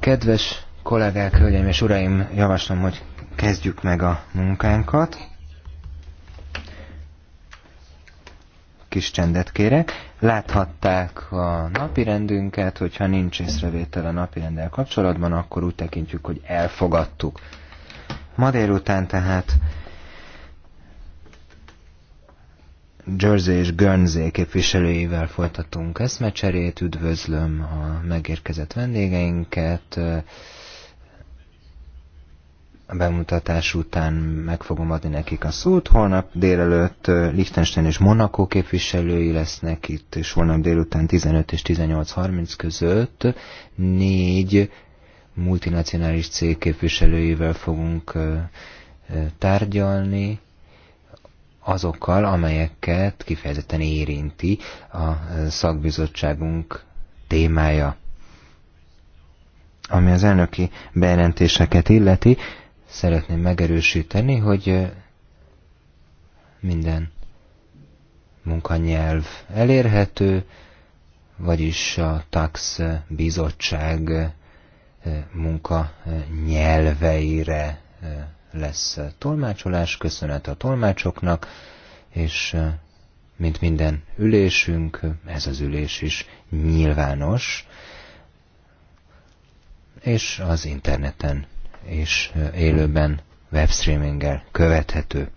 Kedves kollégák, hölgyeim és uraim, javaslom, hogy kezdjük meg a munkánkat. Kis csendet kérek. Láthatták a napirendünket, hogyha nincs észrevétel a napirenddel kapcsolatban, akkor úgy tekintjük, hogy elfogadtuk. Ma délután tehát Jersey és Guernsey képviselőivel folytatunk eszmecserét, üdvözlöm a megérkezett vendégeinket. A bemutatás után meg fogom adni nekik a szót. Holnap délelőtt Liechtenstein és Monaco képviselői lesznek itt, és holnap délután 15 és 18.30 között négy multinacionális cég képviselőivel fogunk tárgyalni azokkal, amelyeket kifejezetten érinti a e, szakbizottságunk témája. Ami az elnöki bejelentéseket illeti, szeretném megerősíteni, hogy e, minden munkanyelv elérhető, vagyis a TAX bizottság e, munkanyelveire lesz tolmácsolás, köszönet a tolmácsoknak, és mint minden ülésünk, ez az ülés is nyilvános, és az interneten és élőben webstreaminggel követhető.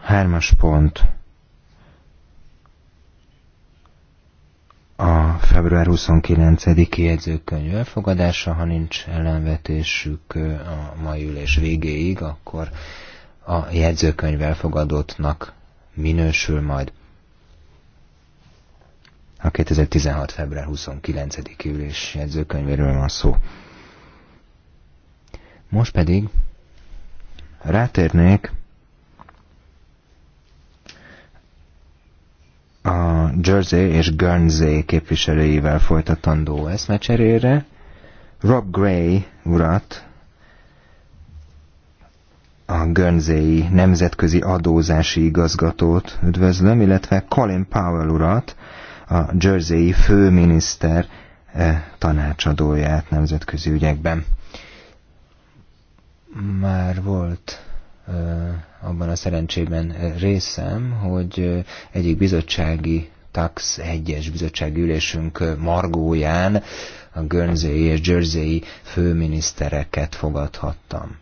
Hármas pont. a február 29-i jegyzőkönyv elfogadása, ha nincs ellenvetésük a mai ülés végéig, akkor a jegyzőkönyv elfogadottnak minősül majd a 2016. február 29-i ülés jegyzőkönyvéről van szó. Most pedig rátérnék a Jersey és Guernsey képviselőivel folytatandó eszmecserére. Rob Gray urat a Guernsey nemzetközi adózási igazgatót üdvözlöm, illetve Colin Powell urat, a Jerseyi főminiszter e, tanácsadóját nemzetközi ügyekben. Már volt abban a szerencsében eh, részem, hogy eh, egyik bizottsági TAX egyes bizottsági ülésünk eh, margóján a Guernsey és Jersey főminisztereket fogadhattam.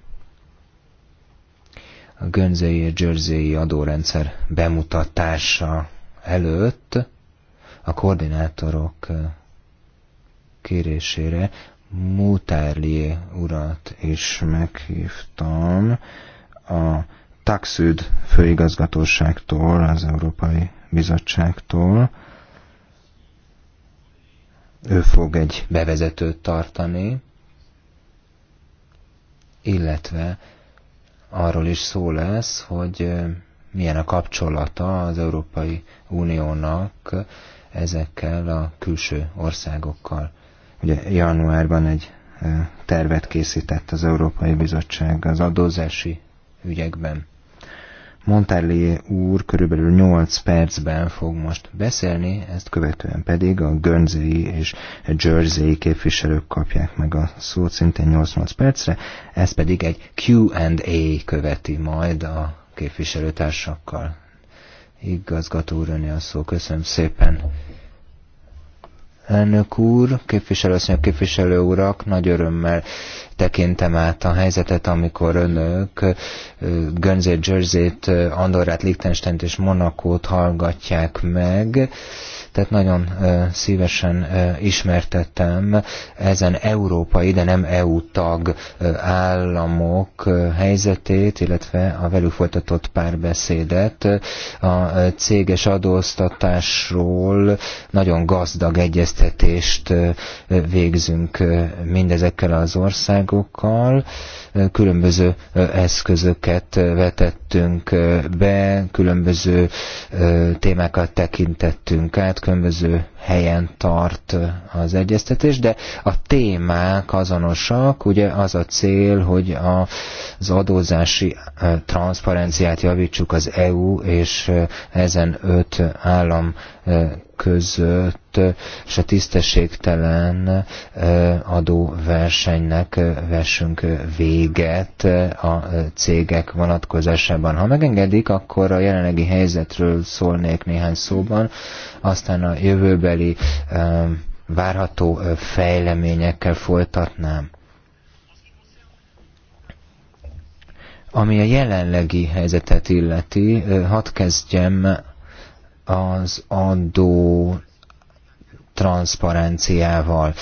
A Guernsey és Jersey adórendszer bemutatása előtt a koordinátorok kérésére Mutárlié urat is meghívtam a Taxud főigazgatóságtól, az Európai Bizottságtól. Ő fog egy bevezetőt tartani, illetve arról is szó lesz, hogy milyen a kapcsolata az Európai Uniónak ezekkel a külső országokkal. Ugye januárban egy tervet készített az Európai Bizottság az adózási ügyekben. Montarlé úr körülbelül 8 percben fog most beszélni, ezt követően pedig a Guernsey és Jersey képviselők kapják meg a szót szintén 8-8 percre, ez pedig egy Q&A követi majd a képviselőtársakkal. Igazgató úr, a szó. Köszönöm szépen. Elnök úr, képviselőasszonyok, képviselő urak, nagy örömmel tekintem át a helyzetet, amikor önök Gönzét, Jerseyt, Andorrát, Liechtensteint és Monakót hallgatják meg tehát nagyon szívesen ismertettem ezen európai, de nem EU tag államok helyzetét, illetve a velük folytatott párbeszédet. A céges adóztatásról nagyon gazdag egyeztetést végzünk mindezekkel az országokkal. Különböző eszközöket vetettünk be, különböző témákat tekintettünk át, különböző helyen tart az egyeztetés, de a témák azonosak, ugye az a cél, hogy a, az adózási eh, transzparenciát javítsuk az EU és eh, ezen öt állam között, és a tisztességtelen adóversenynek vessünk véget a cégek vonatkozásában. Ha megengedik, akkor a jelenlegi helyzetről szólnék néhány szóban, aztán a jövőbeli várható fejleményekkel folytatnám. Ami a jelenlegi helyzetet illeti, hadd kezdjem az adó transzparenciával.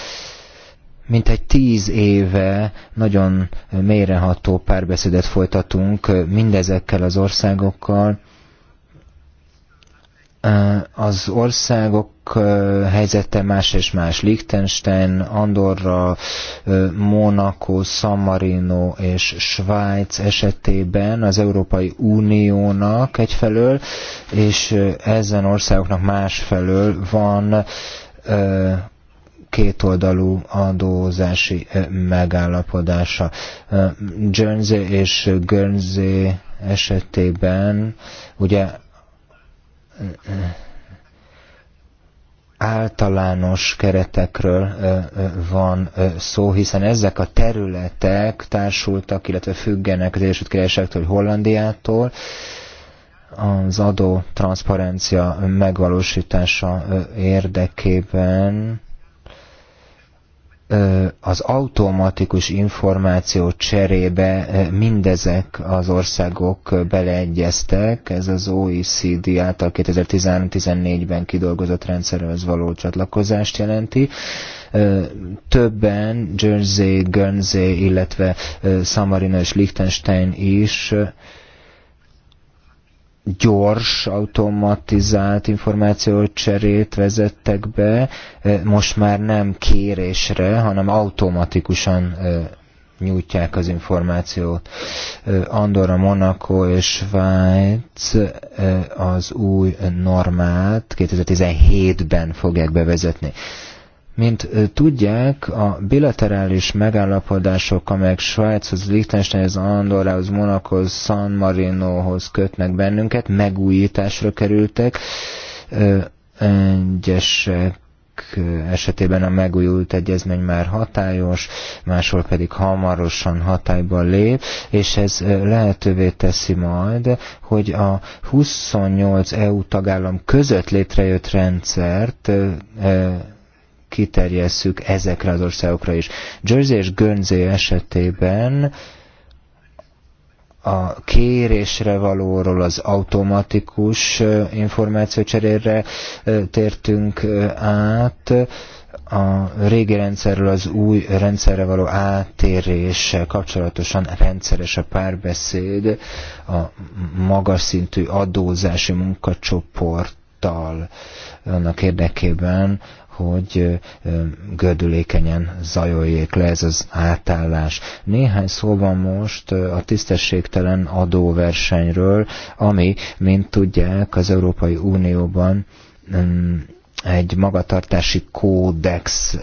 Mint egy tíz éve nagyon mélyreható párbeszédet folytatunk mindezekkel az országokkal, az országok helyzete más és más. Liechtenstein, Andorra, Monaco, San Marino és Svájc esetében az Európai Uniónak egyfelől, és ezen országoknak másfelől van kétoldalú adózási megállapodása. Jersey és Guernsey esetében ugye általános keretekről van szó, hiszen ezek a területek társultak, illetve függenek az Egyesült Királyságtól, Hollandiától, az adó transzparencia megvalósítása érdekében az automatikus információ cserébe mindezek az országok beleegyeztek, ez az OECD által 2013-14-ben kidolgozott rendszerhez való csatlakozást jelenti. Többen, Jersey, Guernsey, illetve Samarino és Liechtenstein is gyors, automatizált információcserét vezettek be, e, most már nem kérésre, hanem automatikusan e, nyújtják az információt. E, Andorra, Monaco és Svájc az új normát 2017-ben fogják bevezetni. Mint tudják, a bilaterális megállapodások, amelyek Svájchoz, Liechtensteinhez, Andorrához, Monakhoz, San Marinohoz kötnek bennünket, megújításra kerültek. Egyesek esetében a megújult egyezmény már hatályos, máshol pedig hamarosan hatályba lép, és ez lehetővé teszi majd, hogy a 28 EU tagállam között létrejött rendszert kiterjesszük ezekre az országokra is. Jersey és Guernsey esetében a kérésre valóról az automatikus információcserére tértünk át, a régi rendszerről az új rendszerre való áttéréssel kapcsolatosan rendszeres a párbeszéd, a magas szintű adózási munkacsoport tudattal annak érdekében, hogy gördülékenyen zajoljék le ez az átállás. Néhány van most a tisztességtelen adóversenyről, ami, mint tudják, az Európai Unióban mm, egy magatartási kódex,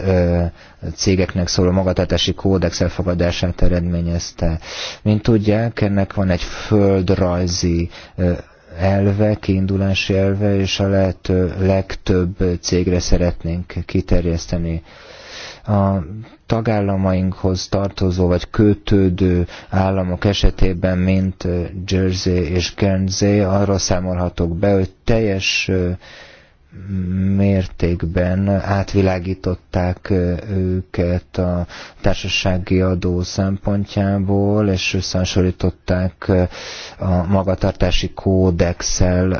cégeknek szóló magatartási kódex elfogadását eredményezte. Mint tudják, ennek van egy földrajzi elve, kiindulási elve, és a lehető legtöbb cégre szeretnénk kiterjeszteni a tagállamainkhoz tartozó vagy kötődő államok esetében, mint Jersey és Guernsey, arra számolhatok be, hogy teljes mértékben átvilágították őket a társasági adó szempontjából, és összehasonlították a magatartási kódexel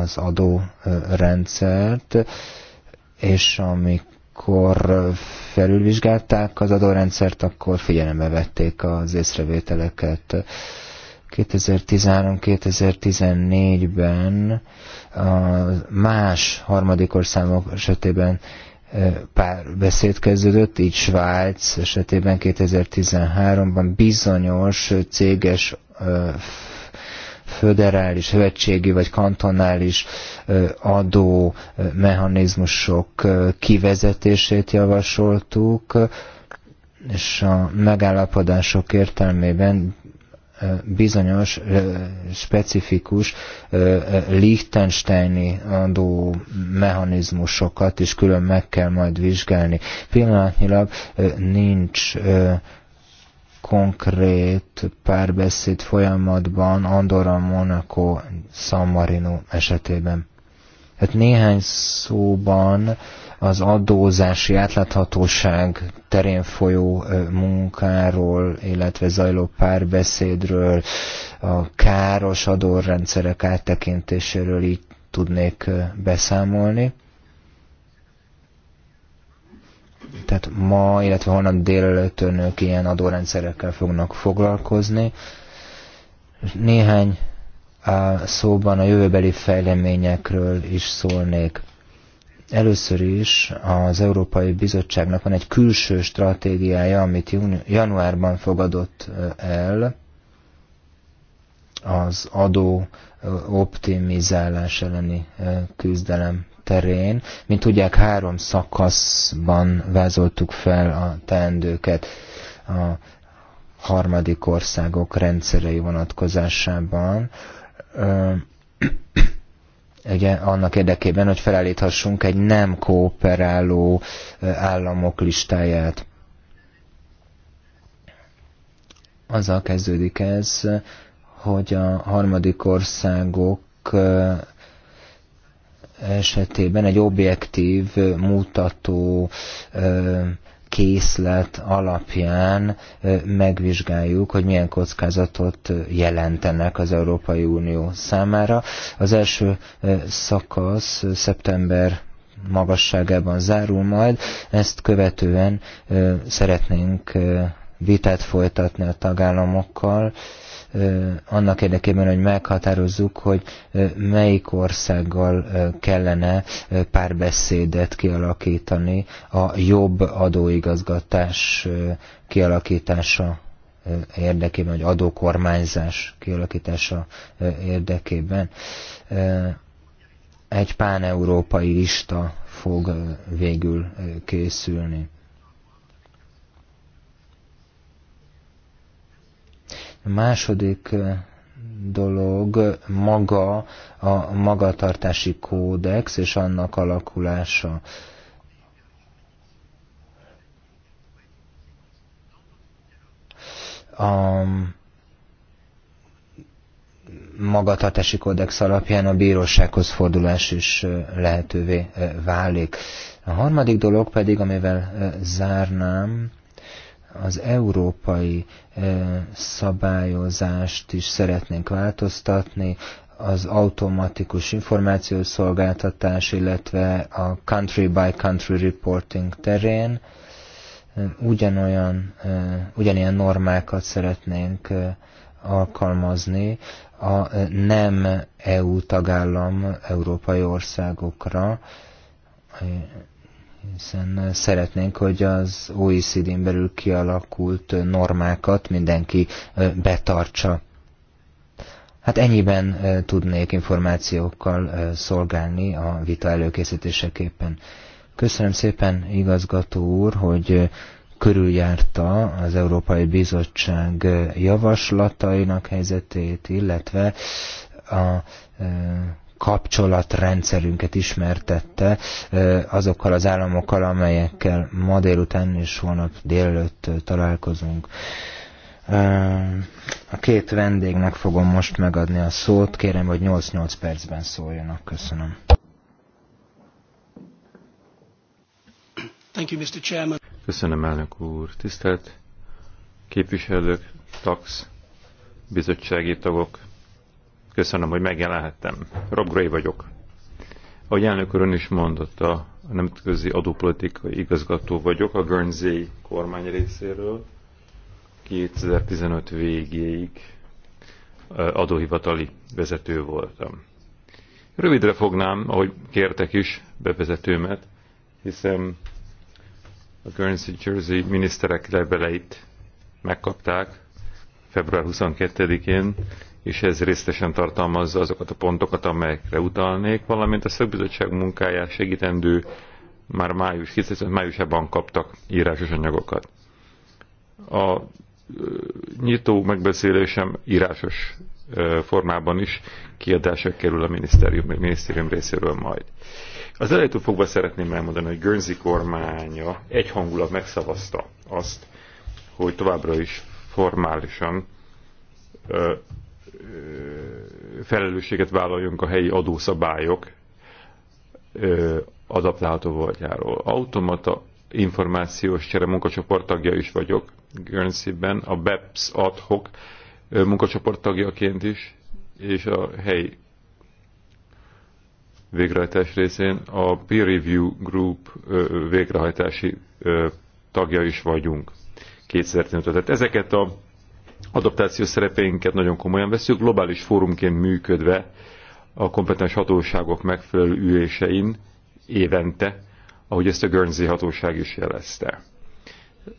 az adórendszert, és amikor felülvizsgálták az adórendszert, akkor figyelembe vették az észrevételeket. 2013-2014-ben a más harmadik országok esetében beszéd kezdődött, így Svájc esetében 2013-ban bizonyos céges föderális, hövetségi vagy kantonális adó mechanizmusok kivezetését javasoltuk, és a megállapodások értelmében bizonyos specifikus Liechtensteini adó mechanizmusokat is külön meg kell majd vizsgálni. Pillanatnyilag nincs konkrét párbeszéd folyamatban Andorra, Monaco, San Marino esetében. Hát néhány szóban az adózási átláthatóság terén folyó munkáról, illetve zajló párbeszédről, a káros adórendszerek áttekintéséről így tudnék beszámolni. Tehát ma, illetve holnap délelőtt önök ilyen adórendszerekkel fognak foglalkozni. Néhány szóban a jövőbeli fejleményekről is szólnék Először is az Európai Bizottságnak van egy külső stratégiája, amit januárban fogadott el az adó optimizálás elleni küzdelem terén. Mint tudják, három szakaszban vázoltuk fel a teendőket a harmadik országok rendszerei vonatkozásában ugye annak érdekében, hogy felállíthassunk egy nem kooperáló államok listáját. Azzal kezdődik ez, hogy a harmadik országok esetében egy objektív mutató készlet alapján megvizsgáljuk, hogy milyen kockázatot jelentenek az Európai Unió számára. Az első szakasz szeptember magasságában zárul majd, ezt követően szeretnénk vitát folytatni a tagállamokkal, annak érdekében, hogy meghatározzuk, hogy melyik országgal kellene párbeszédet kialakítani a jobb adóigazgatás kialakítása érdekében, vagy adókormányzás kialakítása érdekében egy páneurópai lista fog végül készülni. A második dolog maga a magatartási kódex és annak alakulása. A magatartási kódex alapján a bírósághoz fordulás is lehetővé válik. A harmadik dolog pedig, amivel zárnám, az európai eh, szabályozást is szeretnénk változtatni, az automatikus információszolgáltatás, illetve a country by country reporting terén eh, ugyanolyan, eh, ugyanilyen normákat szeretnénk alkalmazni a nem EU tagállam európai országokra, hiszen szeretnénk, hogy az OECD-n belül kialakult normákat mindenki betartsa. Hát ennyiben tudnék információkkal szolgálni a vita előkészítéseképpen. Köszönöm szépen, igazgató úr, hogy körüljárta az Európai Bizottság javaslatainak helyzetét, illetve a kapcsolatrendszerünket ismertette azokkal az államokkal, amelyekkel ma délután és holnap délelőtt találkozunk. A két vendégnek fogom most megadni a szót, kérem, hogy 8-8 percben szóljanak. Köszönöm. Thank you, Mr. Chairman. Köszönöm, elnök úr. Tisztelt képviselők, tax, bizottsági tagok, Köszönöm, hogy megjelenhettem. Rob Gray vagyok. Ahogy elnök ön is mondott, a nemzetközi adópolitikai igazgató vagyok a Guernsey kormány részéről 2015 végéig adóhivatali vezető voltam. Rövidre fognám, ahogy kértek is, bevezetőmet, hiszen a Guernsey Jersey miniszterek leveleit megkapták február 22-én, és ez részletesen tartalmazza azokat a pontokat, amelyekre utalnék, valamint a szakbizottság munkáját segítendő már május, 2015 májusában kaptak írásos anyagokat. A nyitó megbeszélésem írásos formában is kiadásra kerül a minisztérium, a minisztérium részéről majd. Az elejétől fogva szeretném elmondani, hogy Gönzi kormánya egyhangulat megszavazta azt, hogy továbbra is formálisan felelősséget vállaljunk a helyi adószabályok adaptálható voltjáról. Automata információs csere munkacsoport tagja is vagyok Guernsey-ben, a BEPS adhok munkacsoport tagjaként is, és a helyi végrehajtás részén a peer review group végrehajtási tagja is vagyunk 2015 Tehát ezeket a adaptáció szerepeinket nagyon komolyan veszük, globális fórumként működve a kompetens hatóságok megfelelő ülésein évente, ahogy ezt a Guernsey hatóság is jelezte.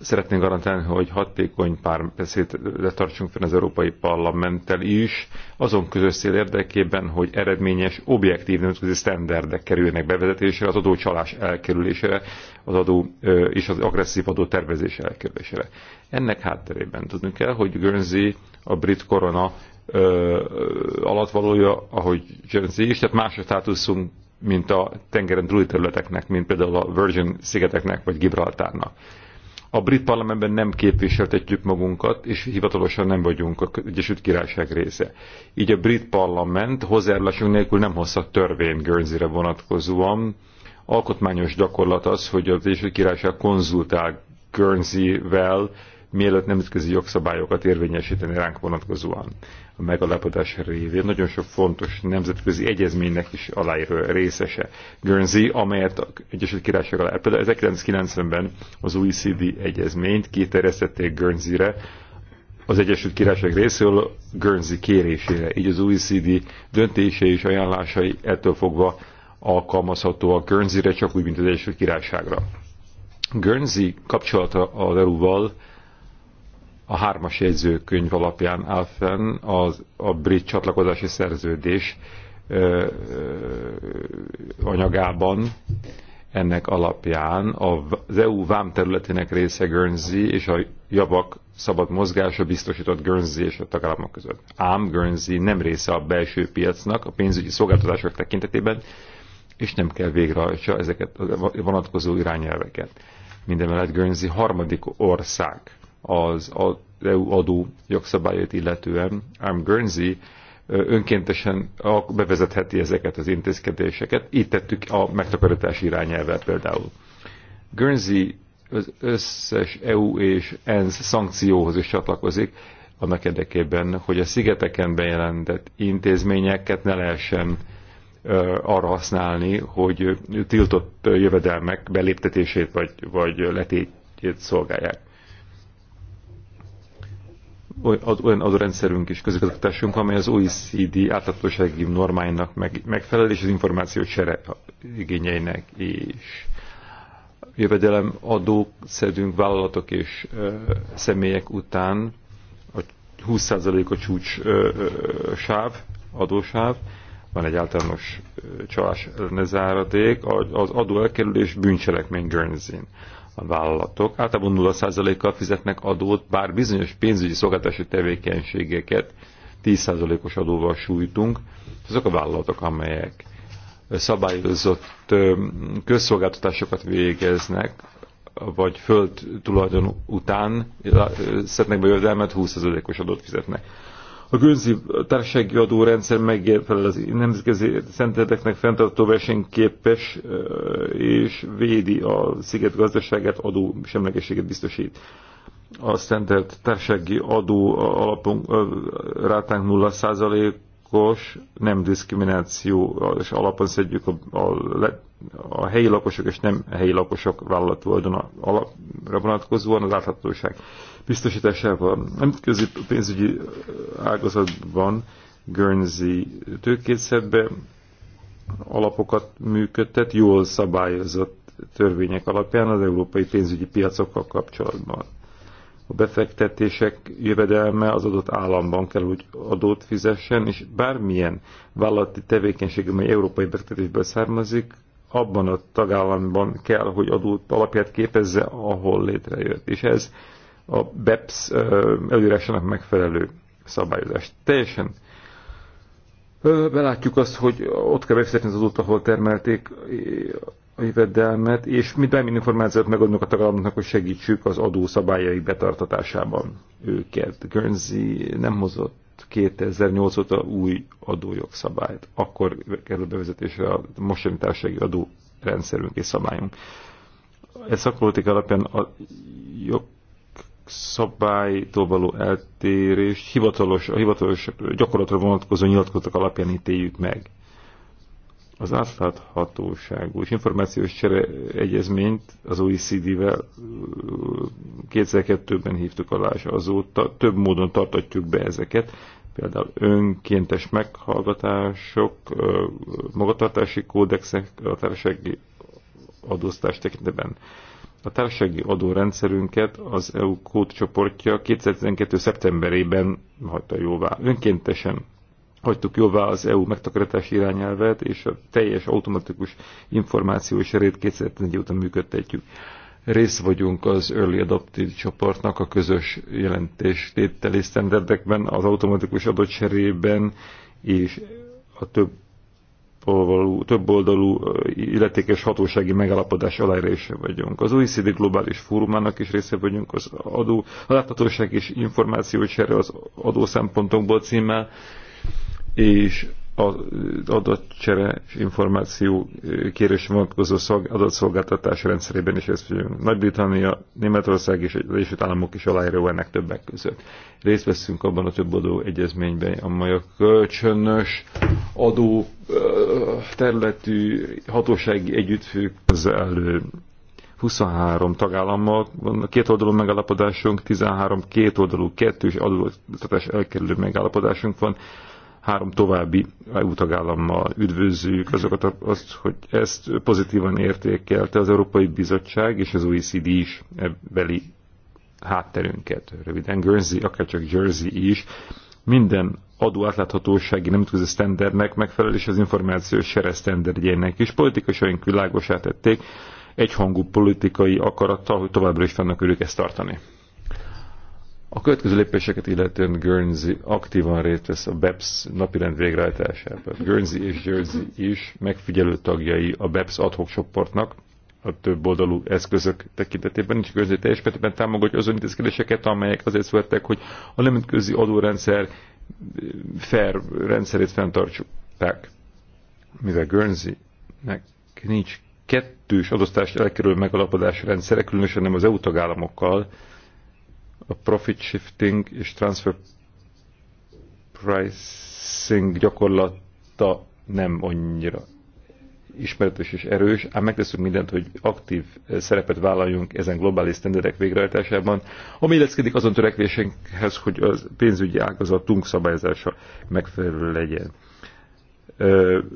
Szeretnénk garantálni, hogy hatékony párbeszédre tartsunk fenn az Európai Parlamenttel is, azon közös cél érdekében, hogy eredményes, objektív nemzetközi sztenderdek kerüljenek bevezetésére, az adócsalás elkerülésére, az adó és az agresszív adó tervezés elkerülésére. Ennek hátterében tudnunk kell, hogy Guernsey a brit korona ö, alatt valója, ahogy Guernsey is, tehát más a státuszunk, mint a tengeren túli területeknek, mint például a Virgin szigeteknek vagy Gibraltárnak a brit parlamentben nem képviseltetjük magunkat, és hivatalosan nem vagyunk a Egyesült Királyság része. Így a brit parlament hozzájárulásunk nélkül nem hozhat törvényt re vonatkozóan. Alkotmányos gyakorlat az, hogy az Egyesült Királyság konzultál Guernsey-vel mielőtt nemzetközi jogszabályokat érvényesíteni ránk vonatkozóan. A megalapodás révén nagyon sok fontos nemzetközi egyezménynek is aláíró részese. Guernsey, amelyet a Egyesült Királyság alá. Például 1990-ben az OECD egyezményt kiterjesztették Guernsey-re, az Egyesült Királyság részéről Guernsey kérésére, így az OECD döntése és ajánlásai ettől fogva alkalmazható a Guernsey-re, csak úgy, mint az Egyesült Királyságra. Guernsey kapcsolata a val a hármas jegyzőkönyv alapján áll fenn az, a brit csatlakozási szerződés ö, ö, anyagában. Ennek alapján az EU vám területének része Guernsey és a javak szabad mozgása biztosított Guernsey és a tagállamok között. Ám Guernsey nem része a belső piacnak a pénzügyi szolgáltatások tekintetében, és nem kell végrehajtsa ezeket a vonatkozó irányelveket. Mindemellett Guernsey harmadik ország az EU adó jogszabályait illetően, ám Guernsey önkéntesen bevezetheti ezeket az intézkedéseket. Itt tettük a megtakarítás irányelvet például. Guernsey az összes EU és ENSZ szankcióhoz is csatlakozik, annak érdekében, hogy a szigeteken bejelentett intézményeket ne lehessen arra használni, hogy tiltott jövedelmek beléptetését vagy, vagy letétjét szolgálják olyan adórendszerünk és közigazgatásunk, amely az OECD átláthatósági normáinak meg, megfelel, és az információ csere igényeinek és Jövedelem adók szedünk vállalatok és ö, személyek után a 20% a csúcs ö, ö, sáv, adósáv, van egy általános csalás ellenezáradék, az adó elkerülés bűncselekmény guernsey a vállalatok általában 0%-kal fizetnek adót, bár bizonyos pénzügyi szolgáltatási tevékenységeket 10%-os adóval sújtunk. Azok a vállalatok, amelyek szabályozott közszolgáltatásokat végeznek, vagy föld tulajdon után szednek be jövedelmet, 20%-os adót fizetnek. A gőzi társasági adórendszer megfelel az nemzetközi szenteteknek fenntartó versenyképes és védi a sziget gazdaságát, adó semlegességet biztosít. A szentelt társasági adó alapunk, rátánk 0 os nem diszkrimináció, és alapon szedjük a, a, a helyi lakosok és nem helyi lakosok vállalatulajdon alapra vonatkozóan az láthatóság biztosításával. Nemzetközi pénzügyi ágazatban Guernsey tőkészetbe alapokat működtet, jól szabályozott törvények alapján az európai pénzügyi piacokkal kapcsolatban. A befektetések jövedelme az adott államban kell, hogy adót fizessen, és bármilyen vállalati tevékenység, amely európai befektetésből származik, abban a tagállamban kell, hogy adót alapját képezze, ahol létrejött. És ez a BEPS előírásának megfelelő szabályozást. Teljesen belátjuk azt, hogy ott kell befizetni az út, ahol termelték a jövedelmet, és mi bármilyen információt megadunk a tagállamnak, hogy segítsük az adó szabályai betartatásában őket. Guernsey nem hozott 2008 óta új adójogszabályt. Akkor kerül bevezetésre a mostani társasági adórendszerünk és szabályunk. Ez szakpolitik alapján a jog szabálytól való eltérés hivatalos, a hivatalos gyakorlatra vonatkozó nyilatkozatok alapján ítéljük meg. Az átláthatóságú és információs csere egyezményt az OECD-vel 2002-ben hívtuk alá, és azóta több módon tartatjuk be ezeket, például önkéntes meghallgatások, magatartási kódexek, a társasági adóztás tekintetben a társasági adórendszerünket az EU kódcsoportja 2012. szeptemberében hagyta jóvá. Önkéntesen hagytuk jóvá az EU megtakarítás irányelvet, és a teljes automatikus információ és erét 2011 óta működtetjük. Rész vagyunk az Early Adopted csoportnak a közös jelentés tételi standardekben, az automatikus adatcserében és a több oldalú, több oldalú illetékes hatósági megalapodás aláírása vagyunk. Az OECD globális fórumának is része vagyunk, az adó, a láthatóság és információcsere az szempontokból címmel, és az adatcsere és információ kérésre vonatkozó adatszolgáltatás rendszerében is ezt veszünk. Nagy-Britannia, Németország és az Egyesült Államok is aláíró ennek többek között. Részt veszünk abban a több adó egyezményben, amely a kölcsönös adó területű hatósági együttfők az elő 23 tagállammal van két oldalú megállapodásunk, 13 két oldalú kettős adóztatás elkerülő megállapodásunk van, három további EU tagállammal üdvözlőjük azokat, azt, hogy ezt pozitívan értékelte az Európai Bizottság és az OECD is ebbeli hátterünket. Röviden Guernsey, akárcsak Jersey is, minden adó átláthatósági nemzetközi sztendernek megfelel, és az információs sere sztenderdjének is politikusaink világosá tették, egyhangú politikai akarattal, hogy továbbra is fennak ők ezt tartani. A következő lépéseket illetően Guernsey aktívan részt vesz a BEPS napirend végrehajtásában. Guernsey és Jersey is megfigyelő tagjai a BEPS adhok csoportnak, a több oldalú eszközök tekintetében nincs közé teljes mértékben támogatja az intézkedéseket, amelyek azért születtek, hogy a nemzetközi adórendszer fair rendszerét fenntartsuk. Mivel Guernseynek nincs kettős adóztást elkerülő megalapodás rendszere, különösen nem az EU tagállamokkal, a profit shifting és transfer pricing gyakorlata nem annyira ismeretes és erős, ám megteszünk mindent, hogy aktív eh, szerepet vállaljunk ezen globális standardek végrehajtásában, ami illeszkedik azon törekvésünkhez, hogy a pénzügyi ágazatunk szabályozása megfelelő legyen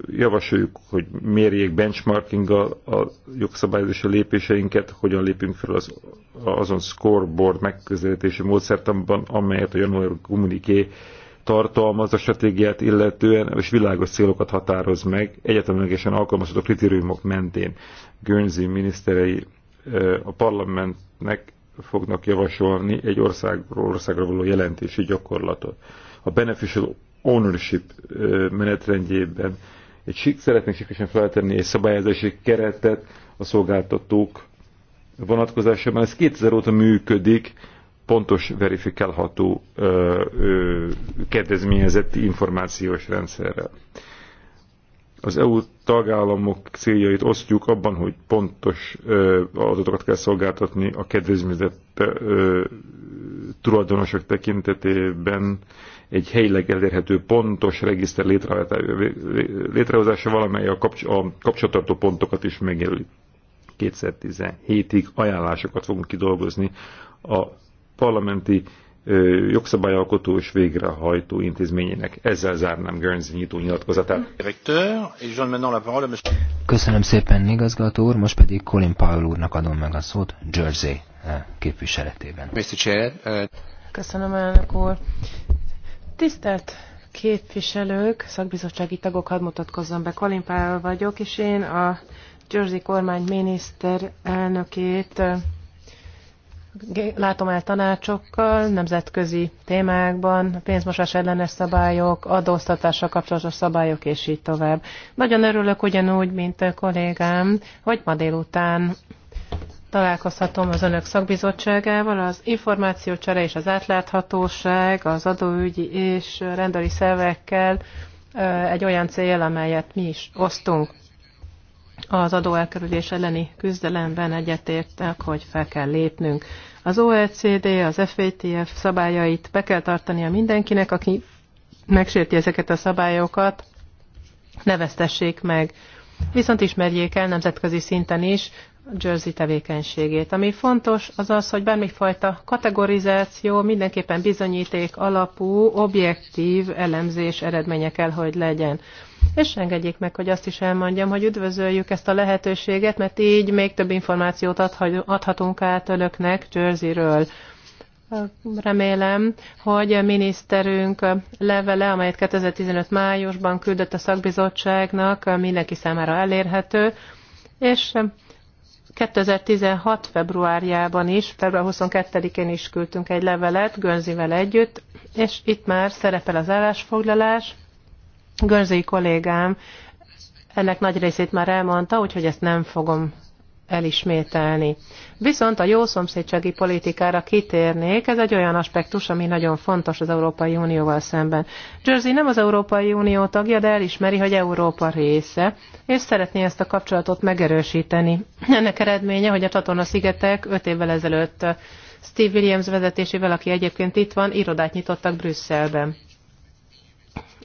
javasoljuk, hogy mérjék benchmarkinggal a jogszabályozási lépéseinket, hogyan lépünk fel az, azon scoreboard megközelítési módszertamban, amelyet a január kommuniké tartalmaz a stratégiát illetően, és világos célokat határoz meg, egyetemlegesen alkalmazható kritériumok mentén. Gönzi miniszterei a parlamentnek fognak javasolni egy országról országra való jelentési gyakorlatot. A beneficial ownership menetrendjében egy, szeretnék sikeresen feltenni egy szabályozási keretet a szolgáltatók vonatkozásában. Ez 2000 óta működik, pontos, verifikálható, kedvezményezett információs rendszerrel. Az EU tagállamok céljait osztjuk abban, hogy pontos adatokat kell szolgáltatni a kedvezményezett tulajdonosok tekintetében, egy helyileg elérhető pontos regiszter létrehozása, valamely a, kapcs a kapcsolattartó pontokat is megjelöli. 2017-ig ajánlásokat fogunk kidolgozni a parlamenti jogszabályalkotó és végrehajtó intézményének. Ezzel zárnám Guernsey nyitó nyilatkozatát. Köszönöm szépen, igazgató úr, most pedig Colin Powell úrnak adom meg a szót Jersey eh, képviseletében. Mr. Chair, eh- Köszönöm, elnök úr. Tisztelt képviselők, szakbizottsági tagok, hadd mutatkozzam be, Colin Powell vagyok, és én a Jersey kormány miniszterelnökét eh, látom el tanácsokkal, nemzetközi témákban, pénzmosás ellenes szabályok, adóztatással kapcsolatos szabályok, és így tovább. Nagyon örülök ugyanúgy, mint a kollégám, hogy ma délután találkozhatom az önök szakbizottságával. Az információcsere és az átláthatóság az adóügyi és rendeli szervekkel egy olyan cél, amelyet mi is osztunk az adóelkerülés elleni küzdelemben egyetértek, hogy fel kell lépnünk. Az OECD, az FATF szabályait be kell tartania mindenkinek, aki megsérti ezeket a szabályokat, ne meg. Viszont ismerjék el nemzetközi szinten is Jersey tevékenységét. Ami fontos, az az, hogy bármifajta kategorizáció mindenképpen bizonyíték alapú, objektív elemzés eredménye kell, hogy legyen. És engedjék meg, hogy azt is elmondjam, hogy üdvözöljük ezt a lehetőséget, mert így még több információt adhatunk át önöknek Jerseyről. Remélem, hogy a miniszterünk levele, amelyet 2015 májusban küldött a szakbizottságnak, mindenki számára elérhető, és 2016. februárjában is, február 22-én is küldtünk egy levelet Gönzivel együtt, és itt már szerepel az állásfoglalás. Gönzi kollégám ennek nagy részét már elmondta, úgyhogy ezt nem fogom elismételni. Viszont a jó szomszédsági politikára kitérnék, ez egy olyan aspektus, ami nagyon fontos az Európai Unióval szemben. Jersey nem az Európai Unió tagja, de elismeri, hogy Európa része, és szeretné ezt a kapcsolatot megerősíteni. Ennek eredménye, hogy a Csatorna-szigetek 5 évvel ezelőtt Steve Williams vezetésével, aki egyébként itt van, irodát nyitottak Brüsszelben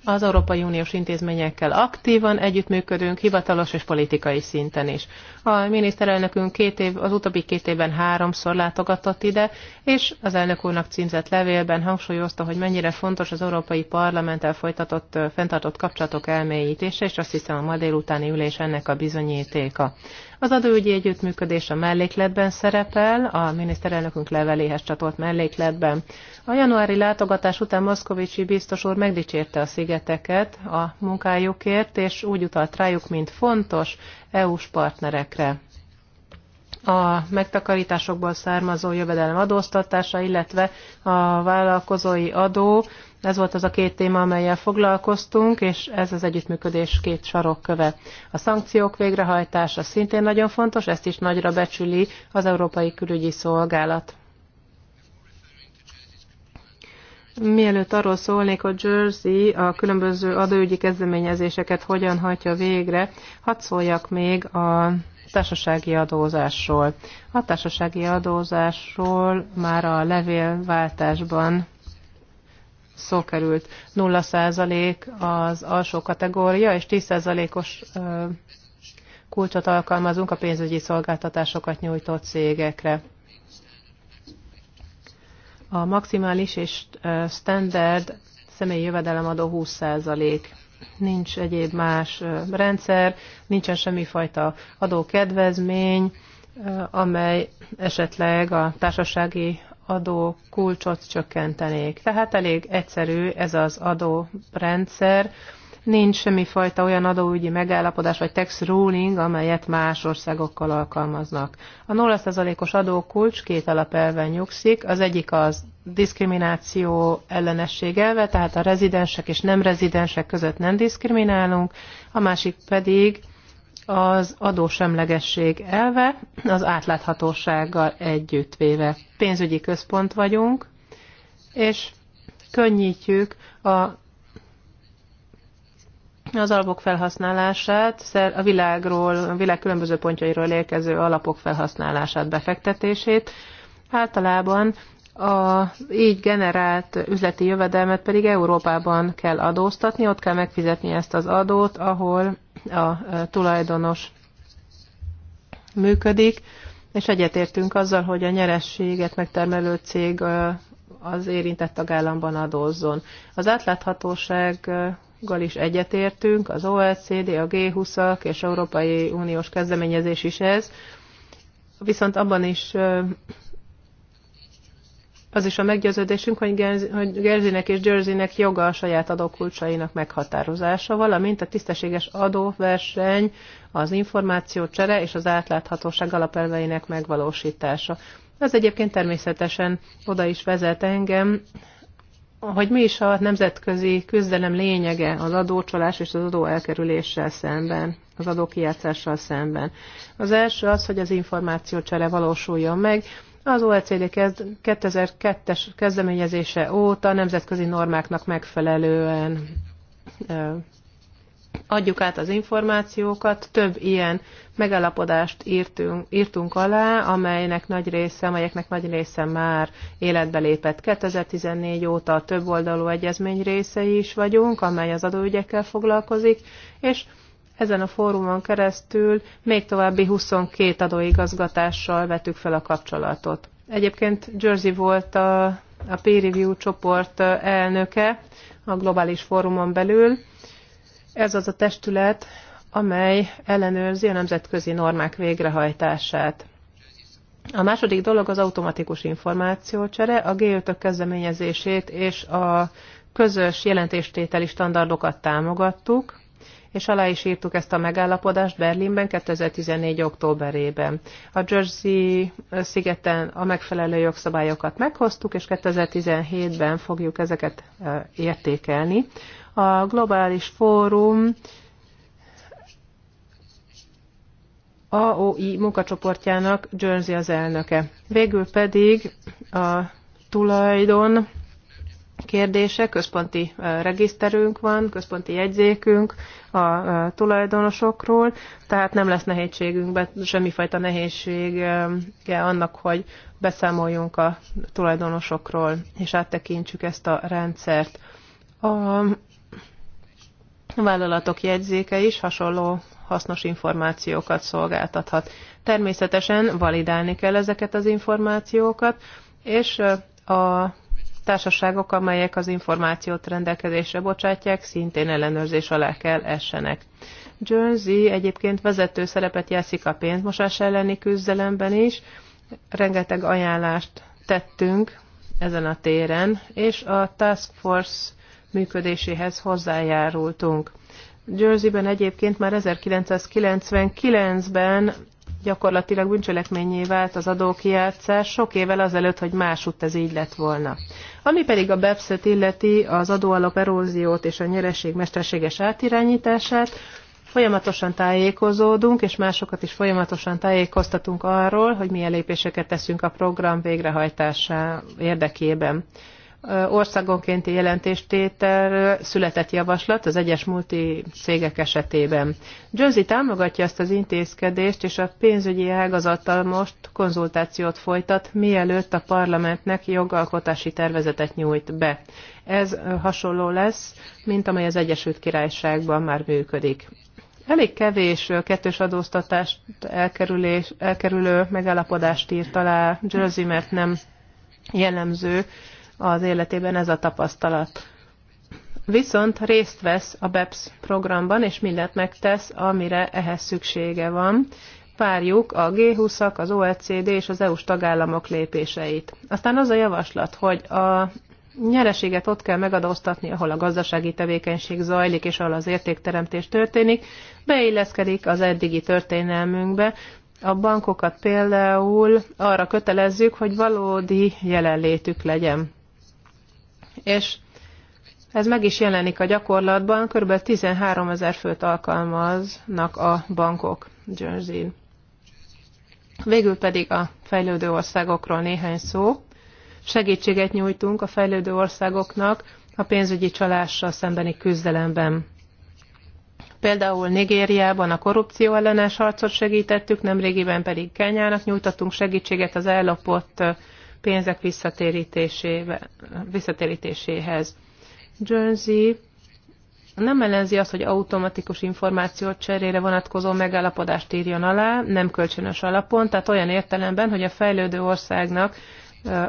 az Európai Uniós intézményekkel aktívan együttműködünk, hivatalos és politikai szinten is. A miniszterelnökünk két év, az utóbbi két évben háromszor látogatott ide, és az elnök úrnak címzett levélben hangsúlyozta, hogy mennyire fontos az Európai Parlamenttel folytatott, fenntartott kapcsolatok elmélyítése, és azt hiszem a ma délutáni ülés ennek a bizonyítéka. Az adóügyi együttműködés a mellékletben szerepel, a miniszterelnökünk leveléhez csatolt mellékletben. A januári látogatás után Moszkovicsi biztos úr megdicsérte a szigeteket a munkájukért, és úgy utalt rájuk, mint fontos EU-s partnerekre a megtakarításokból származó jövedelem adóztatása, illetve a vállalkozói adó. Ez volt az a két téma, amelyel foglalkoztunk, és ez az együttműködés két sarokköve. A szankciók végrehajtása szintén nagyon fontos, ezt is nagyra becsüli az Európai Külügyi Szolgálat. Mielőtt arról szólnék, hogy Jersey a különböző adóügyi kezdeményezéseket hogyan hajtja végre, hadd szóljak még a társasági adózásról. A társasági adózásról már a levélváltásban szó került. 0% az alsó kategória, és 10%-os kulcsot alkalmazunk a pénzügyi szolgáltatásokat nyújtó cégekre. A maximális és standard személyi jövedelemadó 20 százalék nincs egyéb más rendszer, nincsen semmifajta adókedvezmény, amely esetleg a társasági adó kulcsot csökkentenék. Tehát elég egyszerű ez az adórendszer, nincs semmifajta olyan adóügyi megállapodás vagy tax ruling, amelyet más országokkal alkalmaznak. A 0%-os adókulcs két alapelven nyugszik, az egyik az diszkrimináció ellenesség elve, tehát a rezidensek és nem rezidensek között nem diszkriminálunk, a másik pedig az adósemlegesség elve az átláthatósággal együttvéve. Pénzügyi központ vagyunk, és könnyítjük a támogatni az alapok felhasználását, a világról, a világ különböző pontjairól érkező alapok felhasználását, befektetését. Általában a így generált üzleti jövedelmet pedig Európában kell adóztatni, ott kell megfizetni ezt az adót, ahol a e, tulajdonos működik, és egyetértünk azzal, hogy a nyerességet megtermelő cég e, az érintett tagállamban adózzon. Az átláthatóság e, gal is egyetértünk, az OECD, a G20-ak és Európai Uniós kezdeményezés is ez, viszont abban is az is a meggyőződésünk, hogy, Gerzi, hogy Gerzinek és Jerseynek joga a saját adókulcsainak meghatározása, valamint a tisztességes adóverseny, az csere és az átláthatóság alapelveinek megvalósítása. Ez egyébként természetesen oda is vezet engem, hogy mi is a nemzetközi küzdelem lényege az adócsalás és az adó elkerüléssel szemben, az adókijátszással szemben. Az első az, hogy az információcsere valósuljon meg, az OECD 2002-es kezdeményezése óta nemzetközi normáknak megfelelően adjuk át az információkat, több ilyen megalapodást írtunk, írtunk alá, amelynek nagy része, amelyeknek nagy része már életbe lépett. 2014 óta a több oldalú egyezmény részei is vagyunk, amely az adóügyekkel foglalkozik, és ezen a fórumon keresztül még további 22 adóigazgatással vettük fel a kapcsolatot. Egyébként Jersey volt a, a peer review csoport elnöke a globális fórumon belül, ez az a testület, amely ellenőrzi a nemzetközi normák végrehajtását. A második dolog az automatikus információcsere, a g 5 kezdeményezését és a közös jelentéstételi standardokat támogattuk és alá is írtuk ezt a megállapodást Berlinben 2014. októberében. A Jersey szigeten a megfelelő jogszabályokat meghoztuk, és 2017-ben fogjuk ezeket értékelni. A globális fórum AOI munkacsoportjának Jersey az elnöke. Végül pedig a tulajdon kérdése, központi regiszterünk van, központi jegyzékünk a tulajdonosokról, tehát nem lesz nehézségünk, semmifajta nehézsége annak, hogy beszámoljunk a tulajdonosokról, és áttekintsük ezt a rendszert. A vállalatok jegyzéke is hasonló hasznos információkat szolgáltathat. Természetesen validálni kell ezeket az információkat, és a társaságok, amelyek az információt rendelkezésre bocsátják, szintén ellenőrzés alá kell essenek. Jersey egyébként vezető szerepet játszik a pénzmosás elleni küzdelemben is. Rengeteg ajánlást tettünk ezen a téren, és a Task Force működéséhez hozzájárultunk. Jerseyben egyébként már 1999-ben gyakorlatilag bűncselekményé vált az adókijátszás sok évvel azelőtt, hogy másutt ez így lett volna. Ami pedig a BEPS-et illeti az adóalap eróziót és a nyereség mesterséges átirányítását, folyamatosan tájékozódunk, és másokat is folyamatosan tájékoztatunk arról, hogy milyen lépéseket teszünk a program végrehajtása érdekében országonkénti jelentéstételről született javaslat az egyes multi cégek esetében. Jönzi támogatja ezt az intézkedést, és a pénzügyi ágazattal most konzultációt folytat, mielőtt a parlamentnek jogalkotási tervezetet nyújt be. Ez hasonló lesz, mint amely az Egyesült Királyságban már működik. Elég kevés kettős adóztatást elkerülés, elkerülő megállapodást írt alá Jersey, mert nem jellemző, az életében ez a tapasztalat. Viszont részt vesz a BEPS programban, és mindent megtesz, amire ehhez szüksége van. Várjuk a G20-ak, az OECD és az EU-s tagállamok lépéseit. Aztán az a javaslat, hogy a nyereséget ott kell megadóztatni, ahol a gazdasági tevékenység zajlik, és ahol az értékteremtés történik, beilleszkedik az eddigi történelmünkbe. A bankokat például arra kötelezzük, hogy valódi jelenlétük legyen és ez meg is jelenik a gyakorlatban, kb. 13 ezer főt alkalmaznak a bankok Jersey-n. Végül pedig a fejlődő országokról néhány szó. Segítséget nyújtunk a fejlődő országoknak a pénzügyi csalással szembeni küzdelemben. Például Nigériában a korrupció ellenes harcot segítettük, nemrégiben pedig Kenyának nyújtottunk segítséget az ellopott pénzek visszatérítéséhez. Jersey nem ellenzi azt, hogy automatikus információt cserére vonatkozó megállapodást írjon alá, nem kölcsönös alapon, tehát olyan értelemben, hogy a fejlődő országnak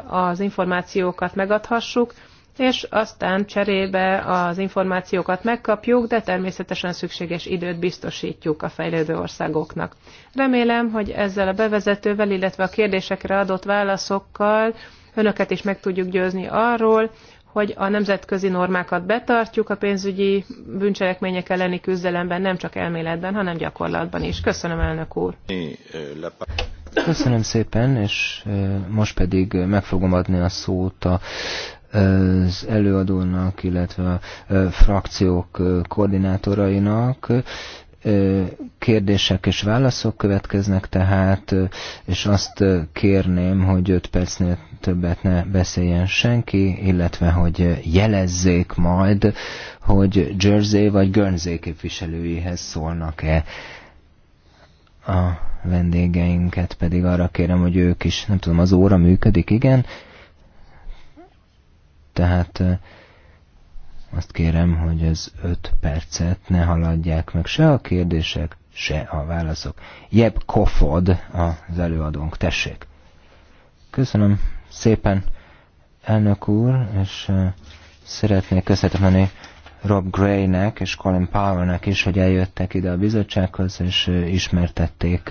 az információkat megadhassuk, és aztán cserébe az információkat megkapjuk, de természetesen szükséges időt biztosítjuk a fejlődő országoknak. Remélem, hogy ezzel a bevezetővel, illetve a kérdésekre adott válaszokkal önöket is meg tudjuk győzni arról, hogy a nemzetközi normákat betartjuk a pénzügyi bűncselekmények elleni küzdelemben, nem csak elméletben, hanem gyakorlatban is. Köszönöm, elnök úr! Köszönöm szépen, és most pedig meg fogom adni a szót a az előadónak, illetve a frakciók koordinátorainak. Kérdések és válaszok következnek tehát, és azt kérném, hogy 5 percnél többet ne beszéljen senki, illetve hogy jelezzék majd, hogy Jersey vagy Guernsey képviselőihez szólnak-e a vendégeinket pedig arra kérem, hogy ők is, nem tudom, az óra működik, igen, tehát azt kérem, hogy az öt percet ne haladják meg se a kérdések, se a válaszok. Jeb Kofod az előadónk, tessék! Köszönöm szépen, elnök úr, és szeretnék köszönetet Rob Rob Graynek és Colin Powellnek is, hogy eljöttek ide a bizottsághoz, és ismertették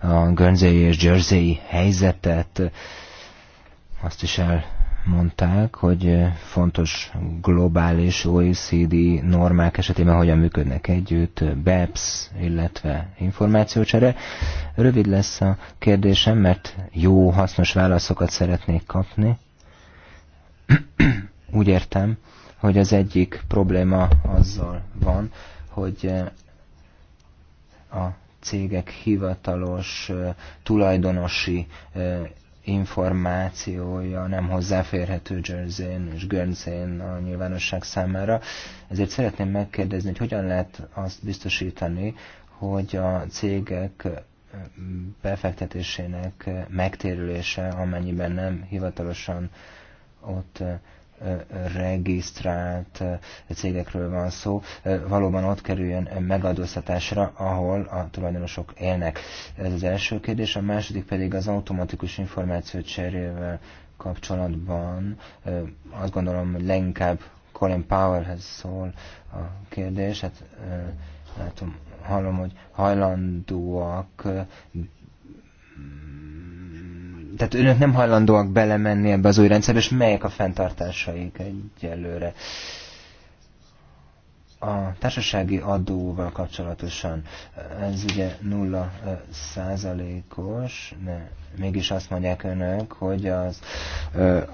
a Guernsey és Jersey helyzetet. Azt is el mondták, hogy eh, fontos globális OECD normák esetében hogyan működnek együtt, eh, BEPS, illetve információcsere. Rövid lesz a kérdésem, mert jó, hasznos válaszokat szeretnék kapni. Úgy értem, hogy az egyik probléma azzal van, hogy eh, a cégek hivatalos tulajdonosi információja nem hozzáférhető Jersey-n és Guernsey-n a nyilvánosság számára. Ezért szeretném megkérdezni, hogy hogyan lehet azt biztosítani, hogy a cégek befektetésének megtérülése, amennyiben nem hivatalosan ott regisztrált cégekről van szó, valóban ott kerüljön megadóztatásra, ahol a tulajdonosok élnek. Ez az első kérdés, a második pedig az automatikus információ cserével kapcsolatban azt gondolom, hogy leginkább Colin Powerhez szól a kérdés, hát látom, hallom, hogy hajlandóak tehát önök nem hajlandóak belemenni ebbe az új rendszerbe, és melyek a fenntartásaik egyelőre? a társasági adóval kapcsolatosan ez ugye nulla százalékos, de mégis azt mondják önök, hogy az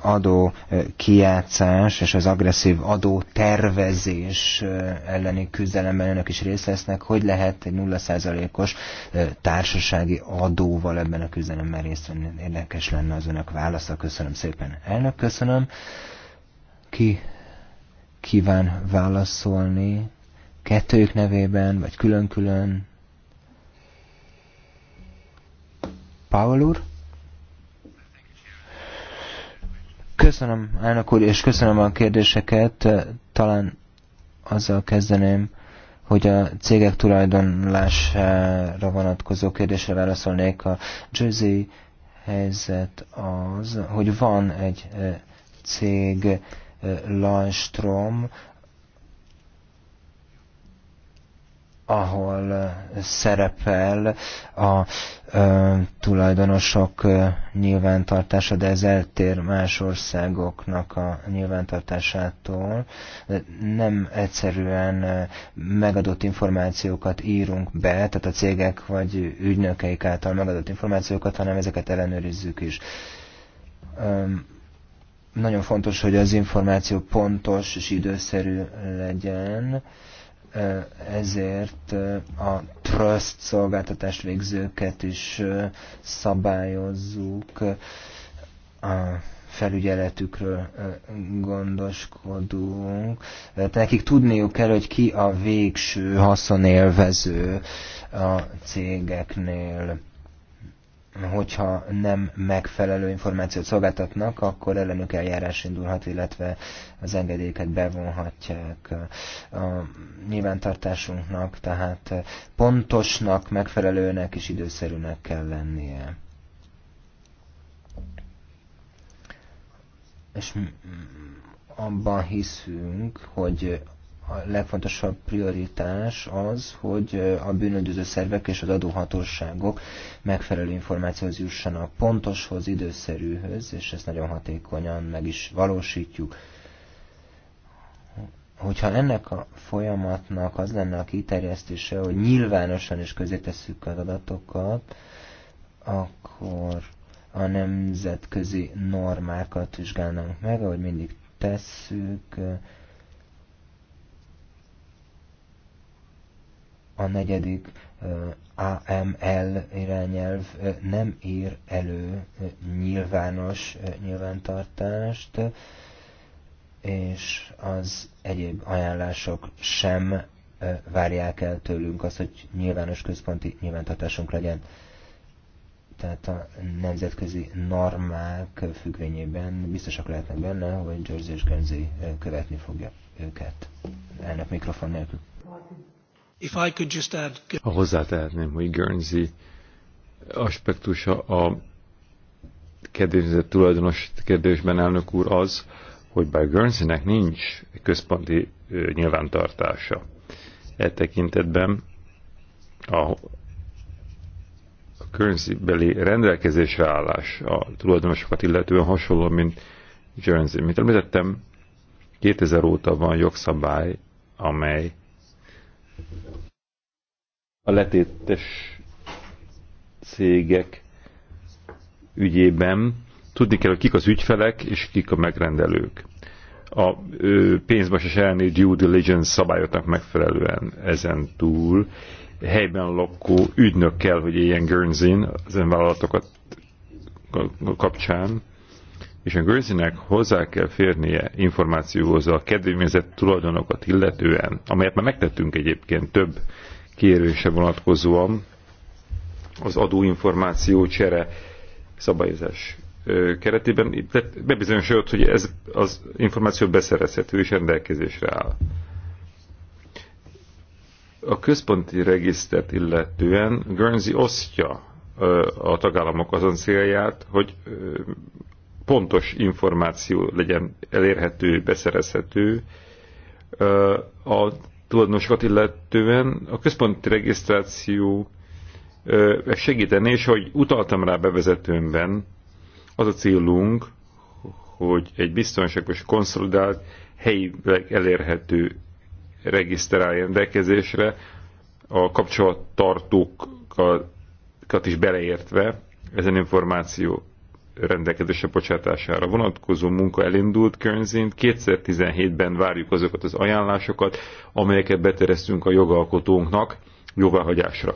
adó kijátszás és az agresszív adó tervezés elleni küzdelemben önök is részt vesznek. Hogy lehet egy nulla százalékos társasági adóval ebben a küzdelemben részt venni? Érdekes lenne az önök válasza. Köszönöm szépen. Elnök, köszönöm. Ki kíván válaszolni kettőjük nevében, vagy külön-külön. Paul úr? Köszönöm, elnök úr, és köszönöm a kérdéseket. Talán azzal kezdeném, hogy a cégek tulajdonlására vonatkozó kérdésre válaszolnék. A Jersey helyzet az, hogy van egy eh, cég, Landstrom, ahol szerepel a ö, tulajdonosok ö, nyilvántartása, de ez eltér más országoknak a nyilvántartásától. Nem egyszerűen ö, megadott információkat írunk be, tehát a cégek vagy ügynökeik által megadott információkat, hanem ezeket ellenőrizzük is. Ö, nagyon fontos, hogy az információ pontos és időszerű legyen, ezért a trust szolgáltatást végzőket is szabályozzuk, a felügyeletükről gondoskodunk. Tehát nekik tudniuk kell, hogy ki a végső haszonélvező a cégeknél hogyha nem megfelelő információt szolgáltatnak, akkor ellenük eljárás indulhat, illetve az engedélyeket bevonhatják a nyilvántartásunknak, tehát pontosnak, megfelelőnek és időszerűnek kell lennie. És abban hiszünk, hogy a legfontosabb prioritás az, hogy a bűnöldöző szervek és az adóhatóságok megfelelő információhoz jussanak pontoshoz, időszerűhöz, és ezt nagyon hatékonyan meg is valósítjuk. Hogyha ennek a folyamatnak az lenne a kiterjesztése, hogy nyilvánosan is közé tesszük az adatokat, akkor a nemzetközi normákat vizsgálnánk meg, ahogy mindig tesszük, a negyedik AML irányelv nem ír elő nyilvános nyilvántartást, és az egyéb ajánlások sem várják el tőlünk azt, hogy nyilvános központi nyilvántartásunk legyen. Tehát a nemzetközi normák függvényében biztosak lehetnek benne, hogy Jersey és Guernsey követni fogja őket. Elnök mikrofon nélkül. Ha hozzátehetném, hogy Guernsey aspektusa a kedvezett tulajdonos kérdésben elnök úr az, hogy bár Guernseynek nincs központi nyilvántartása. E tekintetben a, a Guernsey-beli rendelkezésre állás a tulajdonosokat illetően hasonló, mint Guernsey. Mint említettem, 2000 óta van jogszabály, amely a letétes cégek ügyében tudni kell, hogy kik az ügyfelek és kik a megrendelők. A pénzmosás elleni due diligence szabályoknak megfelelően ezen túl helyben lakó ügynök kell, hogy ilyen Guernsey-n az önvállalatokat kapcsán, és a Guernsey-nek hozzá kell férnie információhoz a kedvényezett tulajdonokat illetően, amelyet már megtettünk egyébként több kérése vonatkozóan az adóinformáció csere szabályozás keretében bebizonyosodott, hogy ez az információ beszerezhető és rendelkezésre áll. A központi regisztert illetően Guernsey osztja a tagállamok azon célját, hogy pontos információ legyen elérhető, beszerezhető a tulajdonosokat illetően a központi regisztráció segíteni, és hogy utaltam rá bevezetőmben, az a célunk, hogy egy biztonságos, konszolidált, helyileg elérhető regisztrál rendelkezésre a kapcsolattartókat is beleértve ezen információ rendelkezésre bocsátására vonatkozó munka elindult környezint. 2017-ben várjuk azokat az ajánlásokat, amelyeket betereztünk a jogalkotónknak jóváhagyásra.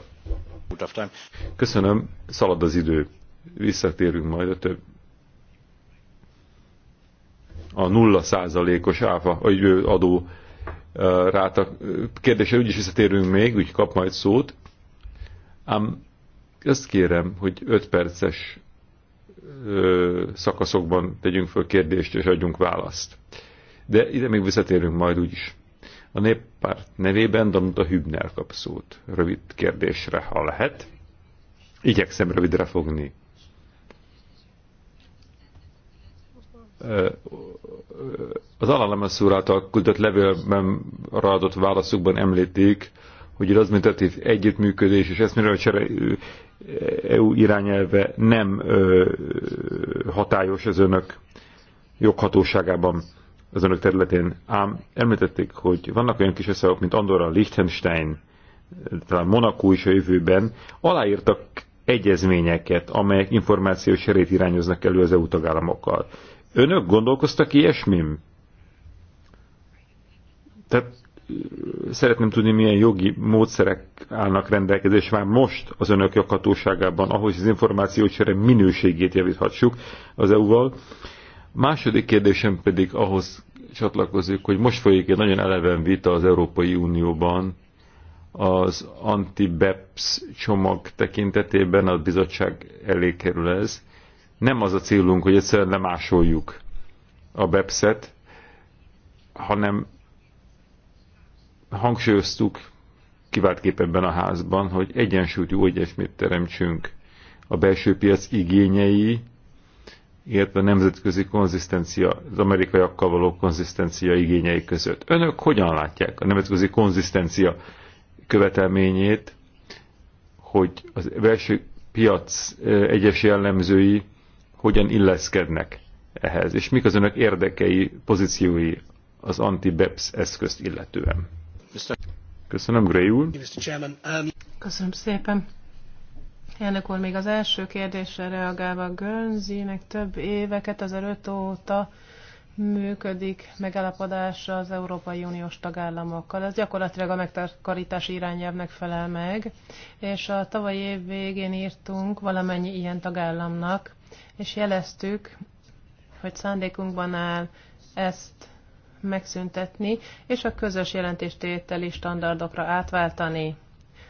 Köszönöm, szalad az idő. Visszatérünk majd a több. A nulla százalékos áfa, vagy adó ráta kérdésre úgyis visszatérünk még, úgy kap majd szót. Ám azt kérem, hogy 5 perces szakaszokban tegyünk föl kérdést és adjunk választ. De ide még visszatérünk majd úgyis. A néppárt nevében Danuta Hübner kap szót. Rövid kérdésre, ha lehet. Igyekszem rövidre fogni. Az Alalemesz úr által küldött levélben ráadott válaszukban említik, hogy az administratív együttműködés és eszméről csere EU irányelve nem ö, hatályos az önök joghatóságában, az önök területén. Ám említették, hogy vannak olyan kis összeok, mint Andorra, Liechtenstein, talán Monaco is a jövőben, aláírtak egyezményeket, amelyek információs serét irányoznak elő az EU tagállamokkal. Önök gondolkoztak ilyesmim? Tehát szeretném tudni, milyen jogi módszerek állnak rendelkezés már most az önök joghatóságában, ahhoz az információcsere minőségét javíthatsuk az EU-val. Második kérdésem pedig ahhoz csatlakozik, hogy most folyik egy nagyon eleven vita az Európai Unióban az anti-BEPS csomag tekintetében a bizottság elé kerül ez. Nem az a célunk, hogy egyszerűen lemásoljuk a BEPS-et, hanem hangsúlyoztuk kiváltképp ebben a házban, hogy egyensúlyt jó egyesmét teremtsünk a belső piac igényei, illetve a nemzetközi konzisztencia, az amerikaiakkal való konzisztencia igényei között. Önök hogyan látják a nemzetközi konzisztencia követelményét, hogy az belső piac eh, egyes jellemzői hogyan illeszkednek ehhez, és mik az önök érdekei, pozíciói az anti-BEPS eszközt illetően? Köszönöm, Gray úr. Köszönöm szépen. Elnök úr, még az első kérdésre reagálva, Gönzinek több éveket ezelőtt óta működik megállapodása az Európai Uniós tagállamokkal. Ez gyakorlatilag a megtakarítási irányelvnek felel meg, és a tavalyi év végén írtunk valamennyi ilyen tagállamnak, és jeleztük, hogy szándékunkban áll ezt megszüntetni, és a közös jelentéstételi standardokra átváltani.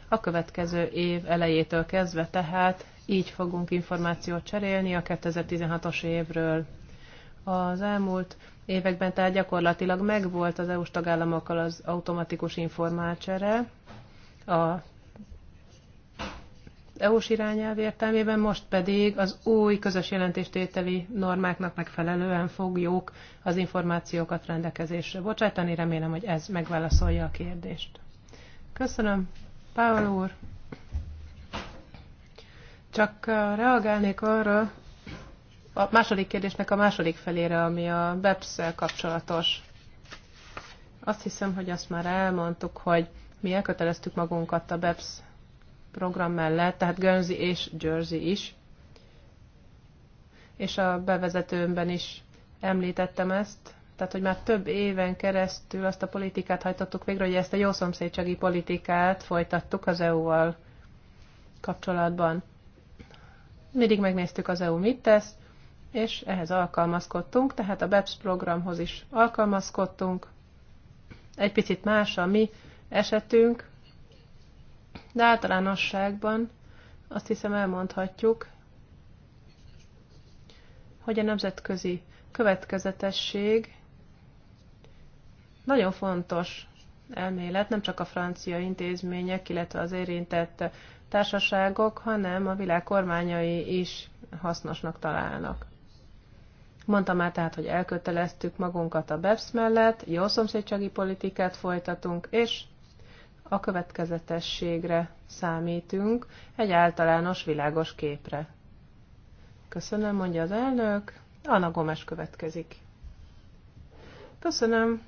A következő év elejétől kezdve tehát így fogunk információt cserélni a 2016-os évről. Az elmúlt években tehát gyakorlatilag megvolt az EU-s tagállamokkal az automatikus informálcsere a EU-s irányelv értelmében, most pedig az új közös jelentéstételi normáknak megfelelően fogjuk az információkat rendelkezésre bocsájtani. Remélem, hogy ez megválaszolja a kérdést. Köszönöm, Pál úr. Csak uh, reagálnék arra, a második kérdésnek a második felére, ami a beps kapcsolatos. Azt hiszem, hogy azt már elmondtuk, hogy mi elköteleztük magunkat a BEPS program mellett, tehát Guernsey és Jersey is. És a bevezetőmben is említettem ezt, tehát hogy már több éven keresztül azt a politikát hajtottuk végre, hogy ezt a szomszédsági politikát folytattuk az EU-val kapcsolatban. Mindig megnéztük az EU mit tesz, és ehhez alkalmazkodtunk, tehát a BEPS programhoz is alkalmazkodtunk. Egy picit más a mi esetünk, de általánosságban azt hiszem elmondhatjuk, hogy a nemzetközi következetesség nagyon fontos elmélet, nem csak a francia intézmények, illetve az érintett társaságok, hanem a világ kormányai is hasznosnak találnak. Mondtam már tehát, hogy elköteleztük magunkat a BEPS mellett, jó szomszédsági politikát folytatunk, és a következetességre számítunk, egy általános, világos képre. Köszönöm, mondja az elnök. Anna Gomes következik. Köszönöm.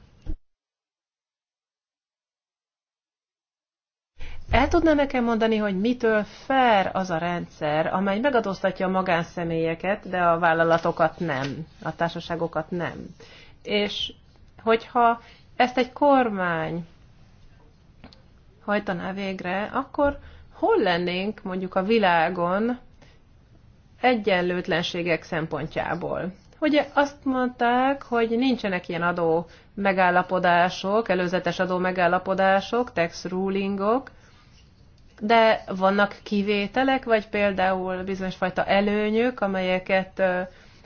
El tudná nekem mondani, hogy mitől fair az a rendszer, amely megadóztatja a magánszemélyeket, de a vállalatokat nem, a társaságokat nem. És hogyha ezt egy kormány hajtaná végre, akkor hol lennénk mondjuk a világon egyenlőtlenségek szempontjából? Ugye azt mondták, hogy nincsenek ilyen adó megállapodások, előzetes adó megállapodások, tax rulingok, de vannak kivételek, vagy például bizonyos fajta előnyök, amelyeket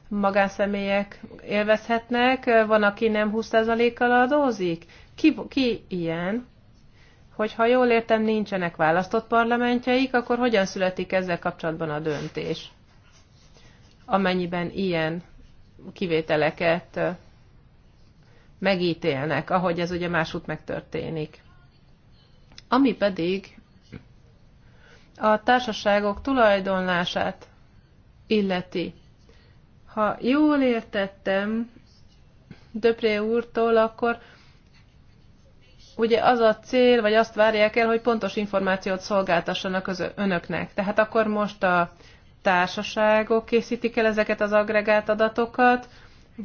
magánszemélyek élvezhetnek, van, aki nem 20%-kal adózik? Ki, ki ilyen? hogy ha jól értem, nincsenek választott parlamentjeik, akkor hogyan születik ezzel kapcsolatban a döntés? Amennyiben ilyen kivételeket megítélnek, ahogy ez ugye másút megtörténik. Ami pedig a társaságok tulajdonlását illeti. Ha jól értettem Döpré úrtól, akkor ugye az a cél, vagy azt várják el, hogy pontos információt szolgáltassanak az önöknek. Tehát akkor most a társaságok készítik el ezeket az agregált adatokat,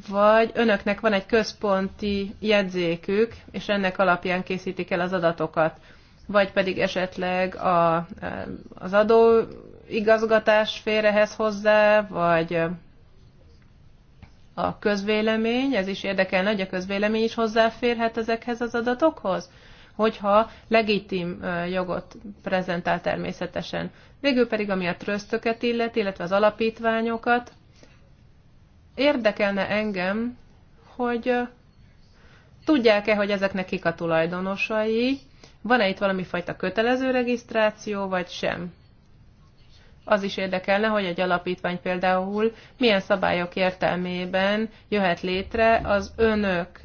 vagy önöknek van egy központi jegyzékük, és ennek alapján készítik el az adatokat, vagy pedig esetleg a, az adó igazgatás férehez hozzá, vagy a közvélemény, ez is érdekel, hogy a közvélemény is hozzáférhet ezekhez az adatokhoz, hogyha legitim jogot prezentál természetesen. Végül pedig, ami a trösztöket illet, illetve az alapítványokat, érdekelne engem, hogy tudják-e, hogy ezeknek kik a tulajdonosai, van-e itt valami fajta kötelező regisztráció, vagy sem az is érdekelne, hogy egy alapítvány például milyen szabályok értelmében jöhet létre az önök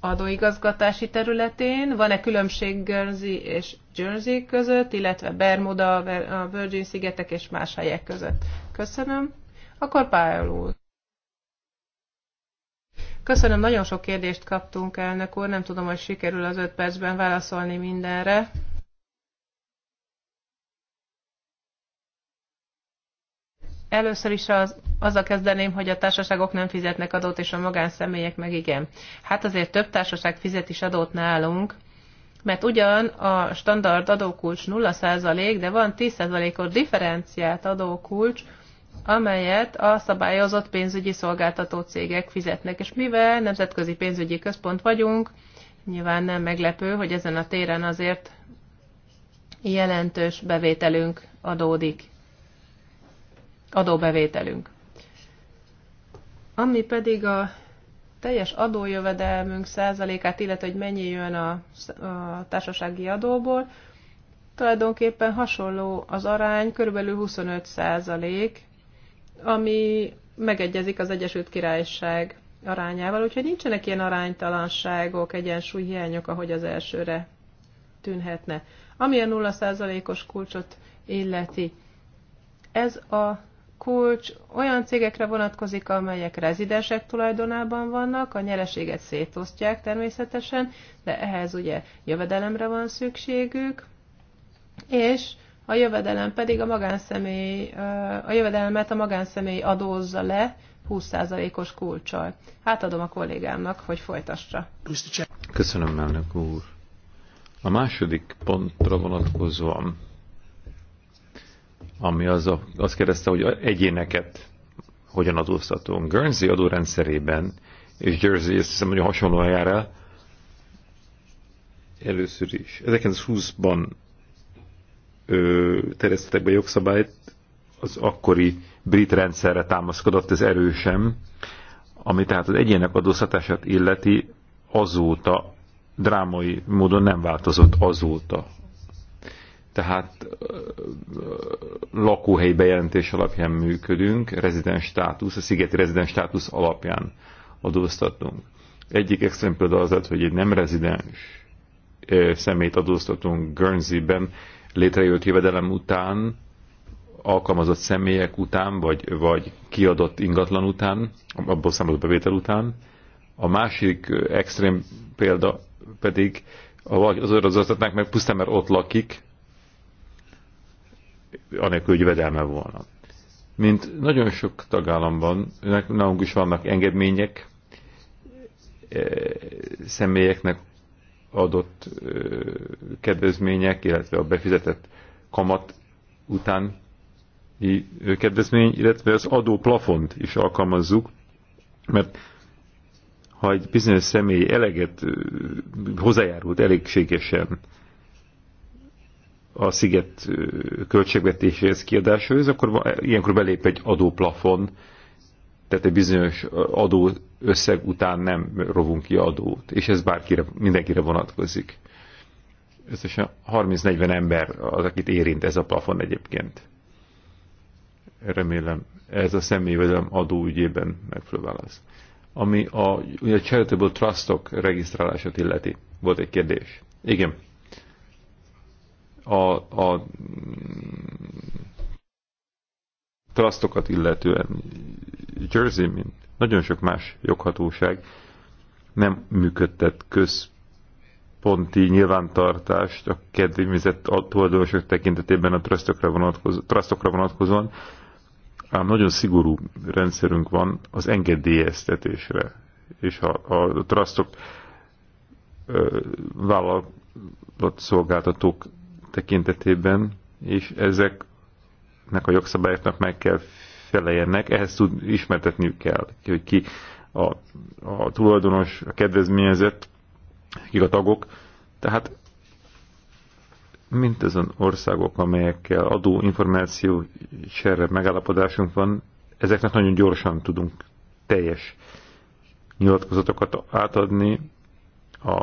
adóigazgatási területén, van-e különbség Guernsey és Jersey között, illetve Bermuda, a Virgin szigetek és más helyek között. Köszönöm. Akkor Pál úr. Köszönöm, nagyon sok kérdést kaptunk, elnök úr. Nem tudom, hogy sikerül az öt percben válaszolni mindenre. Először is az, azzal kezdeném, hogy a társaságok nem fizetnek adót, és a magánszemélyek meg igen. Hát azért több társaság fizet is adót nálunk, mert ugyan a standard adókulcs 0%, de van 10%-os differenciált adókulcs, amelyet a szabályozott pénzügyi szolgáltató cégek fizetnek. És mivel nemzetközi pénzügyi központ vagyunk, nyilván nem meglepő, hogy ezen a téren azért jelentős bevételünk adódik adóbevételünk. Ami pedig a teljes adójövedelmünk százalékát, illetve hogy mennyi jön a, a társasági adóból, tulajdonképpen hasonló az arány, körülbelül 25 százalék, ami megegyezik az Egyesült Királyság arányával, úgyhogy nincsenek ilyen aránytalanságok, egyensúlyhiányok, ahogy az elsőre tűnhetne. Ami a 0%-os kulcsot illeti, ez a kulcs olyan cégekre vonatkozik, amelyek rezidensek tulajdonában vannak, a nyereséget szétosztják természetesen, de ehhez ugye jövedelemre van szükségük, és a jövedelem pedig a magánszemély, a jövedelmet a magánszemély adózza le 20%-os kulcsal. Átadom a kollégámnak, hogy folytassa. Köszönöm, elnök úr. A második pontra vonatkozóan ami az a, azt kérdezte, hogy egyéneket hogyan adóztatunk. Guernsey adórendszerében, és Jersey ezt hiszem, hogy hasonlóan jár el, először is. 1920-ban terjesztettek be jogszabályt, az akkori brit rendszerre támaszkodott ez erősen, ami tehát az egyének adóztatását illeti azóta drámai módon nem változott azóta tehát lakóhelyi bejelentés alapján működünk, rezidens státusz, a szigeti rezidens státusz alapján adóztatunk. Egyik extrém példa az lett, hogy egy nem rezidens szemét adóztatunk Guernsey-ben létrejött jövedelem után, alkalmazott személyek után, vagy, vagy kiadott ingatlan után, abból számolt bevétel után. A másik extrém példa pedig, ha az adóztatnánk meg pusztán, mert ott lakik, anélkül, hogy vedelme volna. Mint nagyon sok tagállamban, nálunk is vannak engedmények, e, személyeknek adott e, kedvezmények, illetve a befizetett kamat után kedvezmény, illetve az adó plafont is alkalmazzuk, mert ha egy bizonyos személy eleget hozzájárult elégségesen a sziget költségvetéséhez kiadáshoz, akkor e, ilyenkor belép egy adóplafon, tehát egy bizonyos adó összeg után nem rovunk ki adót, és ez bárkire, mindenkire vonatkozik. Összesen 30-40 ember az, akit érint ez a plafon egyébként. Remélem, ez a személyvedelem adó ügyében megfelelő válasz. Ami a, a Charitable Trustok regisztrálását illeti. Volt egy kérdés. Igen a, a trasztokat illetően Jersey, mint nagyon sok más joghatóság nem működtet központi nyilvántartást a kedvényezett tulajdonosok tekintetében a trustokra, vonatkozó, trustokra vonatkozóan, ám nagyon szigorú rendszerünk van az engedélyeztetésre, és a, a trustok vállalat szolgáltatók tekintetében, és ezeknek a jogszabályoknak meg kell feleljenek, ehhez tud, ismertetniük kell, hogy ki a, a tulajdonos, a kedvezményezett, kik a tagok. Tehát mint azon országok, amelyekkel adó információ cserre megállapodásunk van, ezeknek nagyon gyorsan tudunk teljes nyilatkozatokat átadni a,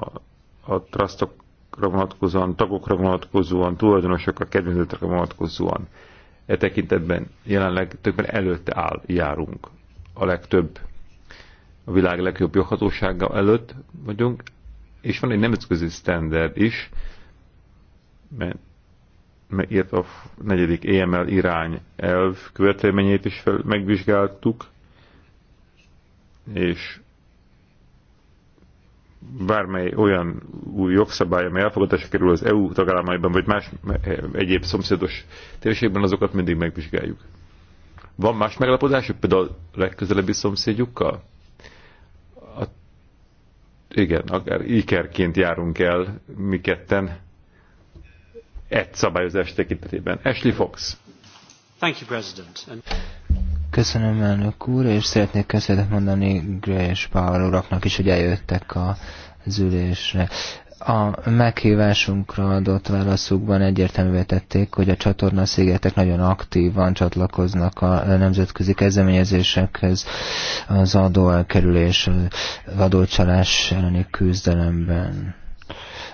a trustok vonatkozóan, tagokra vonatkozóan, tulajdonosokra, kedvezetekre vonatkozóan. E tekintetben jelenleg többen előtte áll, járunk. A legtöbb, a világ legjobb joghatósága előtt vagyunk, és van egy nemzetközi standard is, mert mert a negyedik EML irány elv követelményét is fel, megvizsgáltuk, és bármely olyan új jogszabály, amely elfogadásra kerül az EU tagállamaiban, vagy más egyéb szomszédos térségben, azokat mindig megvizsgáljuk. Van más megalapodásuk, például a legközelebbi szomszédjukkal? A, igen, akár ikerként járunk el mi ketten egy szabályozás tekintetében. Ashley Fox. Thank you, President. And... Köszönöm elnök úr, és szeretnék köszönetet mondani Gray és Power uraknak is, hogy eljöttek a ülésre. A meghívásunkra adott válaszukban egyértelművé tették, hogy a csatorna szigetek nagyon aktívan csatlakoznak a nemzetközi kezdeményezésekhez az adóelkerülés, az adócsalás elleni küzdelemben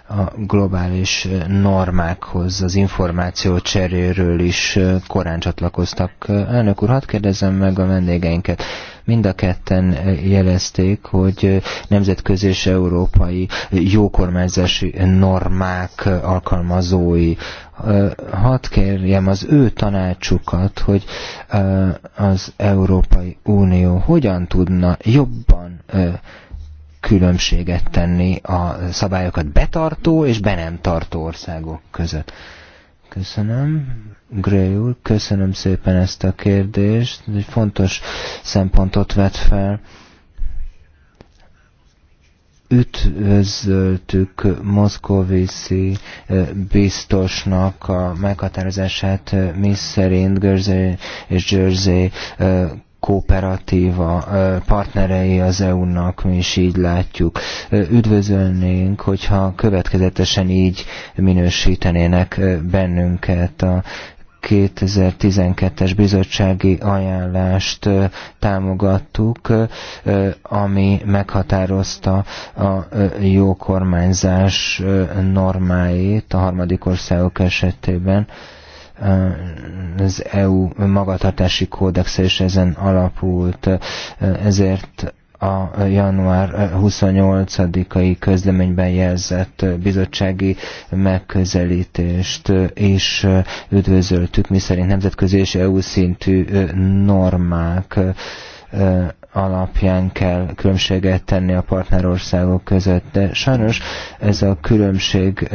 a globális normákhoz, az információ cseréről is korán csatlakoztak. Elnök úr, hadd kérdezem meg a vendégeinket. Mind a ketten jelezték, hogy nemzetközi és európai jókormányzási normák alkalmazói. Hadd kérjem az ő tanácsukat, hogy az Európai Unió hogyan tudna jobban különbséget tenni a szabályokat betartó és be nem tartó országok között. Köszönöm. Gray úr, köszönöm szépen ezt a kérdést. Egy fontos szempontot vett fel. Üdvözöltük Moszkóviszi eh, biztosnak a meghatározását, eh, mi szerint Görzé és Jersey eh, kooperatíva partnerei az EU-nak, mi is így látjuk. Üdvözölnénk, hogyha következetesen így minősítenének bennünket a 2012-es bizottsági ajánlást támogattuk, ami meghatározta a jó kormányzás normáit a harmadik országok esetében az EU magatartási kódexe is ezen alapult, ezért a január 28-ai közleményben jelzett bizottsági megközelítést és üdvözöltük, miszerint nemzetközi és EU szintű normák alapján kell különbséget tenni a partnerországok között. De sajnos ez a különbség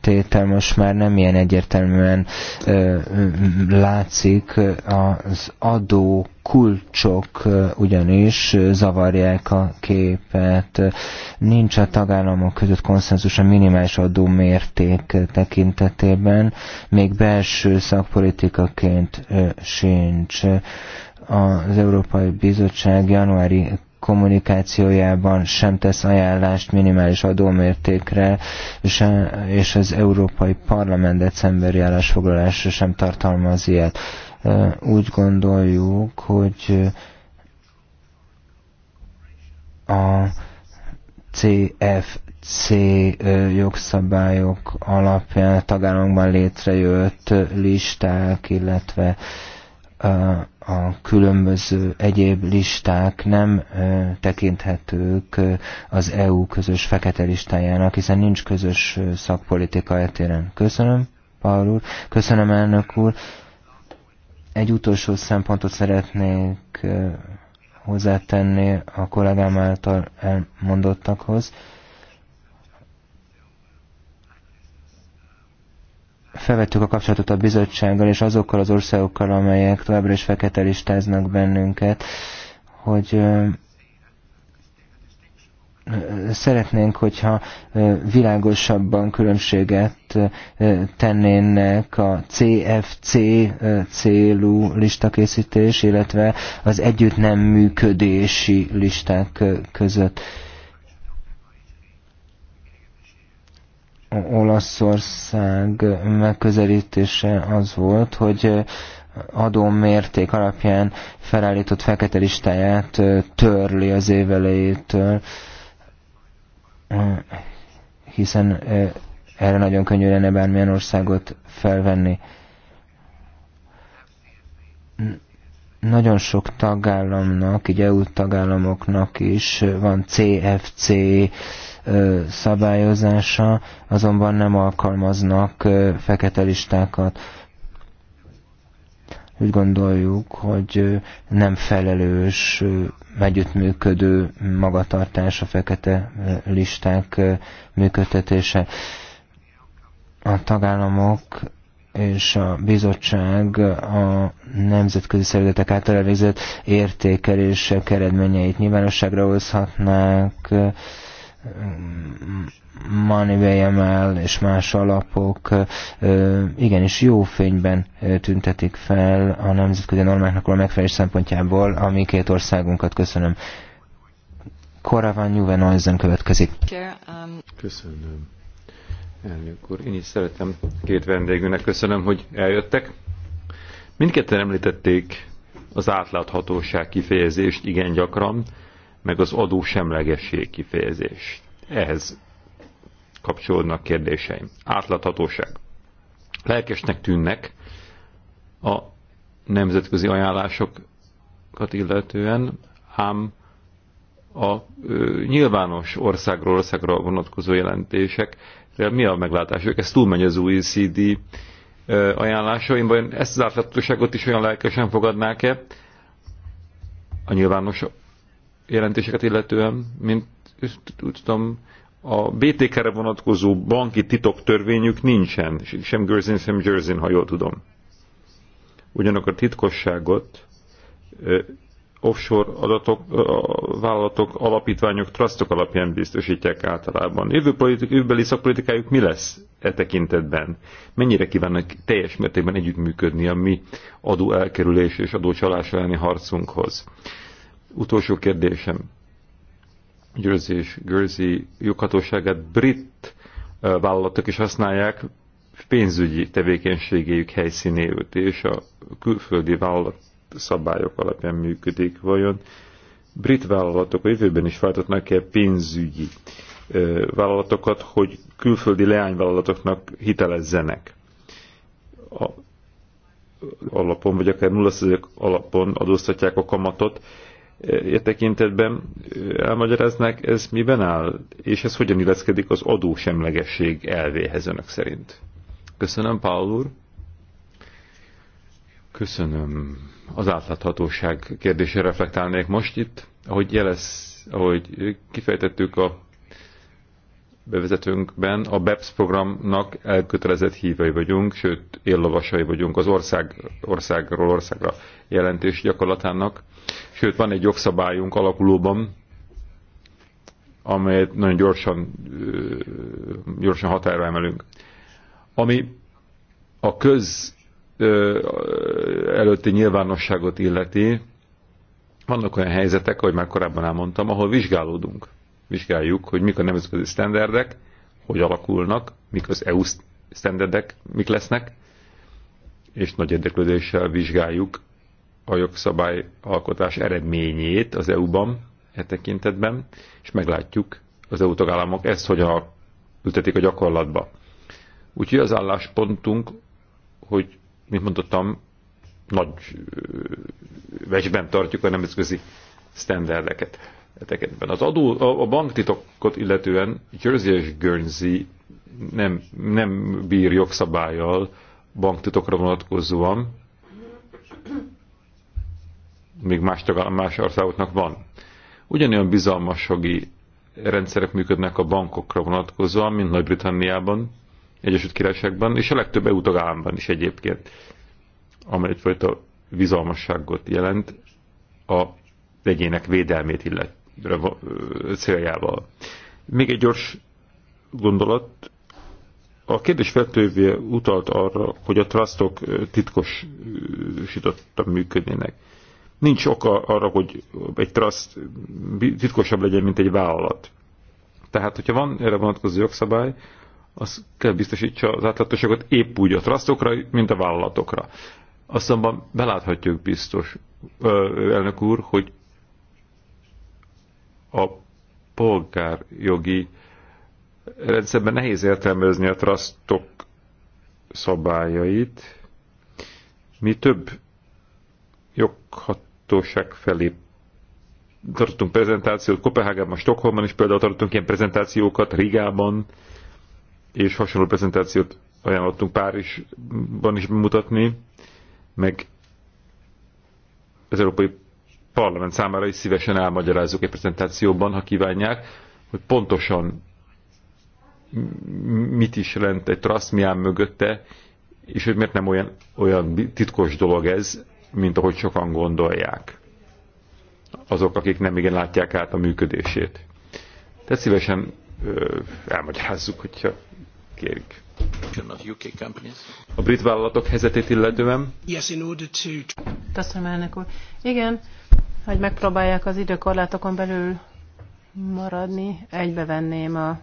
tétel most már nem ilyen egyértelműen látszik. Az adó kulcsok ugyanis zavarják a képet. Nincs a tagállamok között konszenzus a minimális adó mérték tekintetében, még belső szakpolitikaként sincs az Európai Bizottság januári kommunikációjában sem tesz ajánlást minimális adómértékre, és az Európai Parlament decemberi állásfoglalásra sem tartalmaz ilyet. Úgy gondoljuk, hogy a CFC jogszabályok alapján a tagállamokban létrejött listák, illetve a különböző egyéb listák nem tekinthetők az EU közös fekete listájának, hiszen nincs közös szakpolitika etéren. Köszönöm, Paul úr. Köszönöm, elnök úr. Egy utolsó szempontot szeretnék hozzátenni a kollégám által elmondottakhoz. felvettük a kapcsolatot a bizottsággal és azokkal az országokkal, amelyek továbbra is fekete listáznak bennünket, hogy szeretnénk, hogyha világosabban különbséget tennének a CFC célú listakészítés, illetve az együtt nem működési listák között. Olaszország megközelítése az volt, hogy adó mérték alapján felállított fekete listáját törli az évelejétől, hiszen erre nagyon könnyű lenne bármilyen országot felvenni. Nagyon sok tagállamnak, így EU tagállamoknak is van CFC szabályozása, azonban nem alkalmaznak fekete listákat. Úgy gondoljuk, hogy nem felelős, együttműködő magatartás a fekete listák működtetése. A tagállamok és a bizottság a nemzetközi szervezetek által elvégzett értékelések eredményeit nyilvánosságra hozhatnák, MoneyVML és más alapok igenis jó fényben tüntetik fel a nemzetközi normáknak a megfelelés szempontjából ami két országunkat. Köszönöm. Koraván Juvenoizen következik. Köszönöm. Elnök úr, én is szeretem két vendégünknek köszönöm, hogy eljöttek. Mindketten említették az átláthatóság kifejezést igen gyakran, meg az adó semlegesség kifejezés. Ehhez kapcsolódnak kérdéseim. Átláthatóság. Lelkesnek tűnnek a nemzetközi ajánlásokat illetően, ám a ö, nyilvános országról országra vonatkozó jelentések, mi a meglátások? Ez túlmegy az OECD ajánlásaimban. Ezt az átláthatóságot is olyan lelkesen fogadnák-e a nyilvános jelentéseket illetően, mint úgy tudom, a BTK-re vonatkozó banki titok törvényük nincsen, sem Görzin, sem Jerzin, ha jól tudom. Ugyanakkor a titkosságot offshore adatok, vállalatok, alapítványok, trustok alapján biztosítják általában. jövőbeli szakpolitikájuk mi lesz e tekintetben? Mennyire kívánnak teljes mértékben együttműködni a mi adó elkerülés és adócsalás elleni harcunkhoz? Utolsó kérdésem. Jersey és Jersey joghatóságát brit vállalatok is használják pénzügyi tevékenységéjük helyszínéült, és a külföldi vállalat szabályok alapján működik. Vajon brit vállalatok a jövőben is váltatnak-e pénzügyi vállalatokat, hogy külföldi leányvállalatoknak hitelezzenek? A alapon, vagy akár 0 alapon adóztatják a kamatot, e tekintetben e, elmagyaráznák, ez miben áll, és ez hogyan illeszkedik az adósemlegesség elvéhez önök szerint. Köszönöm, Paul úr. Köszönöm. Az átláthatóság kérdésére reflektálnék most itt. Ahogy jelez, ahogy kifejtettük a bevezetőnkben a BEPS programnak elkötelezett hívei vagyunk, sőt éllovasai vagyunk az ország, országról országra jelentés gyakorlatának. Sőt, van egy jogszabályunk alakulóban, amelyet nagyon gyorsan, gyorsan határa emelünk. Ami a köz előtti nyilvánosságot illeti, vannak olyan helyzetek, ahogy már korábban elmondtam, ahol vizsgálódunk vizsgáljuk, hogy mik a nemzetközi standardek, hogy alakulnak, mik az EU standardek, mik lesznek, és nagy érdeklődéssel vizsgáljuk a jogszabályalkotás eredményét az EU-ban e tekintetben, és meglátjuk az EU tagállamok ezt hogyan ültetik a gyakorlatba. Úgyhogy az álláspontunk, hogy, mint mondottam, nagy vecsben tartjuk a nemzetközi standardeket tekintetben. Az adó, a, a banktitokot illetően Jersey és Guernsey nem, nem bír jogszabályjal banktitokra vonatkozóan, még más, más országoknak van. Ugyanolyan bizalmasogi rendszerek működnek a bankokra vonatkozóan, mint Nagy-Britanniában, Egyesült Királyságban, és a legtöbb EU tagállamban is egyébként, amely egyfajta bizalmasságot jelent a egyének védelmét illet, céljával. Még egy gyors gondolat. A kérdés feltővé utalt arra, hogy a trustok titkosítottan működnének. Nincs oka arra, hogy egy trust titkosabb legyen, mint egy vállalat. Tehát, hogyha van erre vonatkozó jogszabály, az kell biztosítsa az átláthatóságot épp úgy a trustokra, mint a vállalatokra. Azonban beláthatjuk biztos, elnök úr, hogy a polgárjogi rendszerben nehéz értelmezni a trustok szabályait. Mi több joghatóság felé tartottunk prezentációt, Kopenhágában, Stockholmban is például tartottunk ilyen prezentációkat, Rigában, és hasonló prezentációt ajánlottunk Párizsban is bemutatni, meg az Európai parlament számára is szívesen elmagyarázzuk egy prezentációban, ha kívánják, hogy pontosan mit is jelent egy trust mögötte, és hogy miért nem olyan, olyan titkos dolog ez, mint ahogy sokan gondolják. Azok, akik nem igen látják át a működését. Tehát szívesen ö, elmagyarázzuk, hogyha kérik. A brit vállalatok helyzetét illetően? Köszönöm, elnök úr. Igen, hogy megpróbálják az időkorlátokon belül maradni. Egybevenném a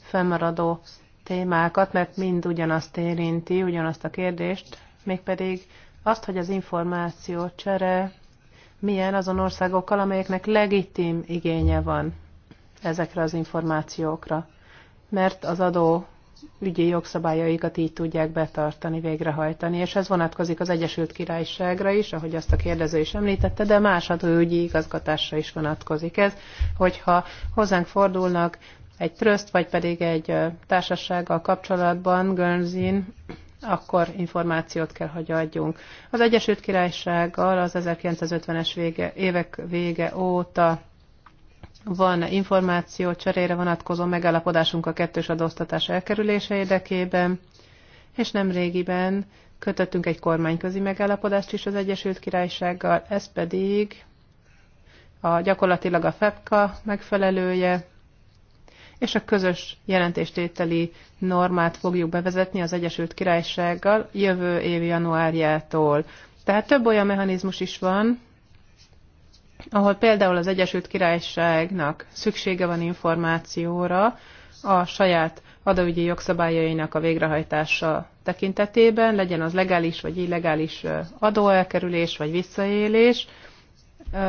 fennmaradó témákat, mert mind ugyanazt érinti, ugyanazt a kérdést, mégpedig azt, hogy az információ csere milyen azon országokkal, amelyeknek legitim igénye van ezekre az információkra. Mert az adó ügyi jogszabályaikat így tudják betartani, végrehajtani, és ez vonatkozik az Egyesült Királyságra is, ahogy azt a kérdező is említette, de más adóügyi igazgatásra is vonatkozik ez, hogyha hozzánk fordulnak egy tröszt, vagy pedig egy társasággal kapcsolatban, Gönzin, akkor információt kell, hogy adjunk. Az Egyesült Királysággal az 1950-es vége, évek vége óta van információ cserére vonatkozó megállapodásunk a kettős adóztatás elkerülése érdekében, és nemrégiben kötöttünk egy kormányközi megállapodást is az Egyesült Királysággal, ez pedig a, gyakorlatilag a FEPKA megfelelője, és a közös jelentéstételi normát fogjuk bevezetni az Egyesült Királysággal jövő év januárjától. Tehát több olyan mechanizmus is van, ahol például az Egyesült Királyságnak szüksége van információra a saját adóügyi jogszabályainak a végrehajtása tekintetében, legyen az legális vagy illegális adóelkerülés vagy visszaélés,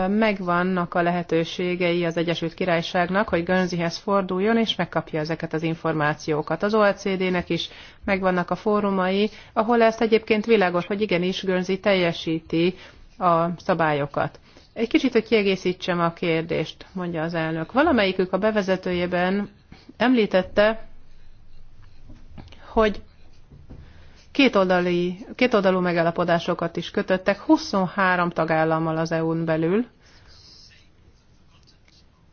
megvannak a lehetőségei az Egyesült Királyságnak, hogy Gönzihez forduljon és megkapja ezeket az információkat. Az OECD-nek is megvannak a fórumai, ahol ezt egyébként világos, hogy igenis Gönzi teljesíti a szabályokat. Egy kicsit, hogy kiegészítsem a kérdést, mondja az elnök. Valamelyikük a bevezetőjében említette, hogy kétoldalú két megállapodásokat is kötöttek 23 tagállammal az EU-n belül,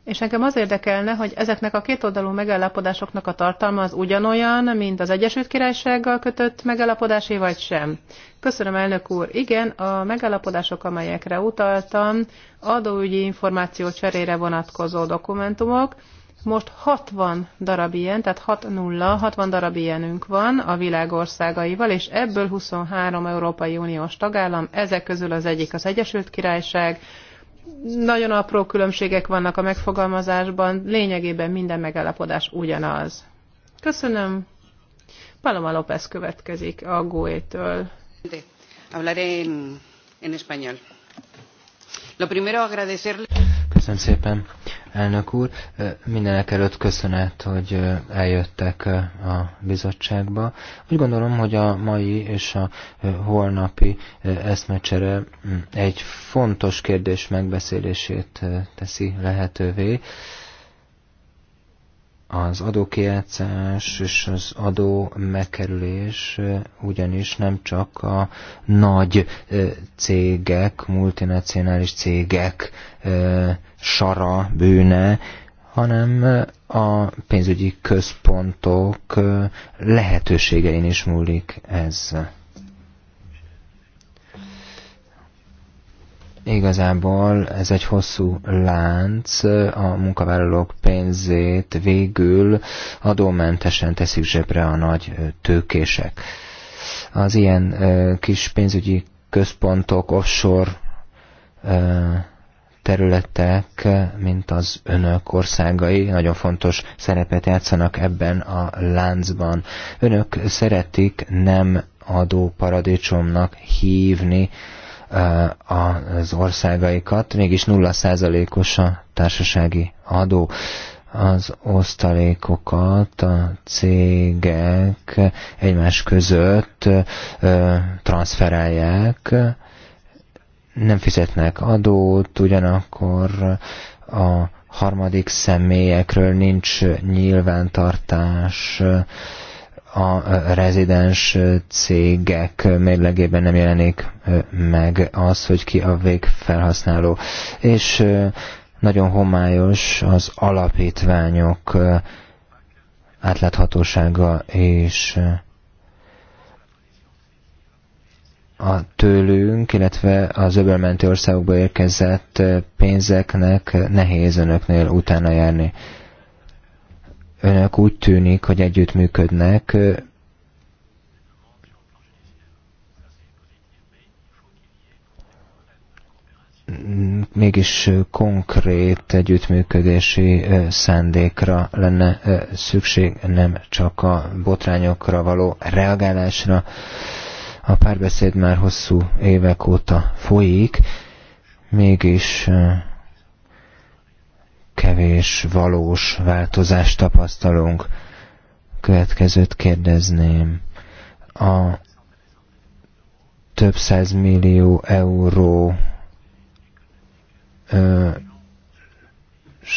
és engem az érdekelne, hogy ezeknek a kétoldalú megállapodásoknak a tartalma az ugyanolyan, mint az Egyesült Királysággal kötött megállapodásé, vagy sem. Köszönöm, elnök úr. Igen, a megállapodások, amelyekre utaltam, adóügyi információ cserére vonatkozó dokumentumok, most 60 darab ilyen, tehát 6 nulla, 60 darab ilyenünk van a világországaival, és ebből 23 Európai Uniós tagállam, ezek közül az egyik az Egyesült Királyság, nagyon apró különbségek vannak a megfogalmazásban, lényegében minden megállapodás ugyanaz. Köszönöm. Paloma López következik a GUE-től. Hablaré en, en español. Lo primero agradecerle... Köszönöm szépen, elnök úr. Mindenek előtt köszönet, hogy eljöttek a bizottságba. Úgy gondolom, hogy a mai és a holnapi eszmecsere egy fontos kérdés megbeszélését teszi lehetővé. Az adókijátszás és az adó megkerülés ugyanis nem csak a nagy cégek, multinacionális cégek sara bűne, hanem a pénzügyi központok lehetőségein is múlik ez. Igazából ez egy hosszú lánc, a munkavállalók pénzét végül adómentesen teszik zsebre a nagy tőkések. Az ilyen kis pénzügyi központok, offshore területek, mint az önök országai nagyon fontos szerepet játszanak ebben a láncban. Önök szeretik nem adóparadicsomnak hívni az országaikat, mégis 0%-os a társasági adó. Az osztalékokat a cégek egymás között transferálják, nem fizetnek adót, ugyanakkor a harmadik személyekről nincs nyilvántartás, a rezidens cégek mérlegében nem jelenik meg az, hogy ki a végfelhasználó. És nagyon homályos az alapítványok átláthatósága és a tőlünk, illetve az öbölmenti országokba érkezett pénzeknek nehéz önöknél utána járni önök úgy tűnik, hogy együttműködnek. Mégis konkrét együttműködési szándékra lenne szükség, nem csak a botrányokra való reagálásra. A párbeszéd már hosszú évek óta folyik, mégis kevés valós változást tapasztalunk. Következőt kérdezném. A több száz millió euró ö,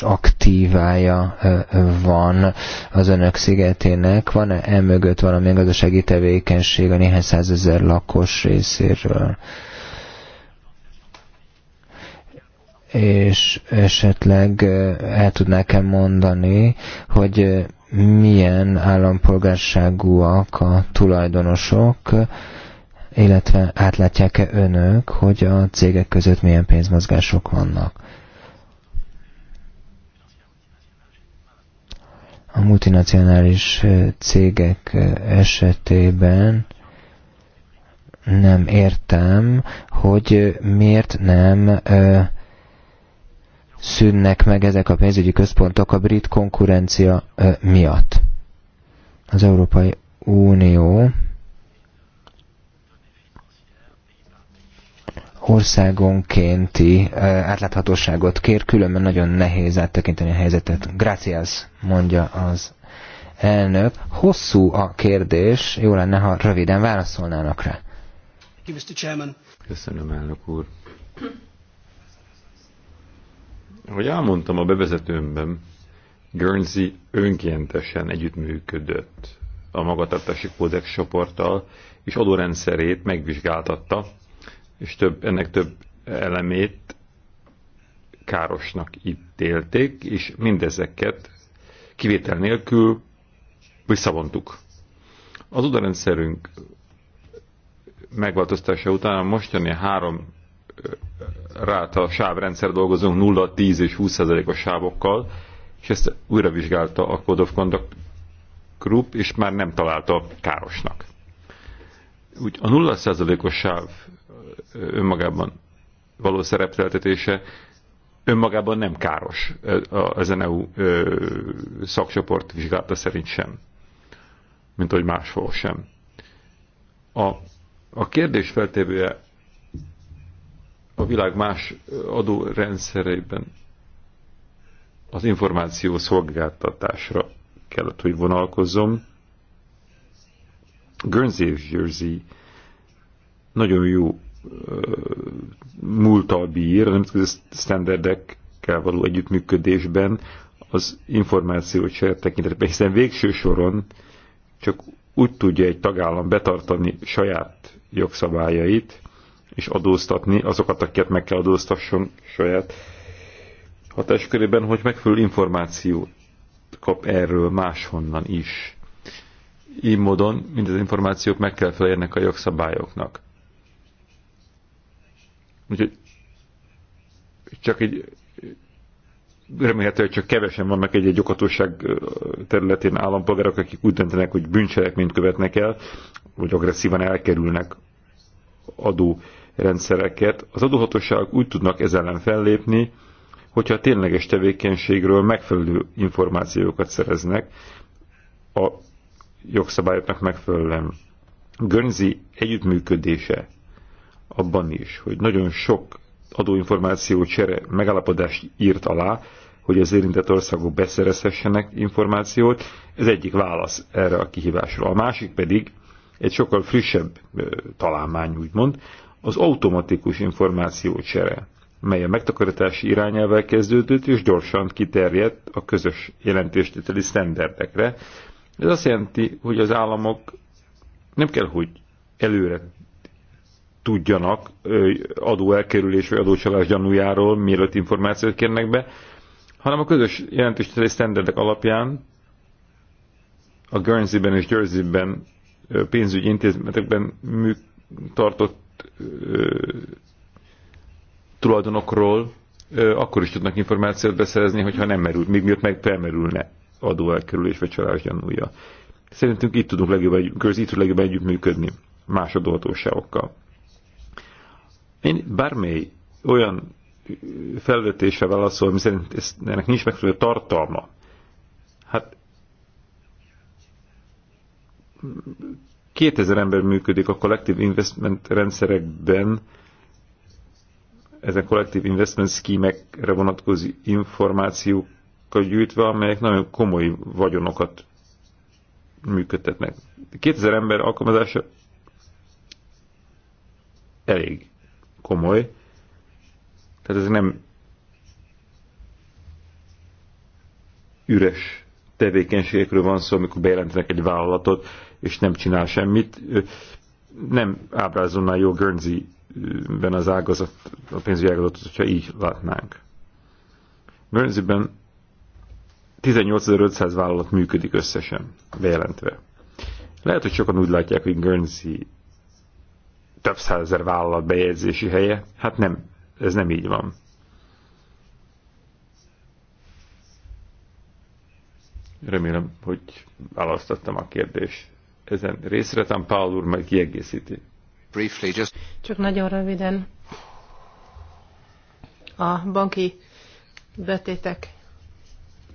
aktívája van az önök szigetének. Van-e emögött valami gazdasági tevékenység a néhány százezer lakos részéről? Ö, és esetleg el tudnák-e mondani, hogy milyen állampolgárságúak a tulajdonosok, illetve átlátják-e önök, hogy a cégek között milyen pénzmozgások vannak. A multinacionális cégek esetében nem értem, hogy miért nem ö, szűnnek meg ezek a pénzügyi központok a brit konkurencia miatt. Az Európai Unió országonkénti átláthatóságot kér, különben nagyon nehéz áttekinteni a helyzetet. Gracias, mondja az elnök. Hosszú a kérdés, jó lenne, ha röviden válaszolnának rá. Köszönöm, elnök úr. Ahogy elmondtam a bevezetőmben, Guernsey önkéntesen együttműködött a magatartási kódex csoporttal, és adórendszerét megvizsgáltatta, és több, ennek több elemét károsnak ítélték, és mindezeket kivétel nélkül visszavontuk. Az adórendszerünk megváltoztása után a mostani három ráta sávrendszer dolgozunk 0, 10 és 20 százalékos sávokkal, és ezt újra vizsgálta a Code of Conduct Group, és már nem találta károsnak. Úgy a 0 százalékos sáv önmagában való szerepteltetése önmagában nem káros az NEU szakcsoport vizsgálata szerint sem, mint hogy máshol sem. A, a kérdés feltévője a világ más adórendszereiben az információ szolgáltatásra kellett, hogy vonalkozzom. Guernsey és Jersey nagyon jó múltal bír, a nemzetközi standardekkel való együttműködésben az információcsere tekintetben, hiszen végső soron csak úgy tudja egy tagállam betartani saját jogszabályait, és adóztatni azokat, akiket meg kell adóztasson saját hatáskörében, hogy megfelelő információt kap erről máshonnan is. Így módon mindez információk meg kell felérnek a jogszabályoknak. Úgyhogy csak egy remélhetőleg csak kevesen vannak egy, egy okatóság területén állampolgárok, akik úgy döntenek, hogy bűncselekményt követnek el, vagy agresszívan elkerülnek adó rendszereket, az adóhatóságok úgy tudnak ezzel ellen fellépni, hogyha a tényleges tevékenységről megfelelő információkat szereznek a jogszabályoknak megfelelően. Gönzi együttműködése abban is, hogy nagyon sok adóinformáció csere megállapodást írt alá, hogy az érintett országok beszerezhessenek információt. Ez egyik válasz erre a kihívásra. A másik pedig egy sokkal frissebb találmány, úgymond, az automatikus információcsere, mely a megtakarítási irányelvel kezdődött és gyorsan kiterjedt a közös jelentéstételi sztenderdekre. Ez azt jelenti, hogy az államok nem kell, hogy előre tudjanak adóelkerülés vagy adócsalás gyanújáról, mielőtt információt kérnek be, hanem a közös jelentéstételi sztenderdek alapján a Guernsey-ben és Jersey-ben pénzügyi intézményekben tartott tulajdonokról akkor is tudnak információt beszerezni, hogyha nem merül, még miatt meg felmerülne adóelkerülés vagy csalás gyanúja. Szerintünk itt tudunk legjobban, egy, itt tud legjobban együttműködni más adóhatóságokkal. Én bármely olyan felvetésre válaszol, ami szerint ez, ennek nincs megfelelő tartalma. Hát 2000 ember működik a kollektív investment rendszerekben, ezen kollektív investment schemekre vonatkozó információkat gyűjtve, amelyek nagyon komoly vagyonokat működtetnek. 2000 ember alkalmazása elég komoly, tehát ez nem üres tevékenységekről van szó, amikor bejelentenek egy vállalatot, és nem csinál semmit. Nem ábrázolná jó Guernsey-ben az ágazat, a pénzügyi ágazatot, hogyha így látnánk. Guernsey-ben 18.500 vállalat működik összesen, bejelentve. Lehet, hogy sokan úgy látják, hogy Guernsey több százezer vállalat bejegyzési helye. Hát nem, ez nem így van. Remélem, hogy választottam a kérdést. Ezen részre Tan Pál úr majd kiegészíti. Csak nagyon röviden. A banki betétek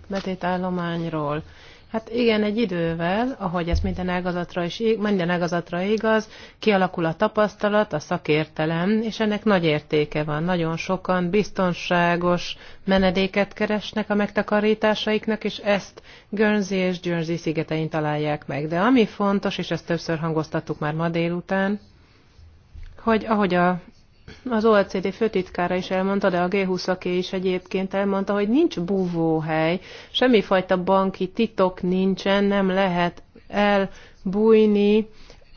betétállományról. Hát igen, egy idővel, ahogy ez minden ágazatra, is, minden ágazatra igaz, kialakul a tapasztalat, a szakértelem, és ennek nagy értéke van. Nagyon sokan biztonságos menedéket keresnek a megtakarításaiknak, és ezt Guernsey és Guernsey szigetein találják meg. De ami fontos, és ezt többször hangoztattuk már ma délután, hogy ahogy a az OECD főtitkára is elmondta, de a G20-aké is egyébként elmondta, hogy nincs buvóhely, semmifajta banki titok nincsen, nem lehet elbújni,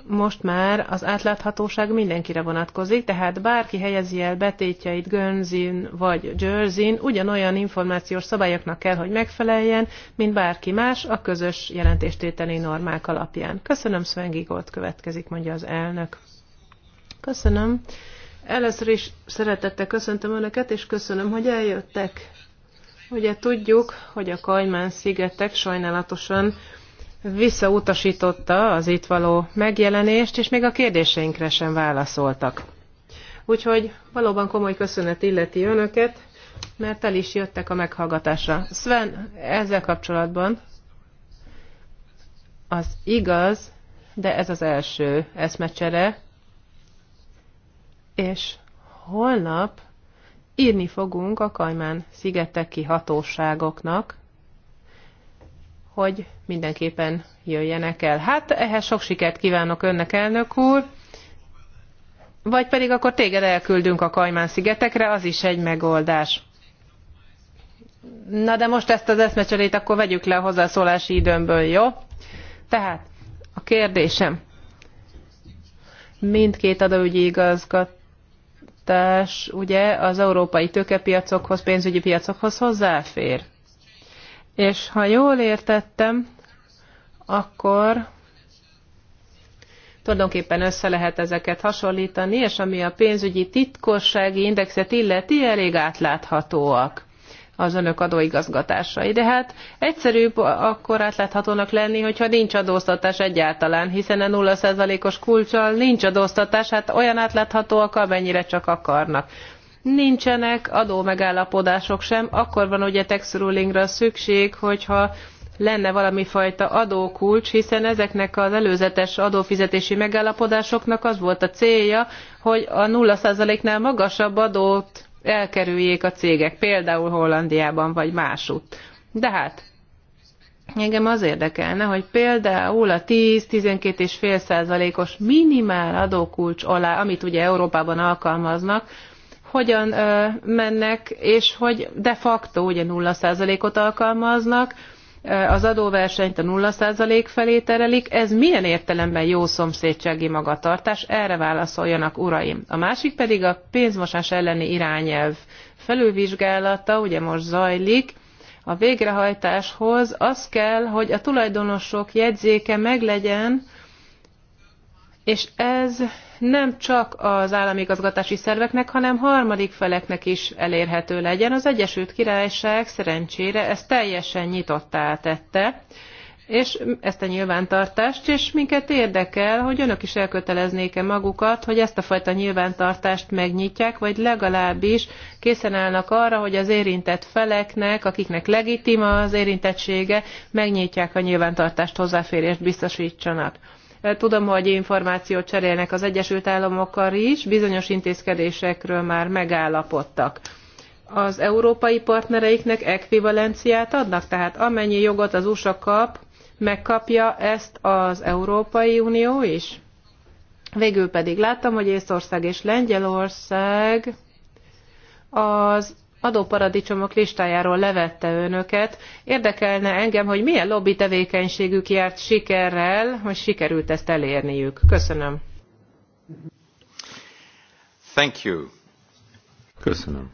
most már az átláthatóság mindenkire vonatkozik, tehát bárki helyezi el betétjeit Gönzin vagy Jerseyn, ugyanolyan információs szabályoknak kell, hogy megfeleljen, mint bárki más a közös jelentéstételi normák alapján. Köszönöm, Sven Gigolt következik, mondja az elnök. Köszönöm. Először is szeretettel köszöntöm Önöket, és köszönöm, hogy eljöttek. Ugye tudjuk, hogy a Kajmán szigetek sajnálatosan visszautasította az itt való megjelenést, és még a kérdéseinkre sem válaszoltak. Úgyhogy valóban komoly köszönet illeti Önöket, mert el is jöttek a meghallgatásra. Sven, ezzel kapcsolatban az igaz, de ez az első eszmecsere, és holnap írni fogunk a Kajmán szigeteki hatóságoknak, hogy mindenképpen jöjjenek el. Hát ehhez sok sikert kívánok önnek, elnök úr, vagy pedig akkor téged elküldünk a Kajmán szigetekre, az is egy megoldás. Na de most ezt az eszmecserét akkor vegyük le a hozzászólási időmből, jó? Tehát a kérdésem. Mindkét adóügyi igazgató fogyasztás ugye az európai tőkepiacokhoz, pénzügyi piacokhoz hozzáfér. És ha jól értettem, akkor tulajdonképpen össze lehet ezeket hasonlítani, és ami a pénzügyi titkossági indexet illeti, elég átláthatóak az önök adóigazgatásai. De hát egyszerűbb akkor átláthatónak lenni, hogyha nincs adóztatás egyáltalán, hiszen a 0%-os kulcsal nincs adóztatás, hát olyan átláthatóak, amennyire csak akarnak. Nincsenek adó megállapodások sem, akkor van ugye tax rulingra szükség, hogyha lenne valami fajta adókulcs, hiszen ezeknek az előzetes adófizetési megállapodásoknak az volt a célja, hogy a 0%-nál magasabb adót elkerüljék a cégek, például Hollandiában vagy másutt. De hát, engem az érdekelne, hogy például a 10-12,5 százalékos minimál adókulcs alá, amit ugye Európában alkalmaznak, hogyan ö, mennek, és hogy de facto ugye 0 százalékot alkalmaznak, az adóversenyt a 0% felé terelik, ez milyen értelemben jó szomszédsági magatartás? Erre válaszoljanak, uraim. A másik pedig a pénzmosás elleni irányelv felülvizsgálata, ugye most zajlik, a végrehajtáshoz az kell, hogy a tulajdonosok jegyzéke meglegyen, és ez nem csak az államigazgatási szerveknek, hanem harmadik feleknek is elérhető legyen. Az Egyesült Királyság szerencsére ezt teljesen nyitottá tette, és ezt a nyilvántartást, és minket érdekel, hogy önök is elköteleznék-e magukat, hogy ezt a fajta nyilvántartást megnyitják, vagy legalábbis készen állnak arra, hogy az érintett feleknek, akiknek legitima az érintettsége, megnyitják a nyilvántartást, hozzáférést biztosítsanak. Tudom, hogy információt cserélnek az Egyesült Államokkal is, bizonyos intézkedésekről már megállapodtak az európai partnereiknek ekvivalenciát adnak? Tehát amennyi jogot az USA kap, megkapja ezt az Európai Unió is? Végül pedig láttam, hogy Észország és Lengyelország az adóparadicsomok listájáról levette önöket. Érdekelne engem, hogy milyen lobby tevékenységük járt sikerrel, hogy sikerült ezt elérniük. Köszönöm. Thank you. Köszönöm.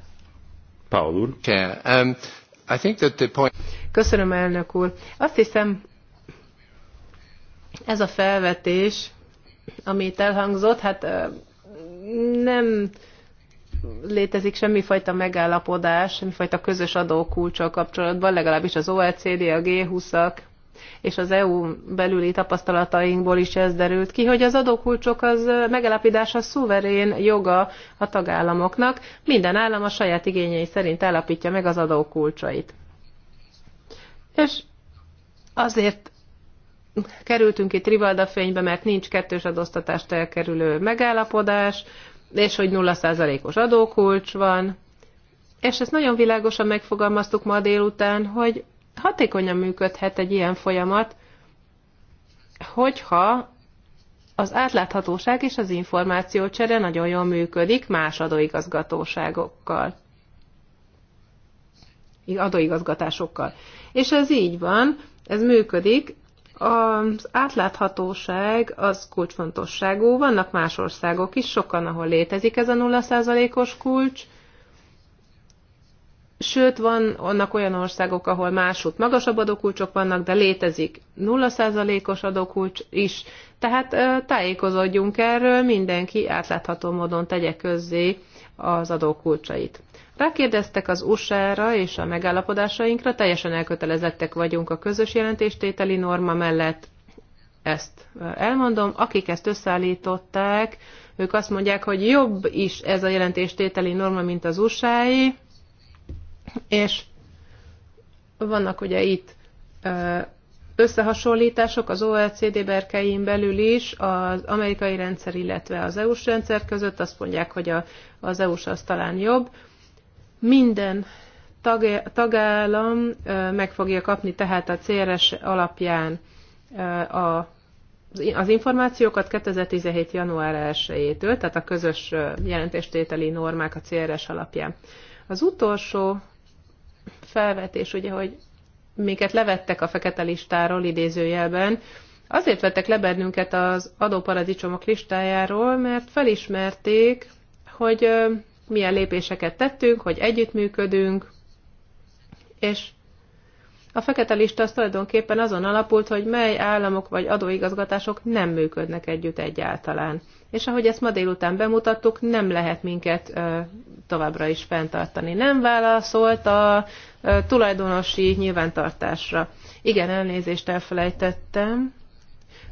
Paul úr. Um, I think that the point... Köszönöm, elnök úr. Azt hiszem, ez a felvetés, amit elhangzott, hát nem létezik semmifajta megállapodás, semmifajta közös adókulcsal kapcsolatban, legalábbis az OECD, a G20-ak és az EU belüli tapasztalatainkból is ez derült ki, hogy az adókulcsok az megállapítása szuverén joga a tagállamoknak, minden állam a saját igényei szerint állapítja meg az adókulcsait. És azért kerültünk itt rivalda fénybe, mert nincs kettős adóztatást elkerülő megállapodás, és hogy 0%-os adókulcs van, és ezt nagyon világosan megfogalmaztuk ma délután, hogy hatékonyan működhet egy ilyen folyamat, hogyha az átláthatóság és az információcsere nagyon jól működik más adóigazgatóságokkal, adóigazgatásokkal. És ez így van, ez működik, az átláthatóság az kulcsfontosságú. Vannak más országok is, sokan, ahol létezik ez a 0%-os kulcs, Sőt, van annak olyan országok, ahol másút magasabb adókulcsok vannak, de létezik 0%-os adókulcs is. Tehát tájékozódjunk erről, mindenki átlátható módon tegye közzé az adókulcsait. Rákérdeztek az USA-ra és a megállapodásainkra, teljesen elkötelezettek vagyunk a közös jelentéstételi norma mellett, ezt elmondom. Akik ezt összeállították, ők azt mondják, hogy jobb is ez a jelentéstételi norma, mint az usa -i. és vannak ugye itt összehasonlítások az OECD berkein belül is, az amerikai rendszer, illetve az EU-s rendszer között, azt mondják, hogy a, az EU-s az talán jobb. Minden tag, tagállam meg fogja kapni tehát a CRS alapján a az információkat 2017. január 1-től, tehát a közös jelentéstételi normák a CRS alapján. Az utolsó felvetés, ugye, hogy minket levettek a fekete listáról idézőjelben, azért vettek le bennünket az adóparadicsomok listájáról, mert felismerték, hogy milyen lépéseket tettünk, hogy együttműködünk, és a fekete lista az tulajdonképpen azon alapult, hogy mely államok vagy adóigazgatások nem működnek együtt egyáltalán. És ahogy ezt ma délután bemutattuk, nem lehet minket ö, továbbra is fenntartani. Nem válaszolt a ö, tulajdonosi nyilvántartásra. Igen, elnézést elfelejtettem.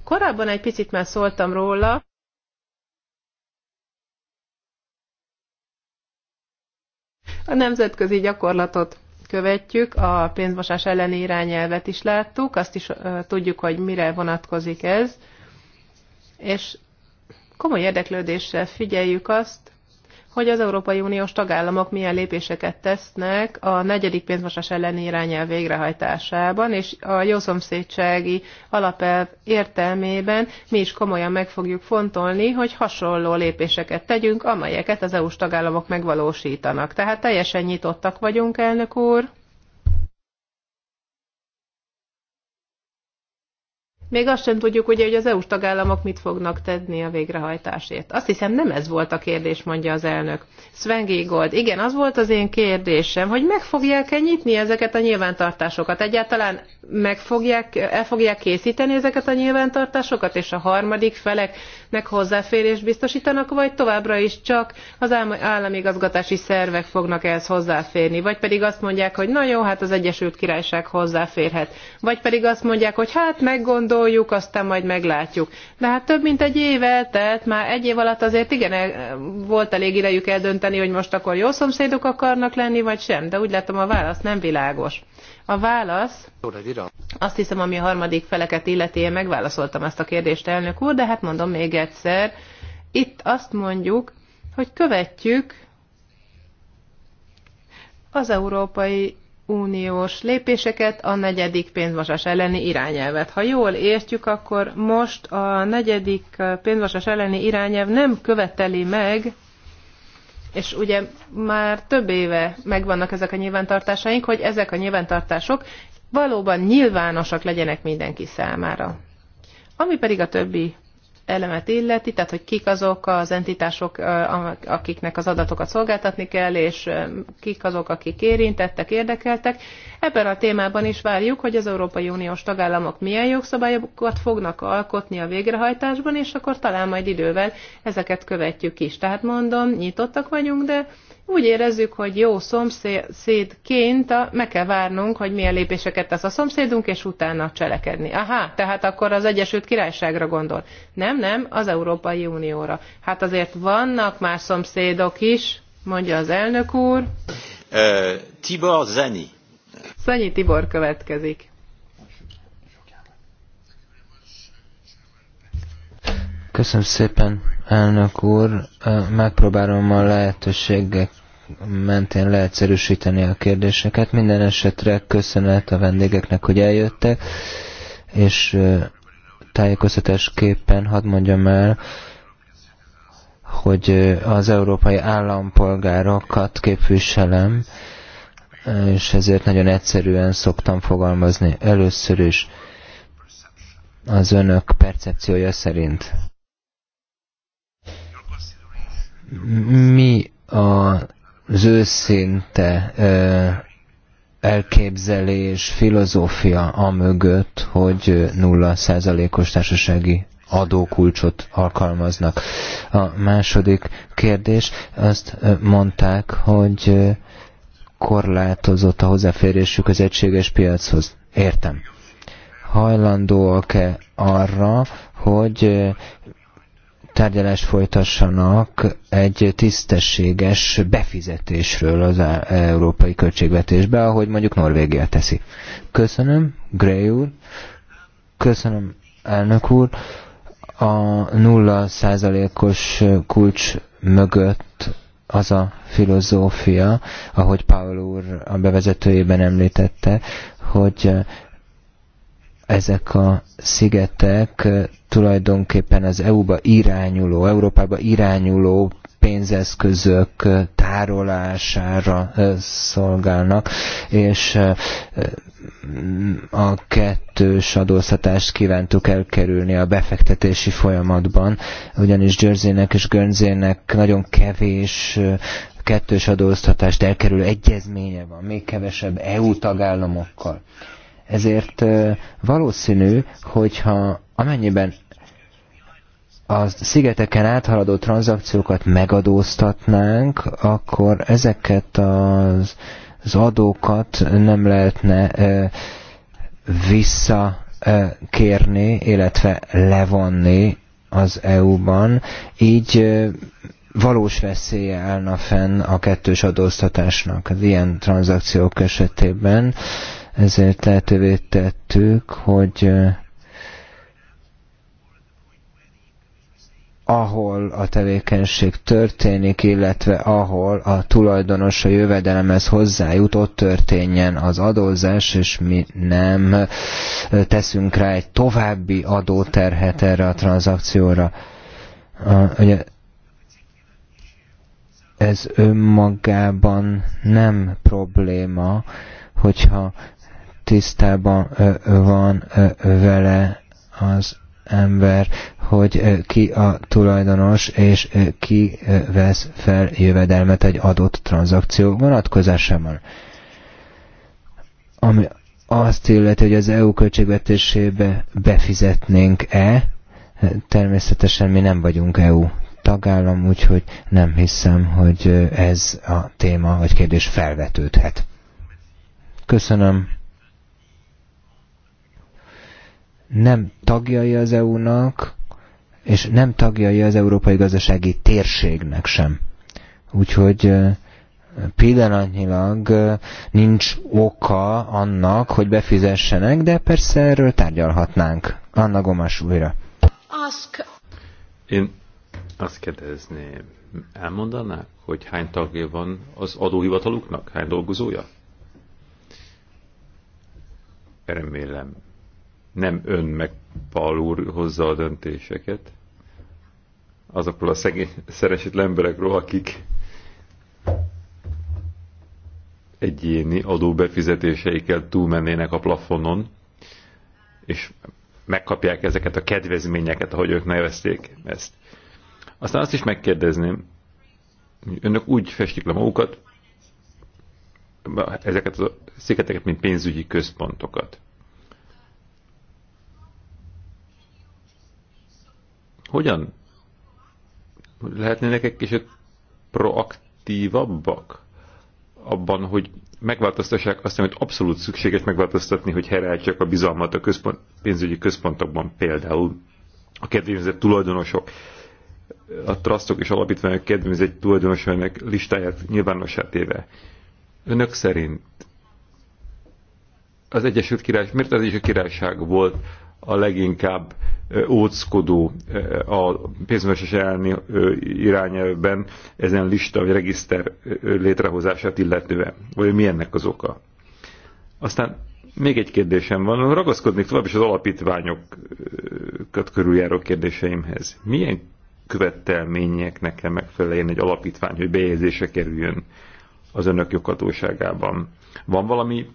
Korábban egy picit már szóltam róla. A nemzetközi gyakorlatot követjük, a pénzmosás elleni irányelvet is láttuk, azt is tudjuk, hogy mire vonatkozik ez, és komoly érdeklődéssel figyeljük azt, hogy az Európai Uniós tagállamok milyen lépéseket tesznek a negyedik pénzmosás elleni irányelv végrehajtásában, és a jószomszédsági alapelv értelmében mi is komolyan meg fogjuk fontolni, hogy hasonló lépéseket tegyünk, amelyeket az EU-s tagállamok megvalósítanak. Tehát teljesen nyitottak vagyunk, elnök úr Még azt sem tudjuk, ugye, hogy az EU-s tagállamok mit fognak tenni a végrehajtásért. Azt hiszem nem ez volt a kérdés, mondja az elnök. Sven Giegold, igen, az volt az én kérdésem, hogy meg fogják-e nyitni ezeket a nyilvántartásokat? Egyáltalán meg fogják, el fogják készíteni ezeket a nyilvántartásokat, és a harmadik feleknek hozzáférést biztosítanak, vagy továbbra is csak az államigazgatási szervek fognak ehhez hozzáférni, vagy pedig azt mondják, hogy na jó, hát az Egyesült Királyság hozzáférhet, vagy pedig azt mondják, hogy hát meggondol, kitoljuk, aztán majd meglátjuk. De hát több mint egy év eltelt, már egy év alatt azért igen, volt elég idejük eldönteni, hogy most akkor jó szomszédok akarnak lenni, vagy sem, de úgy látom a válasz nem világos. A válasz, azt hiszem, ami a harmadik feleket illeti, én megválaszoltam ezt a kérdést, elnök úr, de hát mondom még egyszer, itt azt mondjuk, hogy követjük az Európai uniós lépéseket, a negyedik pénzmosás elleni irányelvet. Ha jól értjük, akkor most a negyedik pénzmosás elleni irányelv nem követeli meg, és ugye már több éve megvannak ezek a nyilvántartásaink, hogy ezek a nyilvántartások valóban nyilvánosak legyenek mindenki számára. Ami pedig a többi elemet illeti, tehát hogy kik azok az entitások, akiknek az adatokat szolgáltatni kell, és kik azok, akik érintettek, érdekeltek. Ebben a témában is várjuk, hogy az Európai Uniós tagállamok milyen jogszabályokat fognak alkotni a végrehajtásban, és akkor talán majd idővel ezeket követjük is. Tehát mondom, nyitottak vagyunk, de úgy érezzük, hogy jó szomszédként meg kell várnunk, hogy milyen lépéseket tesz a szomszédunk, és utána cselekedni. Aha, tehát akkor az Egyesült Királyságra gondol. Nem, nem, az Európai Unióra. Hát azért vannak más szomszédok is, mondja az elnök úr. Uh, Tibor Zeni. Szanyi Tibor következik. Köszönöm szépen, elnök úr. Megpróbálom a lehetőségek mentén leegyszerűsíteni a kérdéseket. Minden esetre köszönet a vendégeknek, hogy eljöttek, és tájékoztatásképpen hadd mondjam el, hogy az európai állampolgárokat képviselem, és ezért nagyon egyszerűen szoktam fogalmazni először is az önök percepciója szerint mi az őszinte elképzelés, filozófia a mögött, hogy nulla százalékos társasági adókulcsot alkalmaznak. A második kérdés, azt mondták, hogy korlátozott a hozzáférésük az egységes piachoz. Értem. Hajlandóak-e arra, hogy tárgyalást folytassanak egy tisztességes befizetésről az európai költségvetésbe, ahogy mondjuk Norvégia teszi. Köszönöm, Gray úr. Köszönöm, elnök úr. A nulla százalékos kulcs mögött az a filozófia, ahogy Paul úr a bevezetőjében említette, hogy ezek a szigetek tulajdonképpen az EU-ba irányuló, Európába irányuló pénzeszközök tárolására szolgálnak, és a kettős adóztatást kívántuk elkerülni a befektetési folyamatban, ugyanis Jerseynek és Gönzének nagyon kevés kettős adóztatást elkerülő egyezménye van, még kevesebb EU tagállamokkal. Ezért valószínű, hogyha amennyiben a szigeteken áthaladó tranzakciókat megadóztatnánk, akkor ezeket az, az adókat nem lehetne ö, visszakérni, illetve levonni az EU-ban. Így ö, valós veszélye állna fenn a kettős adóztatásnak az ilyen tranzakciók esetében. Ö, ezért lehetővé tettük, hogy ahol a tevékenység történik, illetve ahol a tulajdonos a jövedelemhez hozzájut, ott történjen az adózás, és mi nem teszünk rá egy további adóterhet erre a tranzakcióra. Ugye ez önmagában nem probléma, hogyha tisztában van vele az ember, hogy ki a tulajdonos, és ki vesz fel jövedelmet egy adott tranzakció vonatkozásában. Ami azt illeti, hogy az EU költségvetésébe befizetnénk-e, természetesen mi nem vagyunk EU tagállam, úgyhogy nem hiszem, hogy ez a téma vagy kérdés felvetődhet. Köszönöm. nem tagjai az EU-nak, és nem tagjai az európai gazdasági térségnek sem. Úgyhogy pillanatnyilag nincs oka annak, hogy befizessenek, de persze erről tárgyalhatnánk. Anna Gomas újra. Ask. Én azt kérdezném, elmondaná, hogy hány tagja van az adóhivataluknak, hány dolgozója? Remélem nem ön meg Paul úr hozza a döntéseket azokról a szegény, szeresetlen emberekről, akik egyéni adóbefizetéseikkel túlmennének a plafonon, és megkapják ezeket a kedvezményeket, ahogy ők nevezték ezt. Aztán azt is megkérdezném, hogy önök úgy festik le magukat, ezeket a szigeteket, mint pénzügyi központokat. Hogyan lehetnének egy kicsit proaktívabbak abban, hogy megváltoztassák azt, amit abszolút szükséges megváltoztatni, hogy helyreálltsák a bizalmat a központ, pénzügyi központokban például a kedvezett tulajdonosok, a trustok és alapítványok kedvezett tulajdonosainak listáját nyilvánossá téve. Önök szerint az Egyesült Királyság, miért az Egyesült Királyság volt a leginkább óckodó a pénzmosás elleni irányelvben ezen lista vagy regiszter létrehozását illetően? Vagy mi ennek az oka? Aztán még egy kérdésem van, ragaszkodnék tovább is az alapítványokat körüljáró kérdéseimhez. Milyen követelményeknek kell megfelelni egy alapítvány, hogy bejegyzése kerüljön az önök joghatóságában? Van valami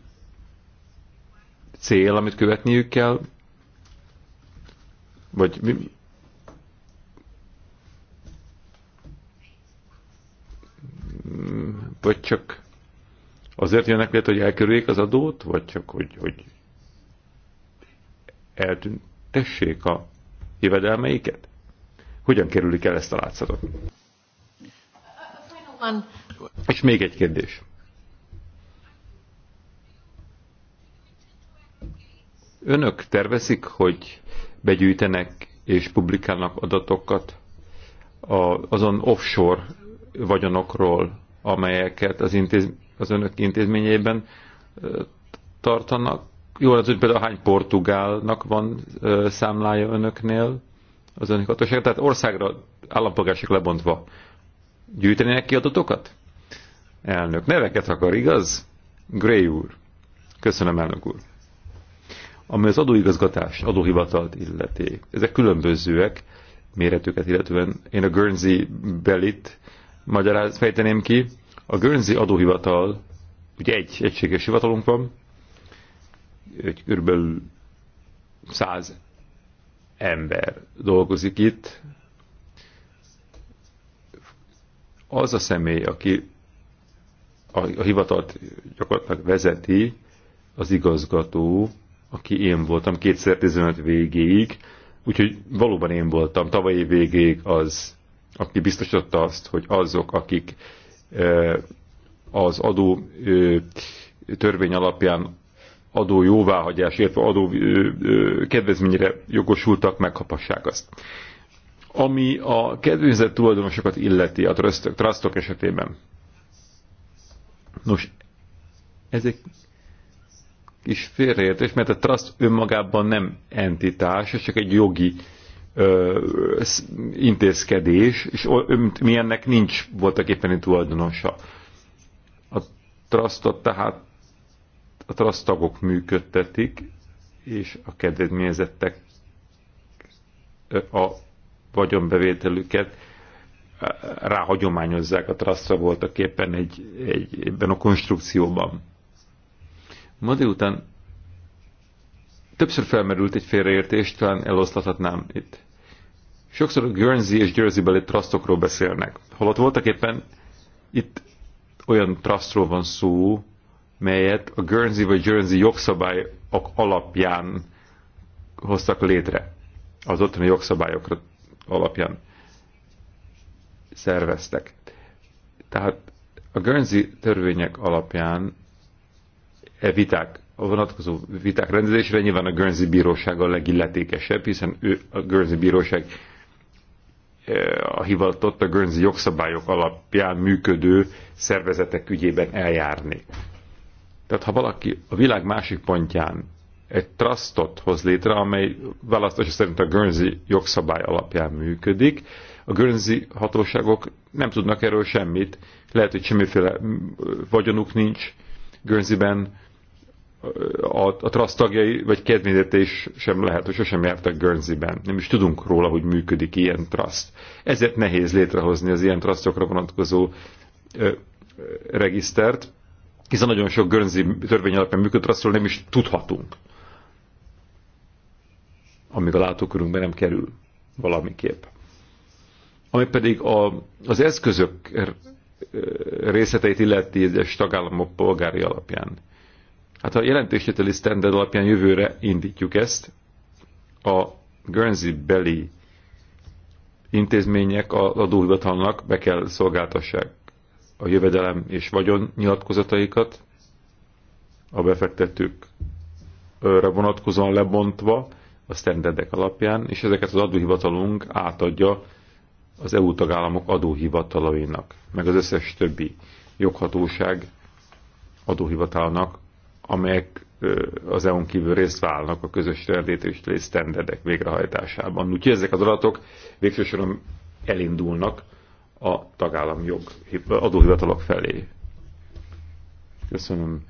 cél, amit követniük kell, vagy mi? Vagy csak azért jönnek miért, hogy elkerüljék az adót, vagy csak hogy, hogy eltüntessék a jövedelmeiket? Hogyan kerülik el ezt a látszatot? És még egy kérdés. Önök tervezik, hogy begyűjtenek és publikálnak adatokat azon offshore vagyonokról, amelyeket az, intéz, az önök intézményeiben tartanak. Jó az, hogy például hány portugálnak van számlája önöknél az önök hatóság, tehát országra állampolgárság lebontva gyűjtenének ki adatokat? Elnök, neveket akar, igaz? Gray úr. Köszönöm, elnök úr amely az adóigazgatás, adóhivatalt illeti. Ezek különbözőek, méretüket illetően. Én a Guernsey belit magyaráz, fejteném ki. A Guernsey adóhivatal, ugye egy egységes hivatalunk van, egy kb. 100 ember dolgozik itt. Az a személy, aki a, a hivatalt gyakorlatilag vezeti, az igazgató, aki én voltam 2015 végéig, úgyhogy valóban én voltam tavalyi végéig az, aki biztosította azt, hogy azok, akik az adó törvény alapján adó jóváhagyás, illetve adó kedvezményre jogosultak, megkapassák azt. Ami a kedvezett tulajdonosokat illeti a trustok esetében. Nos, ezek kis félreértés, mert a trust önmagában nem entitás, ez csak egy jogi ö, intézkedés, és mi ennek nincs voltak éppen itt tulajdonosa. A trustot tehát a trust tagok működtetik, és a kedvezményezettek a vagyonbevételüket ráhagyományozzák a trustra voltak éppen egy, egy, ebben a konstrukcióban. Ma délután többször felmerült egy félreértés, talán eloszlathatnám itt. Sokszor a Guernsey és Jersey-beli trustokról beszélnek. Holott voltak éppen itt olyan trustról van szó, melyet a Guernsey vagy Jersey jogszabályok alapján hoztak létre. Az ottani jogszabályokra alapján szerveztek. Tehát a Guernsey törvények alapján e viták, a vonatkozó viták rendezésére nyilván a Guernsey Bíróság a legilletékesebb, hiszen ő, a Guernsey Bíróság e, a hivatott a Guernsey jogszabályok alapján működő szervezetek ügyében eljárni. Tehát ha valaki a világ másik pontján egy trustot hoz létre, amely választása szerint a Guernsey jogszabály alapján működik, a Guernsey hatóságok nem tudnak erről semmit, lehet, hogy semmiféle vagyonuk nincs Guernseyben, a, a trust tagjai vagy kedvényzete is sem lehet, hogy sosem jártak Guernsey-ben. Nem is tudunk róla, hogy működik ilyen trust. Ezért nehéz létrehozni az ilyen trustokra vonatkozó ö, ö, regisztert, hiszen nagyon sok Guernsey törvény alapján működő trustról nem is tudhatunk, amíg a látókörünkben nem kerül valamiképp. Ami pedig a, az eszközök részleteit illeti egyes tagállamok polgári alapján Hát a jelentéstételi standard alapján jövőre indítjuk ezt. A Guernsey beli intézmények az adóhivatalnak be kell szolgáltassák a jövedelem és vagyon nyilatkozataikat, a befektetőkre vonatkozóan lebontva a standardek alapján, és ezeket az adóhivatalunk átadja az EU tagállamok adóhivatalainak, meg az összes többi joghatóság adóhivatalnak amelyek az EU-n kívül részt válnak a közös rendelítési standardek végrehajtásában. Úgyhogy ezek az adatok végsősorban elindulnak a tagállam jog adóhivatalok felé. Köszönöm.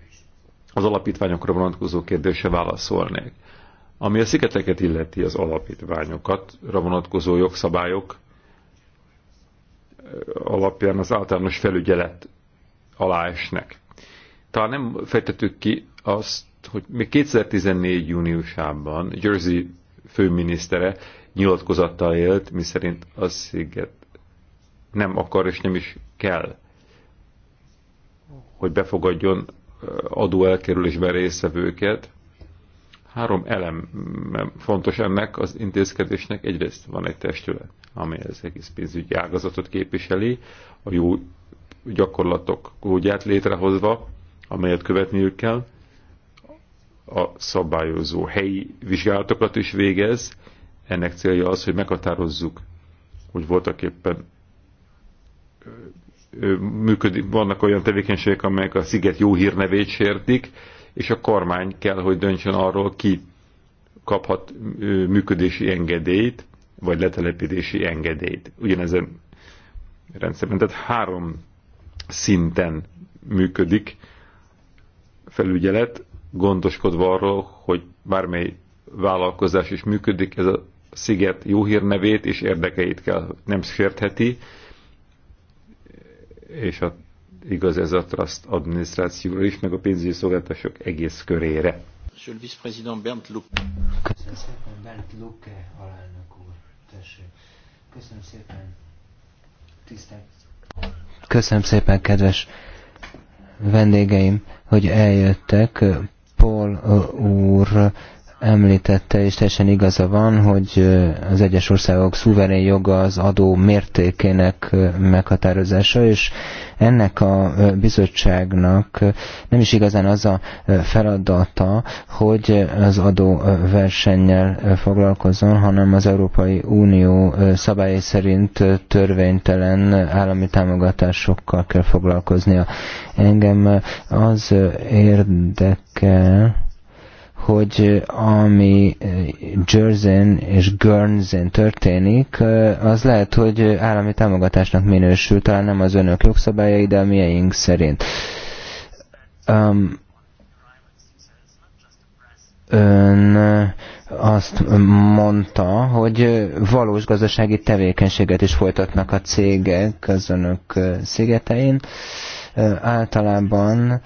Az alapítványokra vonatkozó kérdése válaszolnék. Ami a szigeteket illeti az alapítványokat vonatkozó jogszabályok alapján az általános felügyelet alá esnek talán nem fejtettük ki azt, hogy még 2014. júniusában Jersey főminisztere nyilatkozattal élt, miszerint a sziget nem akar és nem is kell, hogy befogadjon adóelkerülésben résztvevőket. Három elem fontos ennek az intézkedésnek. Egyrészt van egy testület, amely az egész pénzügyi ágazatot képviseli, a jó gyakorlatok kódját létrehozva, amelyet követniük kell. A szabályozó helyi vizsgálatokat is végez. Ennek célja az, hogy meghatározzuk, hogy voltak éppen működik, vannak olyan tevékenységek, amelyek a sziget jó hírnevét sértik, és a kormány kell, hogy döntsön arról, ki kaphat működési engedélyt, vagy letelepítési engedélyt. Ugyanezen rendszerben, tehát három szinten működik felügyelet gondoskodva arról, hogy bármely vállalkozás is működik, ez a sziget jó hírnevét és érdekeit kell, nem sértheti, és a, igaz ez a trust adminisztrációra is, meg a pénzügyi szolgáltatások egész körére. Monsieur le vice-président Bernd Lucke. Köszönöm szépen, Bernd Lucke, alelnök úr. Tessék. Köszönöm szépen. Tisztelt. Köszönöm szépen, kedves vendégeim, hogy eljöttek. Paul úr említette, és teljesen igaza van, hogy az egyes országok szuverén joga az adó mértékének meghatározása, és ennek a bizottságnak nem is igazán az a feladata, hogy az adó versennyel foglalkozzon, hanem az Európai Unió szabályai szerint törvénytelen állami támogatásokkal kell foglalkoznia. Engem az érdekel, hogy ami Jerseyn és Guernsey történik, az lehet, hogy állami támogatásnak minősül, talán nem az önök jogszabályai, de a mieink szerint. Um, ön azt mondta, hogy valós gazdasági tevékenységet is folytatnak a cégek az önök szigetein. Általában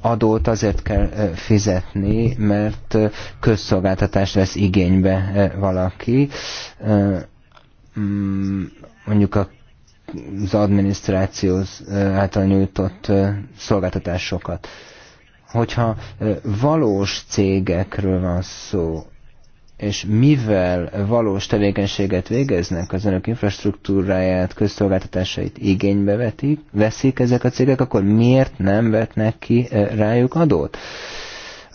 adót azért kell fizetni, mert közszolgáltatást vesz igénybe valaki. Mm, mondjuk az adminisztráció által nyújtott szolgáltatásokat. Hogyha valós cégekről van szó, és mivel valós tevékenységet végeznek, az önök infrastruktúráját, közszolgáltatásait igénybe vetik, veszik ezek a cégek, akkor miért nem vetnek ki eh, rájuk adót?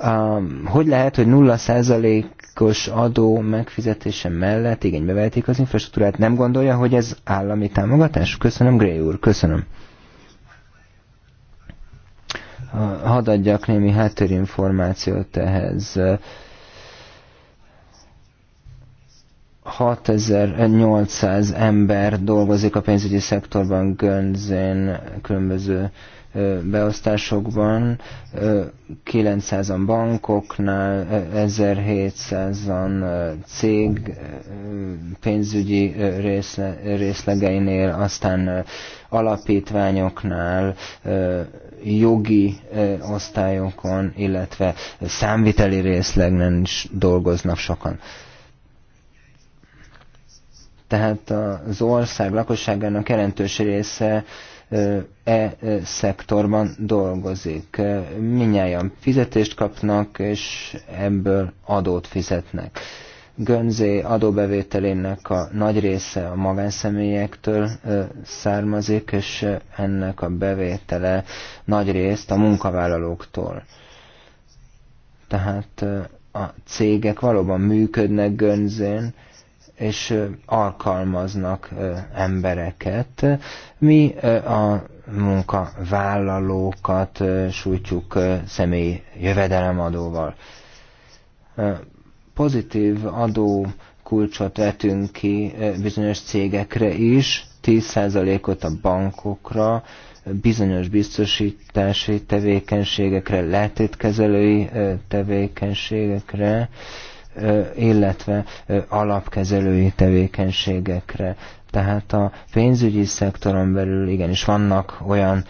Um, hogy lehet, hogy 0%-os adó megfizetése mellett igénybe vehetik az infrastruktúrát? Nem gondolja, hogy ez állami támogatás? Köszönöm, Gray úr, köszönöm. Hadd adjak némi háttérinformációt ehhez. Uh, 6800 ember dolgozik a pénzügyi szektorban, Gönzén, különböző beosztásokban, 900-an bankoknál, 1700-an cég pénzügyi részlegeinél, aztán alapítványoknál, jogi osztályokon, illetve számviteli részlegnél is dolgoznak sokan. Tehát az ország lakosságának jelentős része e-szektorban dolgozik. Minnyáján fizetést kapnak, és ebből adót fizetnek. Gönzé adóbevételének a nagy része a magánszemélyektől származik, és ennek a bevétele nagy részt a munkavállalóktól. Tehát a cégek valóban működnek Gönzén, és alkalmaznak embereket. Mi a munkavállalókat sújtjuk személy jövedelemadóval. Pozitív adó kulcsot vetünk ki bizonyos cégekre is, 10%-ot a bankokra, bizonyos biztosítási tevékenységekre, letétkezelői tevékenységekre, illetve alapkezelői tevékenységekre. Tehát a pénzügyi szektoron belül igenis vannak olyan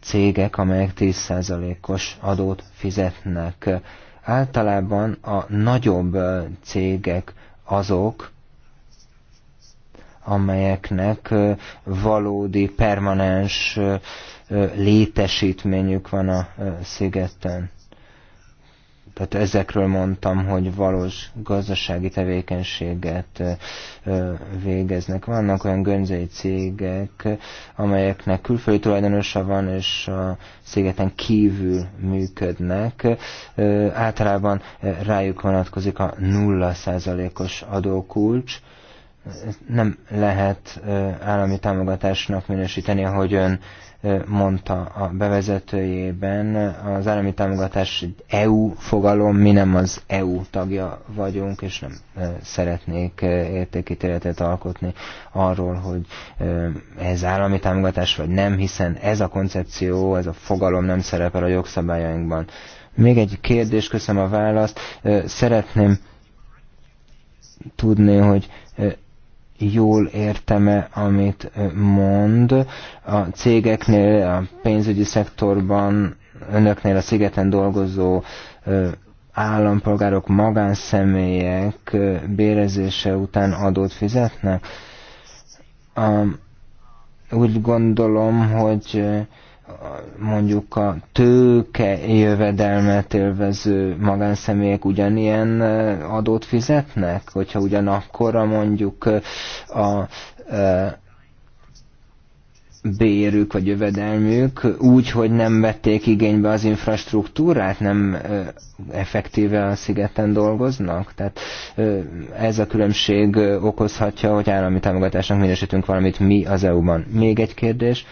cégek, amelyek 10%-os adót fizetnek. Általában a nagyobb cégek azok, amelyeknek valódi, permanens létesítményük van a szigeten. Tehát ezekről mondtam, hogy valós gazdasági tevékenységet végeznek. Vannak olyan gönzei cégek, amelyeknek külföldi tulajdonosa van, és a szigeten kívül működnek. Általában rájuk vonatkozik a 0%-os adókulcs nem lehet állami támogatásnak minősíteni, ahogy ön mondta a bevezetőjében, az állami támogatás egy EU fogalom, mi nem az EU tagja vagyunk, és nem szeretnék értékítéletet alkotni arról, hogy ez állami támogatás vagy nem, hiszen ez a koncepció, ez a fogalom nem szerepel a jogszabályainkban. Még egy kérdés, köszönöm a választ. Szeretném tudni, hogy jól értem-e, amit mond. A cégeknél, a pénzügyi szektorban, önöknél a szigeten dolgozó állampolgárok, magánszemélyek bérezése után adót fizetnek? Úgy gondolom, hogy mondjuk a tőke jövedelmet élvező magánszemélyek ugyanilyen adót fizetnek, hogyha ugyanakkora mondjuk a bérük vagy jövedelmük úgy, hogy nem vették igénybe az infrastruktúrát, nem effektíve a szigeten dolgoznak. Tehát ez a különbség okozhatja, hogy állami támogatásnak minősítünk valamit mi az EU-ban. Még egy kérdés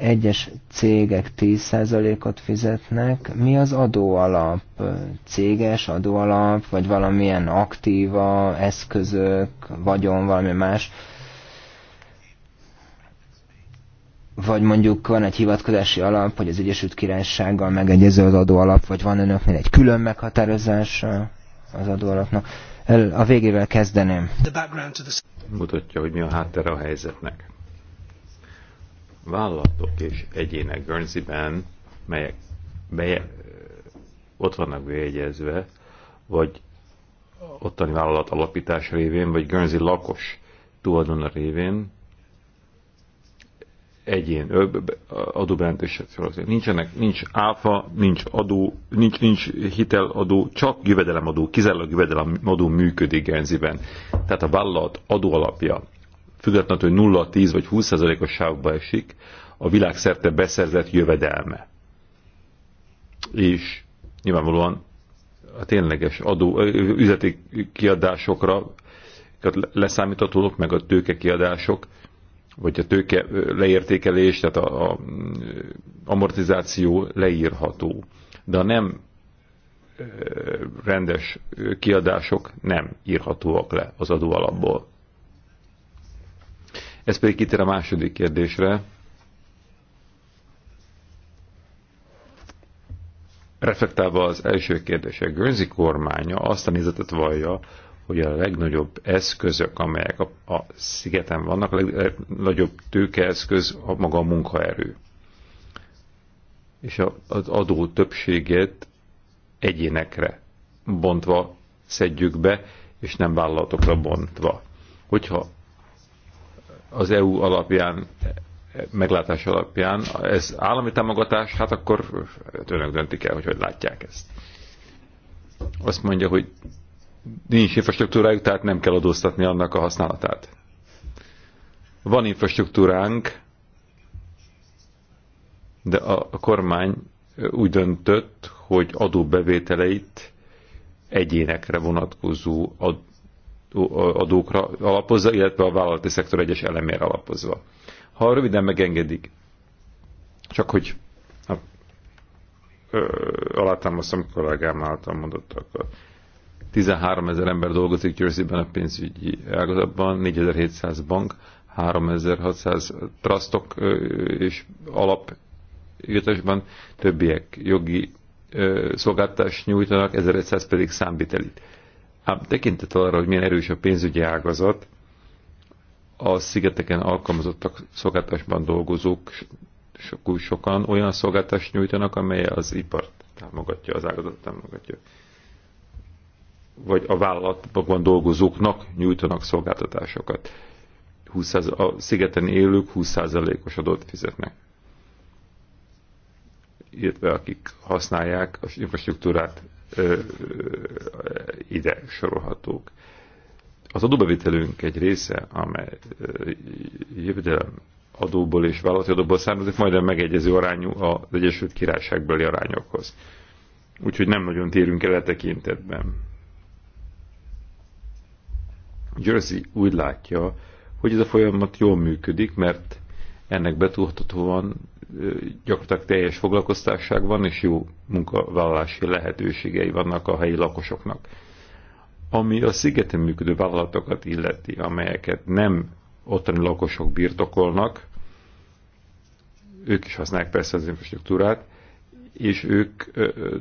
egyes cégek 10%-ot fizetnek. Mi az adóalap? Céges adóalap, vagy valamilyen aktíva, eszközök, vagyon, valami más? Vagy mondjuk van egy hivatkozási alap, hogy az Egyesült Királysággal megegyező az adóalap, vagy van önöknél egy külön meghatározás az adóalapnak? A végével kezdeném. Mutatja, hogy mi a háttere a helyzetnek vállalatok és egyének Guernsey-ben, melyek, melyek ott vannak bejegyezve, vagy ottani vállalat alapítás révén, vagy Guernsey lakos tulajdona révén egyén adóbejelentéset szóval felhasználni. Nincsenek, nincs áfa, nincs adó, nincs, nincs hiteladó, csak jövedelemadó, kizárólag jövedelemadó működik Genziben. Tehát a vállalat adóalapja függetlenül, hogy 0, 10 vagy 20 százalékos sávba esik, a világszerte beszerzett jövedelme. És nyilvánvalóan a tényleges adó, üzleti kiadásokra leszámítatók, meg a tőke kiadások, vagy a tőke leértékelés, tehát a, a amortizáció leírható. De a nem rendes kiadások nem írhatóak le az adóalapból. Ez pedig kitér a második kérdésre. Reflektálva az első kérdése, Gönzi kormánya azt a nézetet vallja, hogy a legnagyobb eszközök, amelyek a, a szigeten vannak, a legnagyobb tőkeeszköz a maga a munkaerő. És a, az adó többségét egyénekre bontva szedjük be, és nem vállalatokra bontva. Hogyha az EU alapján, meglátás alapján. Ez állami támogatás, hát akkor önök döntik el, hogy hogy látják ezt. Azt mondja, hogy nincs infrastruktúrájuk, tehát nem kell adóztatni annak a használatát. Van infrastruktúránk, de a, kormány úgy döntött, hogy adóbevételeit egyénekre vonatkozó adókra alapozza, illetve a vállalati szektor egyes elemére alapozva. Ha röviden megengedik, csak hogy alátámasztom kollégám által mondottakat. 13 ezer ember dolgozik Jerseyben a pénzügyi ágazatban, 4700 bank, 3600 trustok és alap ügyetesben, többiek jogi szolgáltást nyújtanak, 1100 pedig számvitelit Ám tekintet arra, hogy milyen erős a pénzügyi ágazat, a szigeteken alkalmazottak szolgáltatásban dolgozók sok, sokan olyan szolgáltást nyújtanak, amely az ipart támogatja, az ágazatot támogatja. Vagy a vállalatokban dolgozóknak nyújtanak szolgáltatásokat. 20, a szigeten élők 20%-os adót fizetnek. Illetve akik használják az infrastruktúrát ö, ide sorolhatók. Az adóbevételünk egy része, amely jövedelem adóból és vállalati adóból származik, a megegyező arányú az Egyesült Királyságbeli arányokhoz. Úgyhogy nem nagyon térünk el a e tekintetben. Jersey úgy látja, hogy ez a folyamat jól működik, mert ennek betudhatóan gyakorlatilag teljes foglalkoztásság van, és jó munkavállalási lehetőségei vannak a helyi lakosoknak. Ami a szigeten működő vállalatokat illeti, amelyeket nem ottani lakosok birtokolnak, ők is használják persze az infrastruktúrát, és ők ö, ö,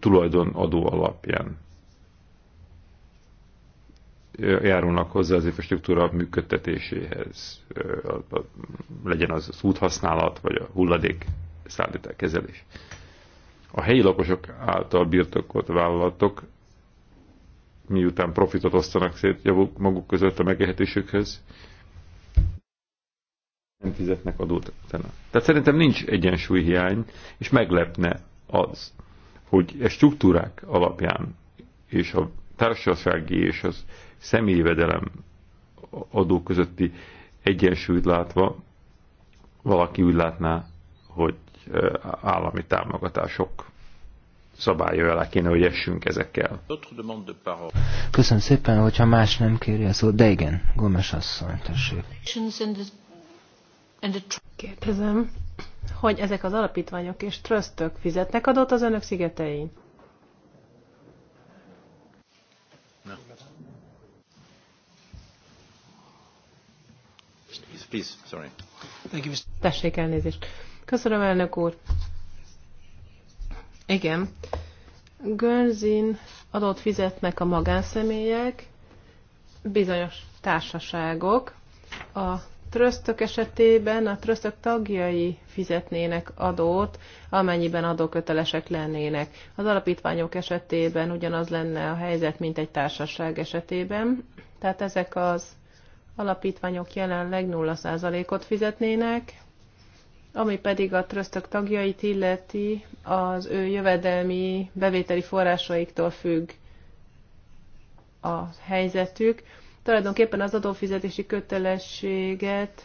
tulajdonadó alapján járulnak hozzá az infrastruktúra működtetéséhez, legyen az, az úthasználat, vagy a hulladék szállítás kezelés. A helyi lakosok által birtokolt vállalatok, miután profitot osztanak szét maguk között a megélhetésükhöz, nem fizetnek adót. Tehát szerintem nincs egyensúlyhiány, és meglepne az, hogy a e struktúrák alapján és a társasági és az személyvedelem vedelem adók közötti egyensúlyt látva valaki úgy látná, hogy állami támogatások szabályai alá kéne, hogy essünk ezekkel. Köszönöm szépen, hogyha más nem kéri a szót, de igen, Gomes asszony, tessék. Kérdezem, hogy ezek az alapítványok és trösztök fizetnek adót az önök szigetein? Please, sorry. Thank you, Tessék elnézést. Köszönöm, elnök úr. Igen. Gönzin adót fizetnek a magánszemélyek, bizonyos társaságok. A trösztök esetében a trösztök tagjai fizetnének adót, amennyiben adókötelesek lennének. Az alapítványok esetében ugyanaz lenne a helyzet, mint egy társaság esetében. Tehát ezek az alapítványok jelenleg 0%-ot fizetnének, ami pedig a trösztök tagjait illeti, az ő jövedelmi bevételi forrásaiktól függ a helyzetük. Tulajdonképpen az adófizetési kötelességet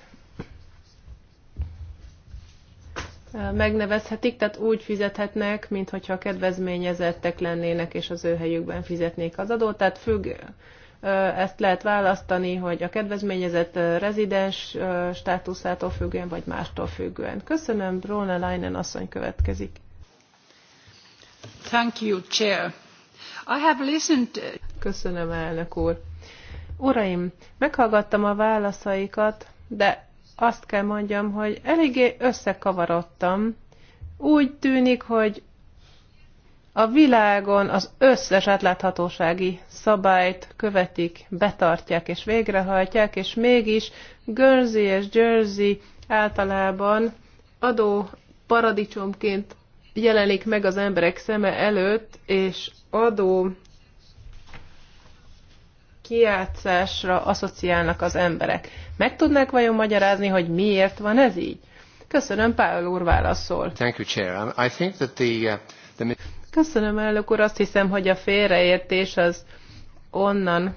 megnevezhetik, tehát úgy fizethetnek, mintha kedvezményezettek lennének, és az ő helyükben fizetnék az adót. Tehát függ ezt lehet választani, hogy a kedvezményezett rezidens státuszától függően, vagy mástól függően. Köszönöm, Brona Leinen asszony következik. Thank you, Chair. I have listened... Köszönöm, elnök úr. Uraim, meghallgattam a válaszaikat, de azt kell mondjam, hogy eléggé összekavarodtam. Úgy tűnik, hogy a világon az összes átláthatósági szabályt követik, betartják és végrehajtják, és mégis Guernsey és Jersey általában adó paradicsomként jelenik meg az emberek szeme előtt, és adó kiátszásra asszociálnak az emberek. Meg tudnák vajon magyarázni, hogy miért van ez így? Köszönöm, Pál úr válaszol. Thank you, Chair. I think that the, uh, the... Köszönöm, elnök úr. Azt hiszem, hogy a félreértés az onnan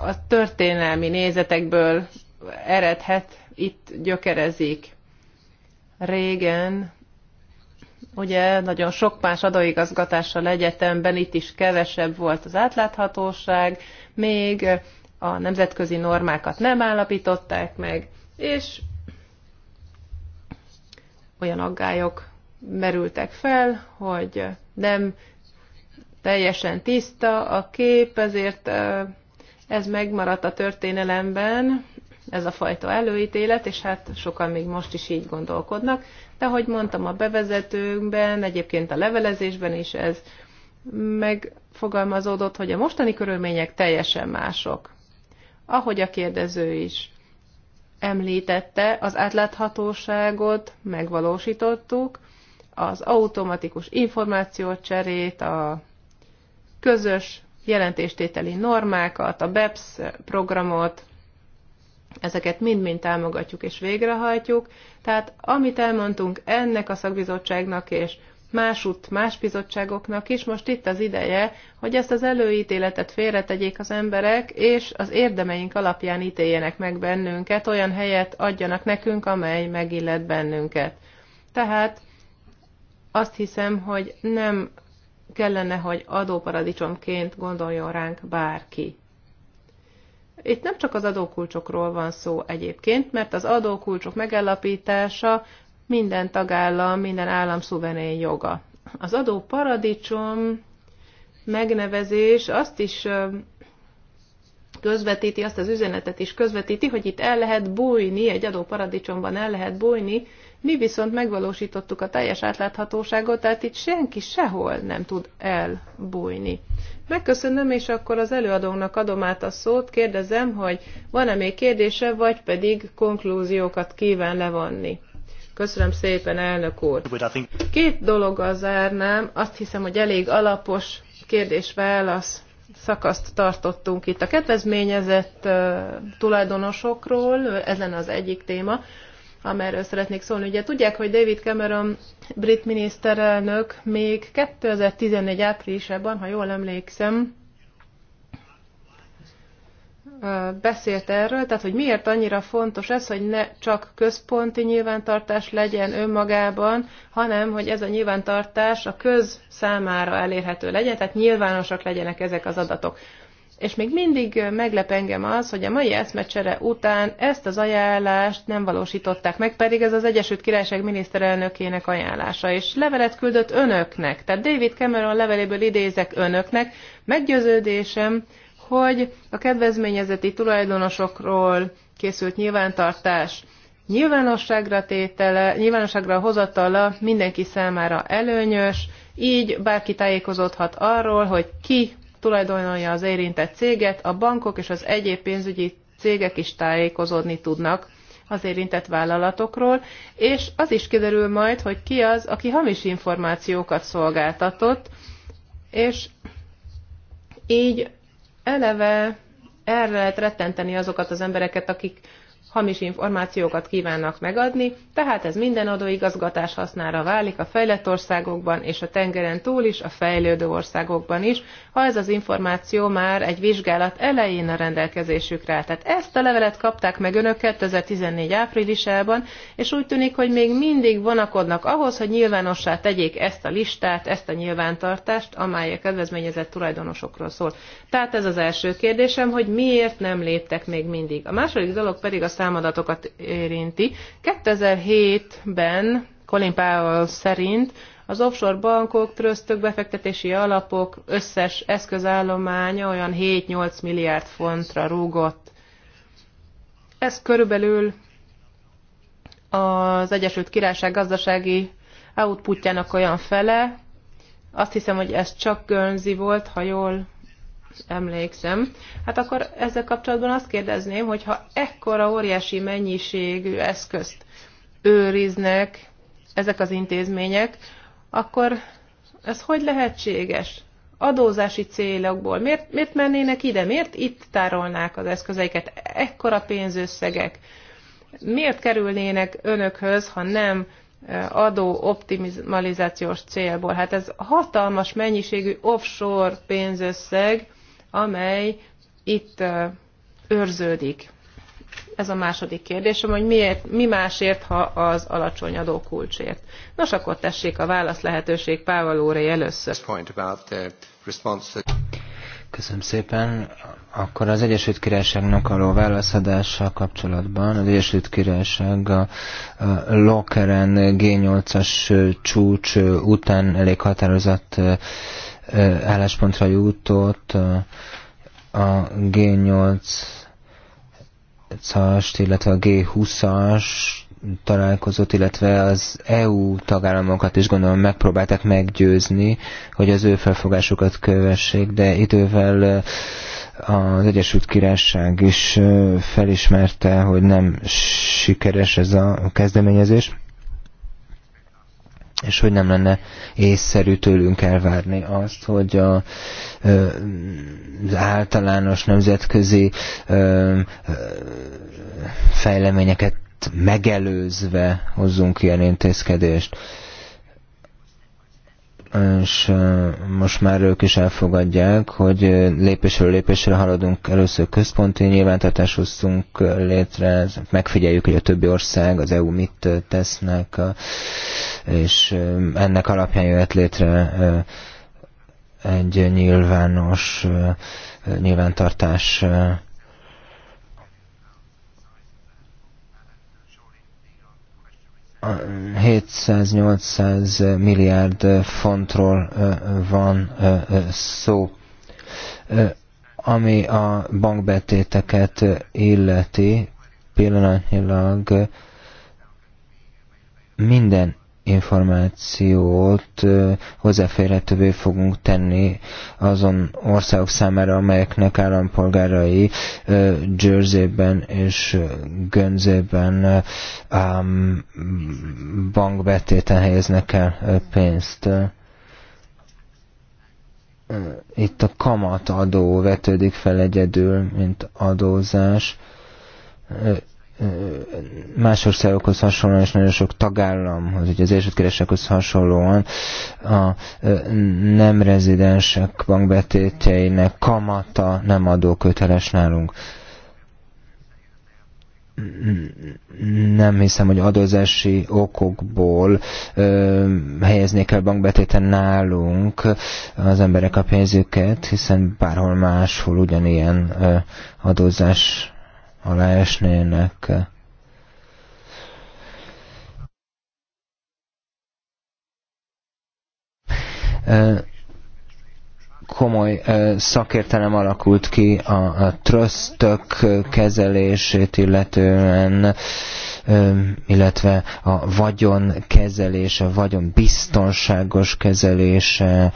a történelmi nézetekből eredhet, itt gyökerezik. Régen ugye nagyon sok más adóigazgatással egyetemben itt is kevesebb volt az átláthatóság, még a nemzetközi normákat nem állapították meg, és olyan aggályok merültek fel, hogy nem teljesen tiszta a kép, ezért ez megmaradt a történelemben, ez a fajta előítélet, és hát sokan még most is így gondolkodnak, de ahogy mondtam a bevezetőkben, egyébként a levelezésben is ez megfogalmazódott, hogy a mostani körülmények teljesen mások. Ahogy a kérdező is említette, az átláthatóságot megvalósítottuk, az automatikus információcserét, a közös jelentéstételi normákat, a BEPS programot, ezeket mind-mind támogatjuk és végrehajtjuk. Tehát amit elmondtunk ennek a szakbizottságnak és másút más bizottságoknak is, most itt az ideje, hogy ezt az előítéletet félretegyék az emberek, és az érdemeink alapján ítéljenek meg bennünket, olyan helyet adjanak nekünk, amely megillet bennünket. Tehát azt hiszem, hogy nem kellene, hogy adóparadicsomként gondoljon ránk bárki. Itt nem csak az adókulcsokról van szó egyébként, mert az adókulcsok megállapítása minden tagállam, minden állam szuverén joga. Az adóparadicsom megnevezés azt is közvetíti, azt az üzenetet is közvetíti, hogy itt el lehet bújni, egy adóparadicsomban el lehet bújni, mi viszont megvalósítottuk a teljes átláthatóságot, tehát itt senki sehol nem tud elbújni. Megköszönöm, és akkor az előadónak adom át a szót, kérdezem, hogy van-e még kérdése, vagy pedig konklúziókat kíván levonni. Köszönöm szépen, elnök úr. Két dologgal zárnám, azt hiszem, hogy elég alapos kérdés-válasz szakaszt tartottunk itt. A kedvezményezett tulajdonosokról, ez lenne az egyik téma amerről szeretnék szólni. Ugye tudják, hogy David Cameron brit miniszterelnök még 2014 áprilisában, ha jól emlékszem, beszélt erről, tehát hogy miért annyira fontos ez, hogy ne csak központi nyilvántartás legyen önmagában, hanem hogy ez a nyilvántartás a köz számára elérhető legyen, tehát nyilvánosak legyenek ezek az adatok. És még mindig meglep engem az, hogy a mai eszmecsere után ezt az ajánlást nem valósították meg, pedig ez az Egyesült Királyság miniszterelnökének ajánlása, és levelet küldött önöknek. Tehát David Cameron leveléből idézek önöknek. Meggyőződésem, hogy a kedvezményezeti tulajdonosokról készült nyilvántartás nyilvánosságra tétele, nyilvánosságra hozatala mindenki számára előnyös, így bárki tájékozódhat arról, hogy ki tulajdonolja az érintett céget, a bankok és az egyéb pénzügyi cégek is tájékozódni tudnak az érintett vállalatokról, és az is kiderül majd, hogy ki az, aki hamis információkat szolgáltatott, és így eleve erre lehet rettenteni azokat az embereket, akik hamis információkat kívánnak megadni, tehát ez minden adóigazgatás hasznára válik a fejlett országokban és a tengeren túl is, a fejlődő országokban is, ha ez az információ már egy vizsgálat elején a rendelkezésükre áll. Tehát ezt a levelet kapták meg önök 2014 áprilisában, és úgy tűnik, hogy még mindig vonakodnak ahhoz, hogy nyilvánossá tegyék ezt a listát, ezt a nyilvántartást, amely a kedvezményezett tulajdonosokról szól. Tehát ez az első kérdésem, hogy miért nem léptek még mindig. A második dolog pedig a számadatokat érinti. 2007-ben Colin Powell szerint az offshore bankok, trösztök, befektetési alapok összes eszközállománya olyan 7-8 milliárd fontra rúgott. Ez körülbelül az Egyesült Királyság gazdasági outputjának olyan fele. Azt hiszem, hogy ez csak Gönzi volt, ha jól emlékszem. Hát akkor ezzel kapcsolatban azt kérdezném, hogy ha ekkora óriási mennyiségű eszközt őriznek ezek az intézmények, akkor ez hogy lehetséges? Adózási célokból. Miért, miért mennének ide? Miért itt tárolnák az eszközeiket? Ekkora pénzösszegek. Miért kerülnének önökhöz, ha nem eh, adó optimalizációs célból? Hát ez hatalmas mennyiségű offshore pénzösszeg, amely itt eh, őrződik. Ez a második kérdésem, hogy miért, mi másért, ha az alacsony adókulcsért. Nos, akkor tessék a válasz lehetőség Pával úré először. Köszönöm szépen. Akkor az Egyesült Királyságnak való válaszadással kapcsolatban az Egyesült Királyság a, a Lokeren G8-as csúcs után elég határozott álláspontra jutott a G8 g ast illetve a G20-as találkozót, illetve az EU tagállamokat is gondolom megpróbálták meggyőzni, hogy az ő felfogásukat kövessék, de idővel az Egyesült Királyság is felismerte, hogy nem sikeres ez a kezdeményezés és hogy nem lenne észszerű tőlünk elvárni azt, hogy a, az általános nemzetközi fejleményeket megelőzve hozzunk ilyen intézkedést és most már ők is elfogadják, hogy lépésről lépésre haladunk, először központi nyilvántartást hoztunk létre, megfigyeljük, hogy a többi ország, az EU mit tesznek a és ennek alapján jöhet létre egy nyilvános nyilvántartás a 700-800 milliárd fontról van szó, ami a bankbetéteket illeti pillanatnyilag minden információt hozzáférhetővé fogunk tenni azon országok számára, amelyeknek állampolgárai Jerseyben és Gönzében bankbetéten helyeznek el pénzt itt a kamatadó vetődik fel egyedül, mint adózás más országokhoz hasonlóan, és nagyon sok tagállamhoz, ugye az Egyesült hasonlóan a nem rezidensek bankbetétjeinek kamata nem adó köteles nálunk. Nem hiszem, hogy adózási okokból ö, helyeznék el bankbetéten nálunk az emberek a pénzüket, hiszen bárhol máshol ugyanilyen ö, adózás alá esnének. Komoly szakértelem alakult ki a, a trösztök kezelését, illetően illetve a vagyon kezelése, vagyon biztonságos kezelése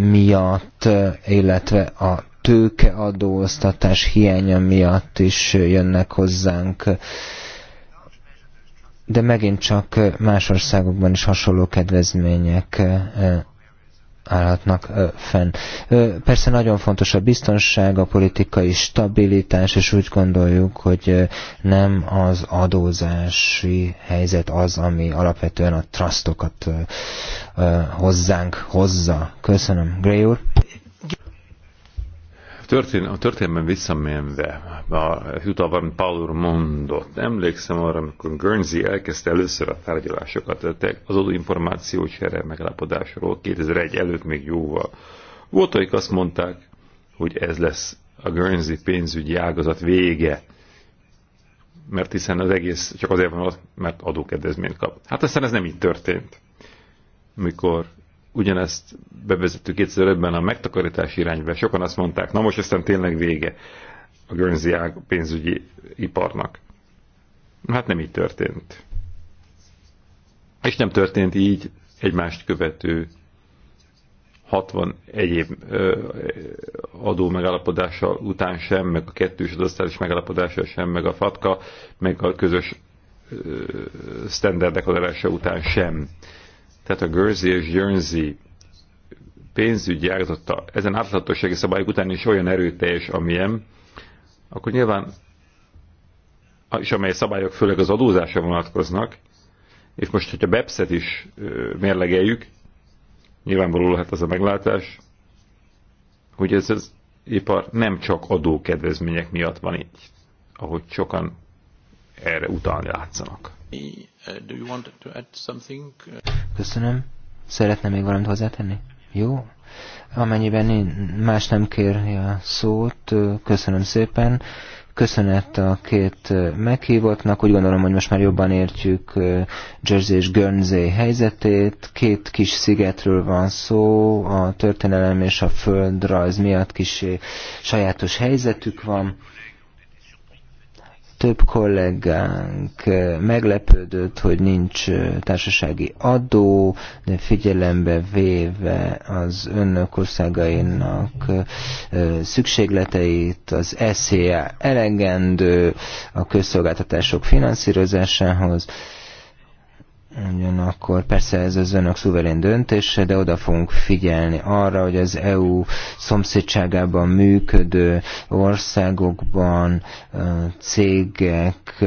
miatt, illetve a tőkeadóztatás hiánya miatt is jönnek hozzánk. De megint csak más országokban is hasonló kedvezmények eh, állhatnak eh, fenn. Eh, persze nagyon fontos a biztonság, a politikai stabilitás, és úgy gondoljuk, hogy nem az adózási helyzet az, ami alapvetően a trustokat hozzánk hozza. Köszönöm, Gray úr. Történ a történelmen visszamenve, utalva, amit Paul úr mondott, emlékszem arra, amikor Guernsey elkezdte először a tárgyalásokat, az adó információ csere megállapodásról 2001 előtt még jóval. Voltaik azt mondták, hogy ez lesz a Guernsey pénzügyi ágazat vége, mert hiszen az egész csak azért van, mert adókedvezményt kap. Hát aztán ez nem így történt mikor ugyanezt bevezettük 2005-ben a megtakarítás irányba. Sokan azt mondták, na most aztán tényleg vége a Guernsey pénzügyi iparnak. Hát nem így történt. És nem történt így egymást követő 60 egyéb adó megállapodással után sem, meg a kettős adasztális megállapodással sem, meg a FATKA, meg a közös standardek adása után sem tehát a Görzi és Jönzi pénzügyi ágazata ezen átláthatósági szabályok után is olyan erőteljes, amilyen, akkor nyilván, és amely szabályok főleg az adózásra vonatkoznak, és most, hogyha Bepszet et is mérlegeljük, nyilvánvaló lehet az a meglátás, hogy ez az ipar nem csak adókedvezmények miatt van így, ahogy sokan erre utalni látszanak. Uh, do you want to add something? Köszönöm. Szeretne még valamit hozzátenni? Jó. Amennyiben más nem kérni a szót, köszönöm szépen. Köszönet a két meghívottnak. Úgy gondolom, hogy most már jobban értjük Jersey és Guernsey helyzetét. Két kis szigetről van szó, a történelem és a földrajz miatt kis sajátos helyzetük van több kollégánk eh, meglepődött, hogy nincs eh, társasági adó, de figyelembe véve az önök országainak eh, szükségleteit, az SZIA elegendő a közszolgáltatások finanszírozásához, Ugyanakkor persze ez az önök szuverén döntése, de oda fogunk figyelni arra, hogy az EU szomszédságában működő országokban cégek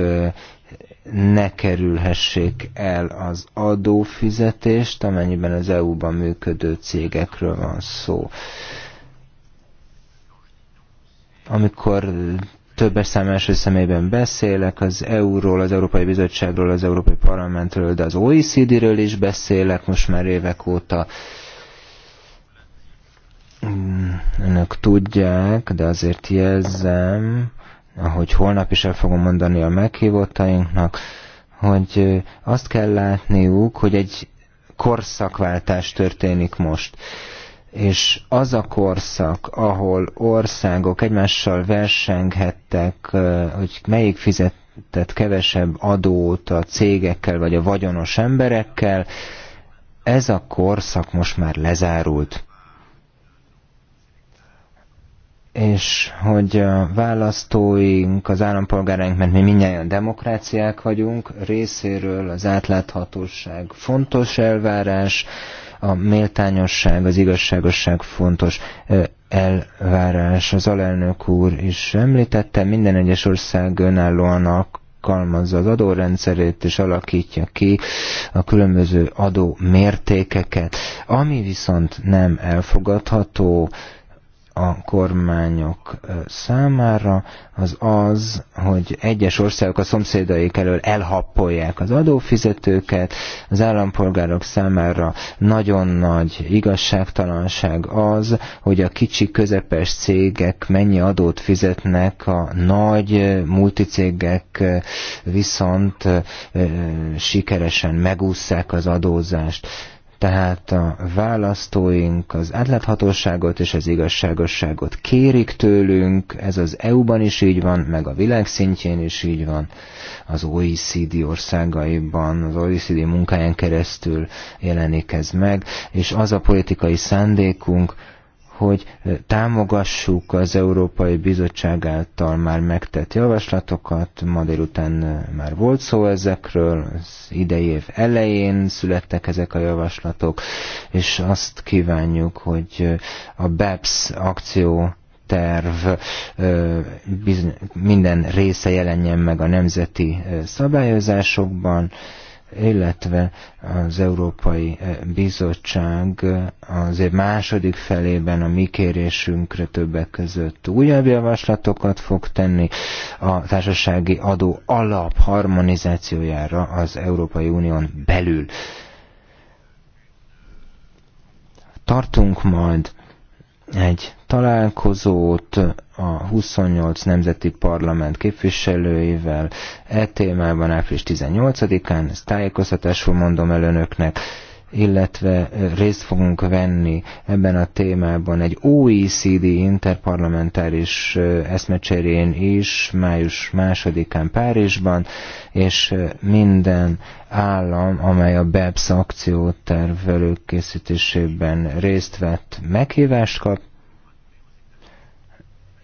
ne kerülhessék el az adófizetést, amennyiben az EU-ban működő cégekről van szó. Amikor többes szám első személyben beszélek, az EU-ról, az Európai Bizottságról, az Európai Parlamentről, de az OECD-ről is beszélek most már évek óta. Mm, önök tudják, de azért jelzem, ahogy holnap is el fogom mondani a meghívottainknak, hogy azt kell látniuk, hogy egy korszakváltás történik most és az a korszak, ahol országok egymással versenghettek, hogy melyik fizetett kevesebb adót a cégekkel vagy a vagyonos emberekkel, ez a korszak most már lezárult. És hogy a választóink, az állampolgáraink, mert mi mindjárt demokráciák vagyunk, részéről az átláthatóság fontos elvárás, a méltányosság, az igazságosság fontos elvárás. Az alelnök úr is említette, minden egyes ország önállóan alkalmazza az adórendszerét és alakítja ki a különböző adó mértékeket. Ami viszont nem elfogadható, a kormányok számára, az az, hogy egyes országok a szomszédaik elől elhappolják az adófizetőket, az állampolgárok számára nagyon nagy igazságtalanság az, hogy a kicsi közepes cégek mennyi adót fizetnek, a nagy multicégek viszont sikeresen megúszszák az adózást tehát a választóink az átláthatóságot és az igazságosságot kérik tőlünk, ez az EU-ban is így van, meg a világ szintjén is így van, az OECD országaiban, az OECD munkáján keresztül jelenik ez meg, és az a politikai szándékunk, hogy támogassuk az Európai Bizottság által már megtett javaslatokat. Ma délután már volt szó ezekről, az idei év elején születtek ezek a javaslatok, és azt kívánjuk, hogy a BEPS akció terv minden része jelenjen meg a nemzeti szabályozásokban, illetve az Európai eh, Bizottság eh, azért második felében a mi kérésünkre többek között újabb javaslatokat fog tenni a társasági adó alap harmonizációjára az Európai Unión belül. Tartunk majd egy találkozót a 28 nemzeti parlament képviselőivel e témában április 18-án, ezt tájékoztatásul mondom el önöknek, illetve részt fogunk venni ebben a témában egy OECD interparlamentáris eszmecserén is, május másodikán Párizsban, és minden állam, amely a BEPS akciótervelők készítésében részt vett, meghívást kap,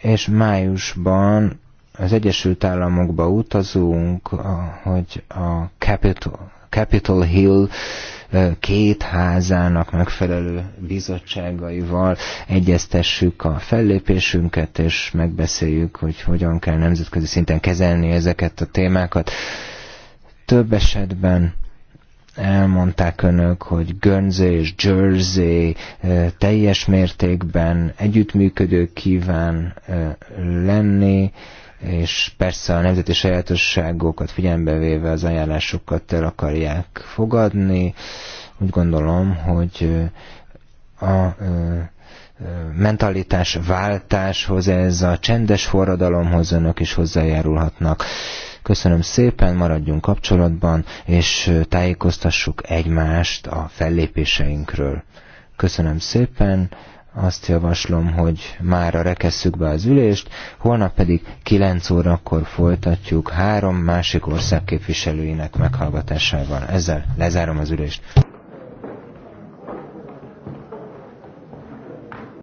és májusban az Egyesült Államokba utazunk, hogy a Capitol, Capitol Hill két házának megfelelő bizottságaival egyeztessük a fellépésünket, és megbeszéljük, hogy hogyan kell nemzetközi szinten kezelni ezeket a témákat. Több esetben elmondták önök, hogy Guernsey és Jersey teljes mértékben együttműködő kíván lenni, és persze a nemzeti sajátosságokat figyelembe véve az ajánlásokat el akarják fogadni. Úgy gondolom, hogy a mentalitás váltáshoz, ez a csendes forradalomhoz önök is hozzájárulhatnak. Köszönöm szépen, maradjunk kapcsolatban, és tájékoztassuk egymást a fellépéseinkről. Köszönöm szépen, azt javaslom, hogy már rekesszük be az ülést, holnap pedig 9 órakor folytatjuk három másik ország képviselőinek meghallgatásával. Ezzel lezárom az ülést.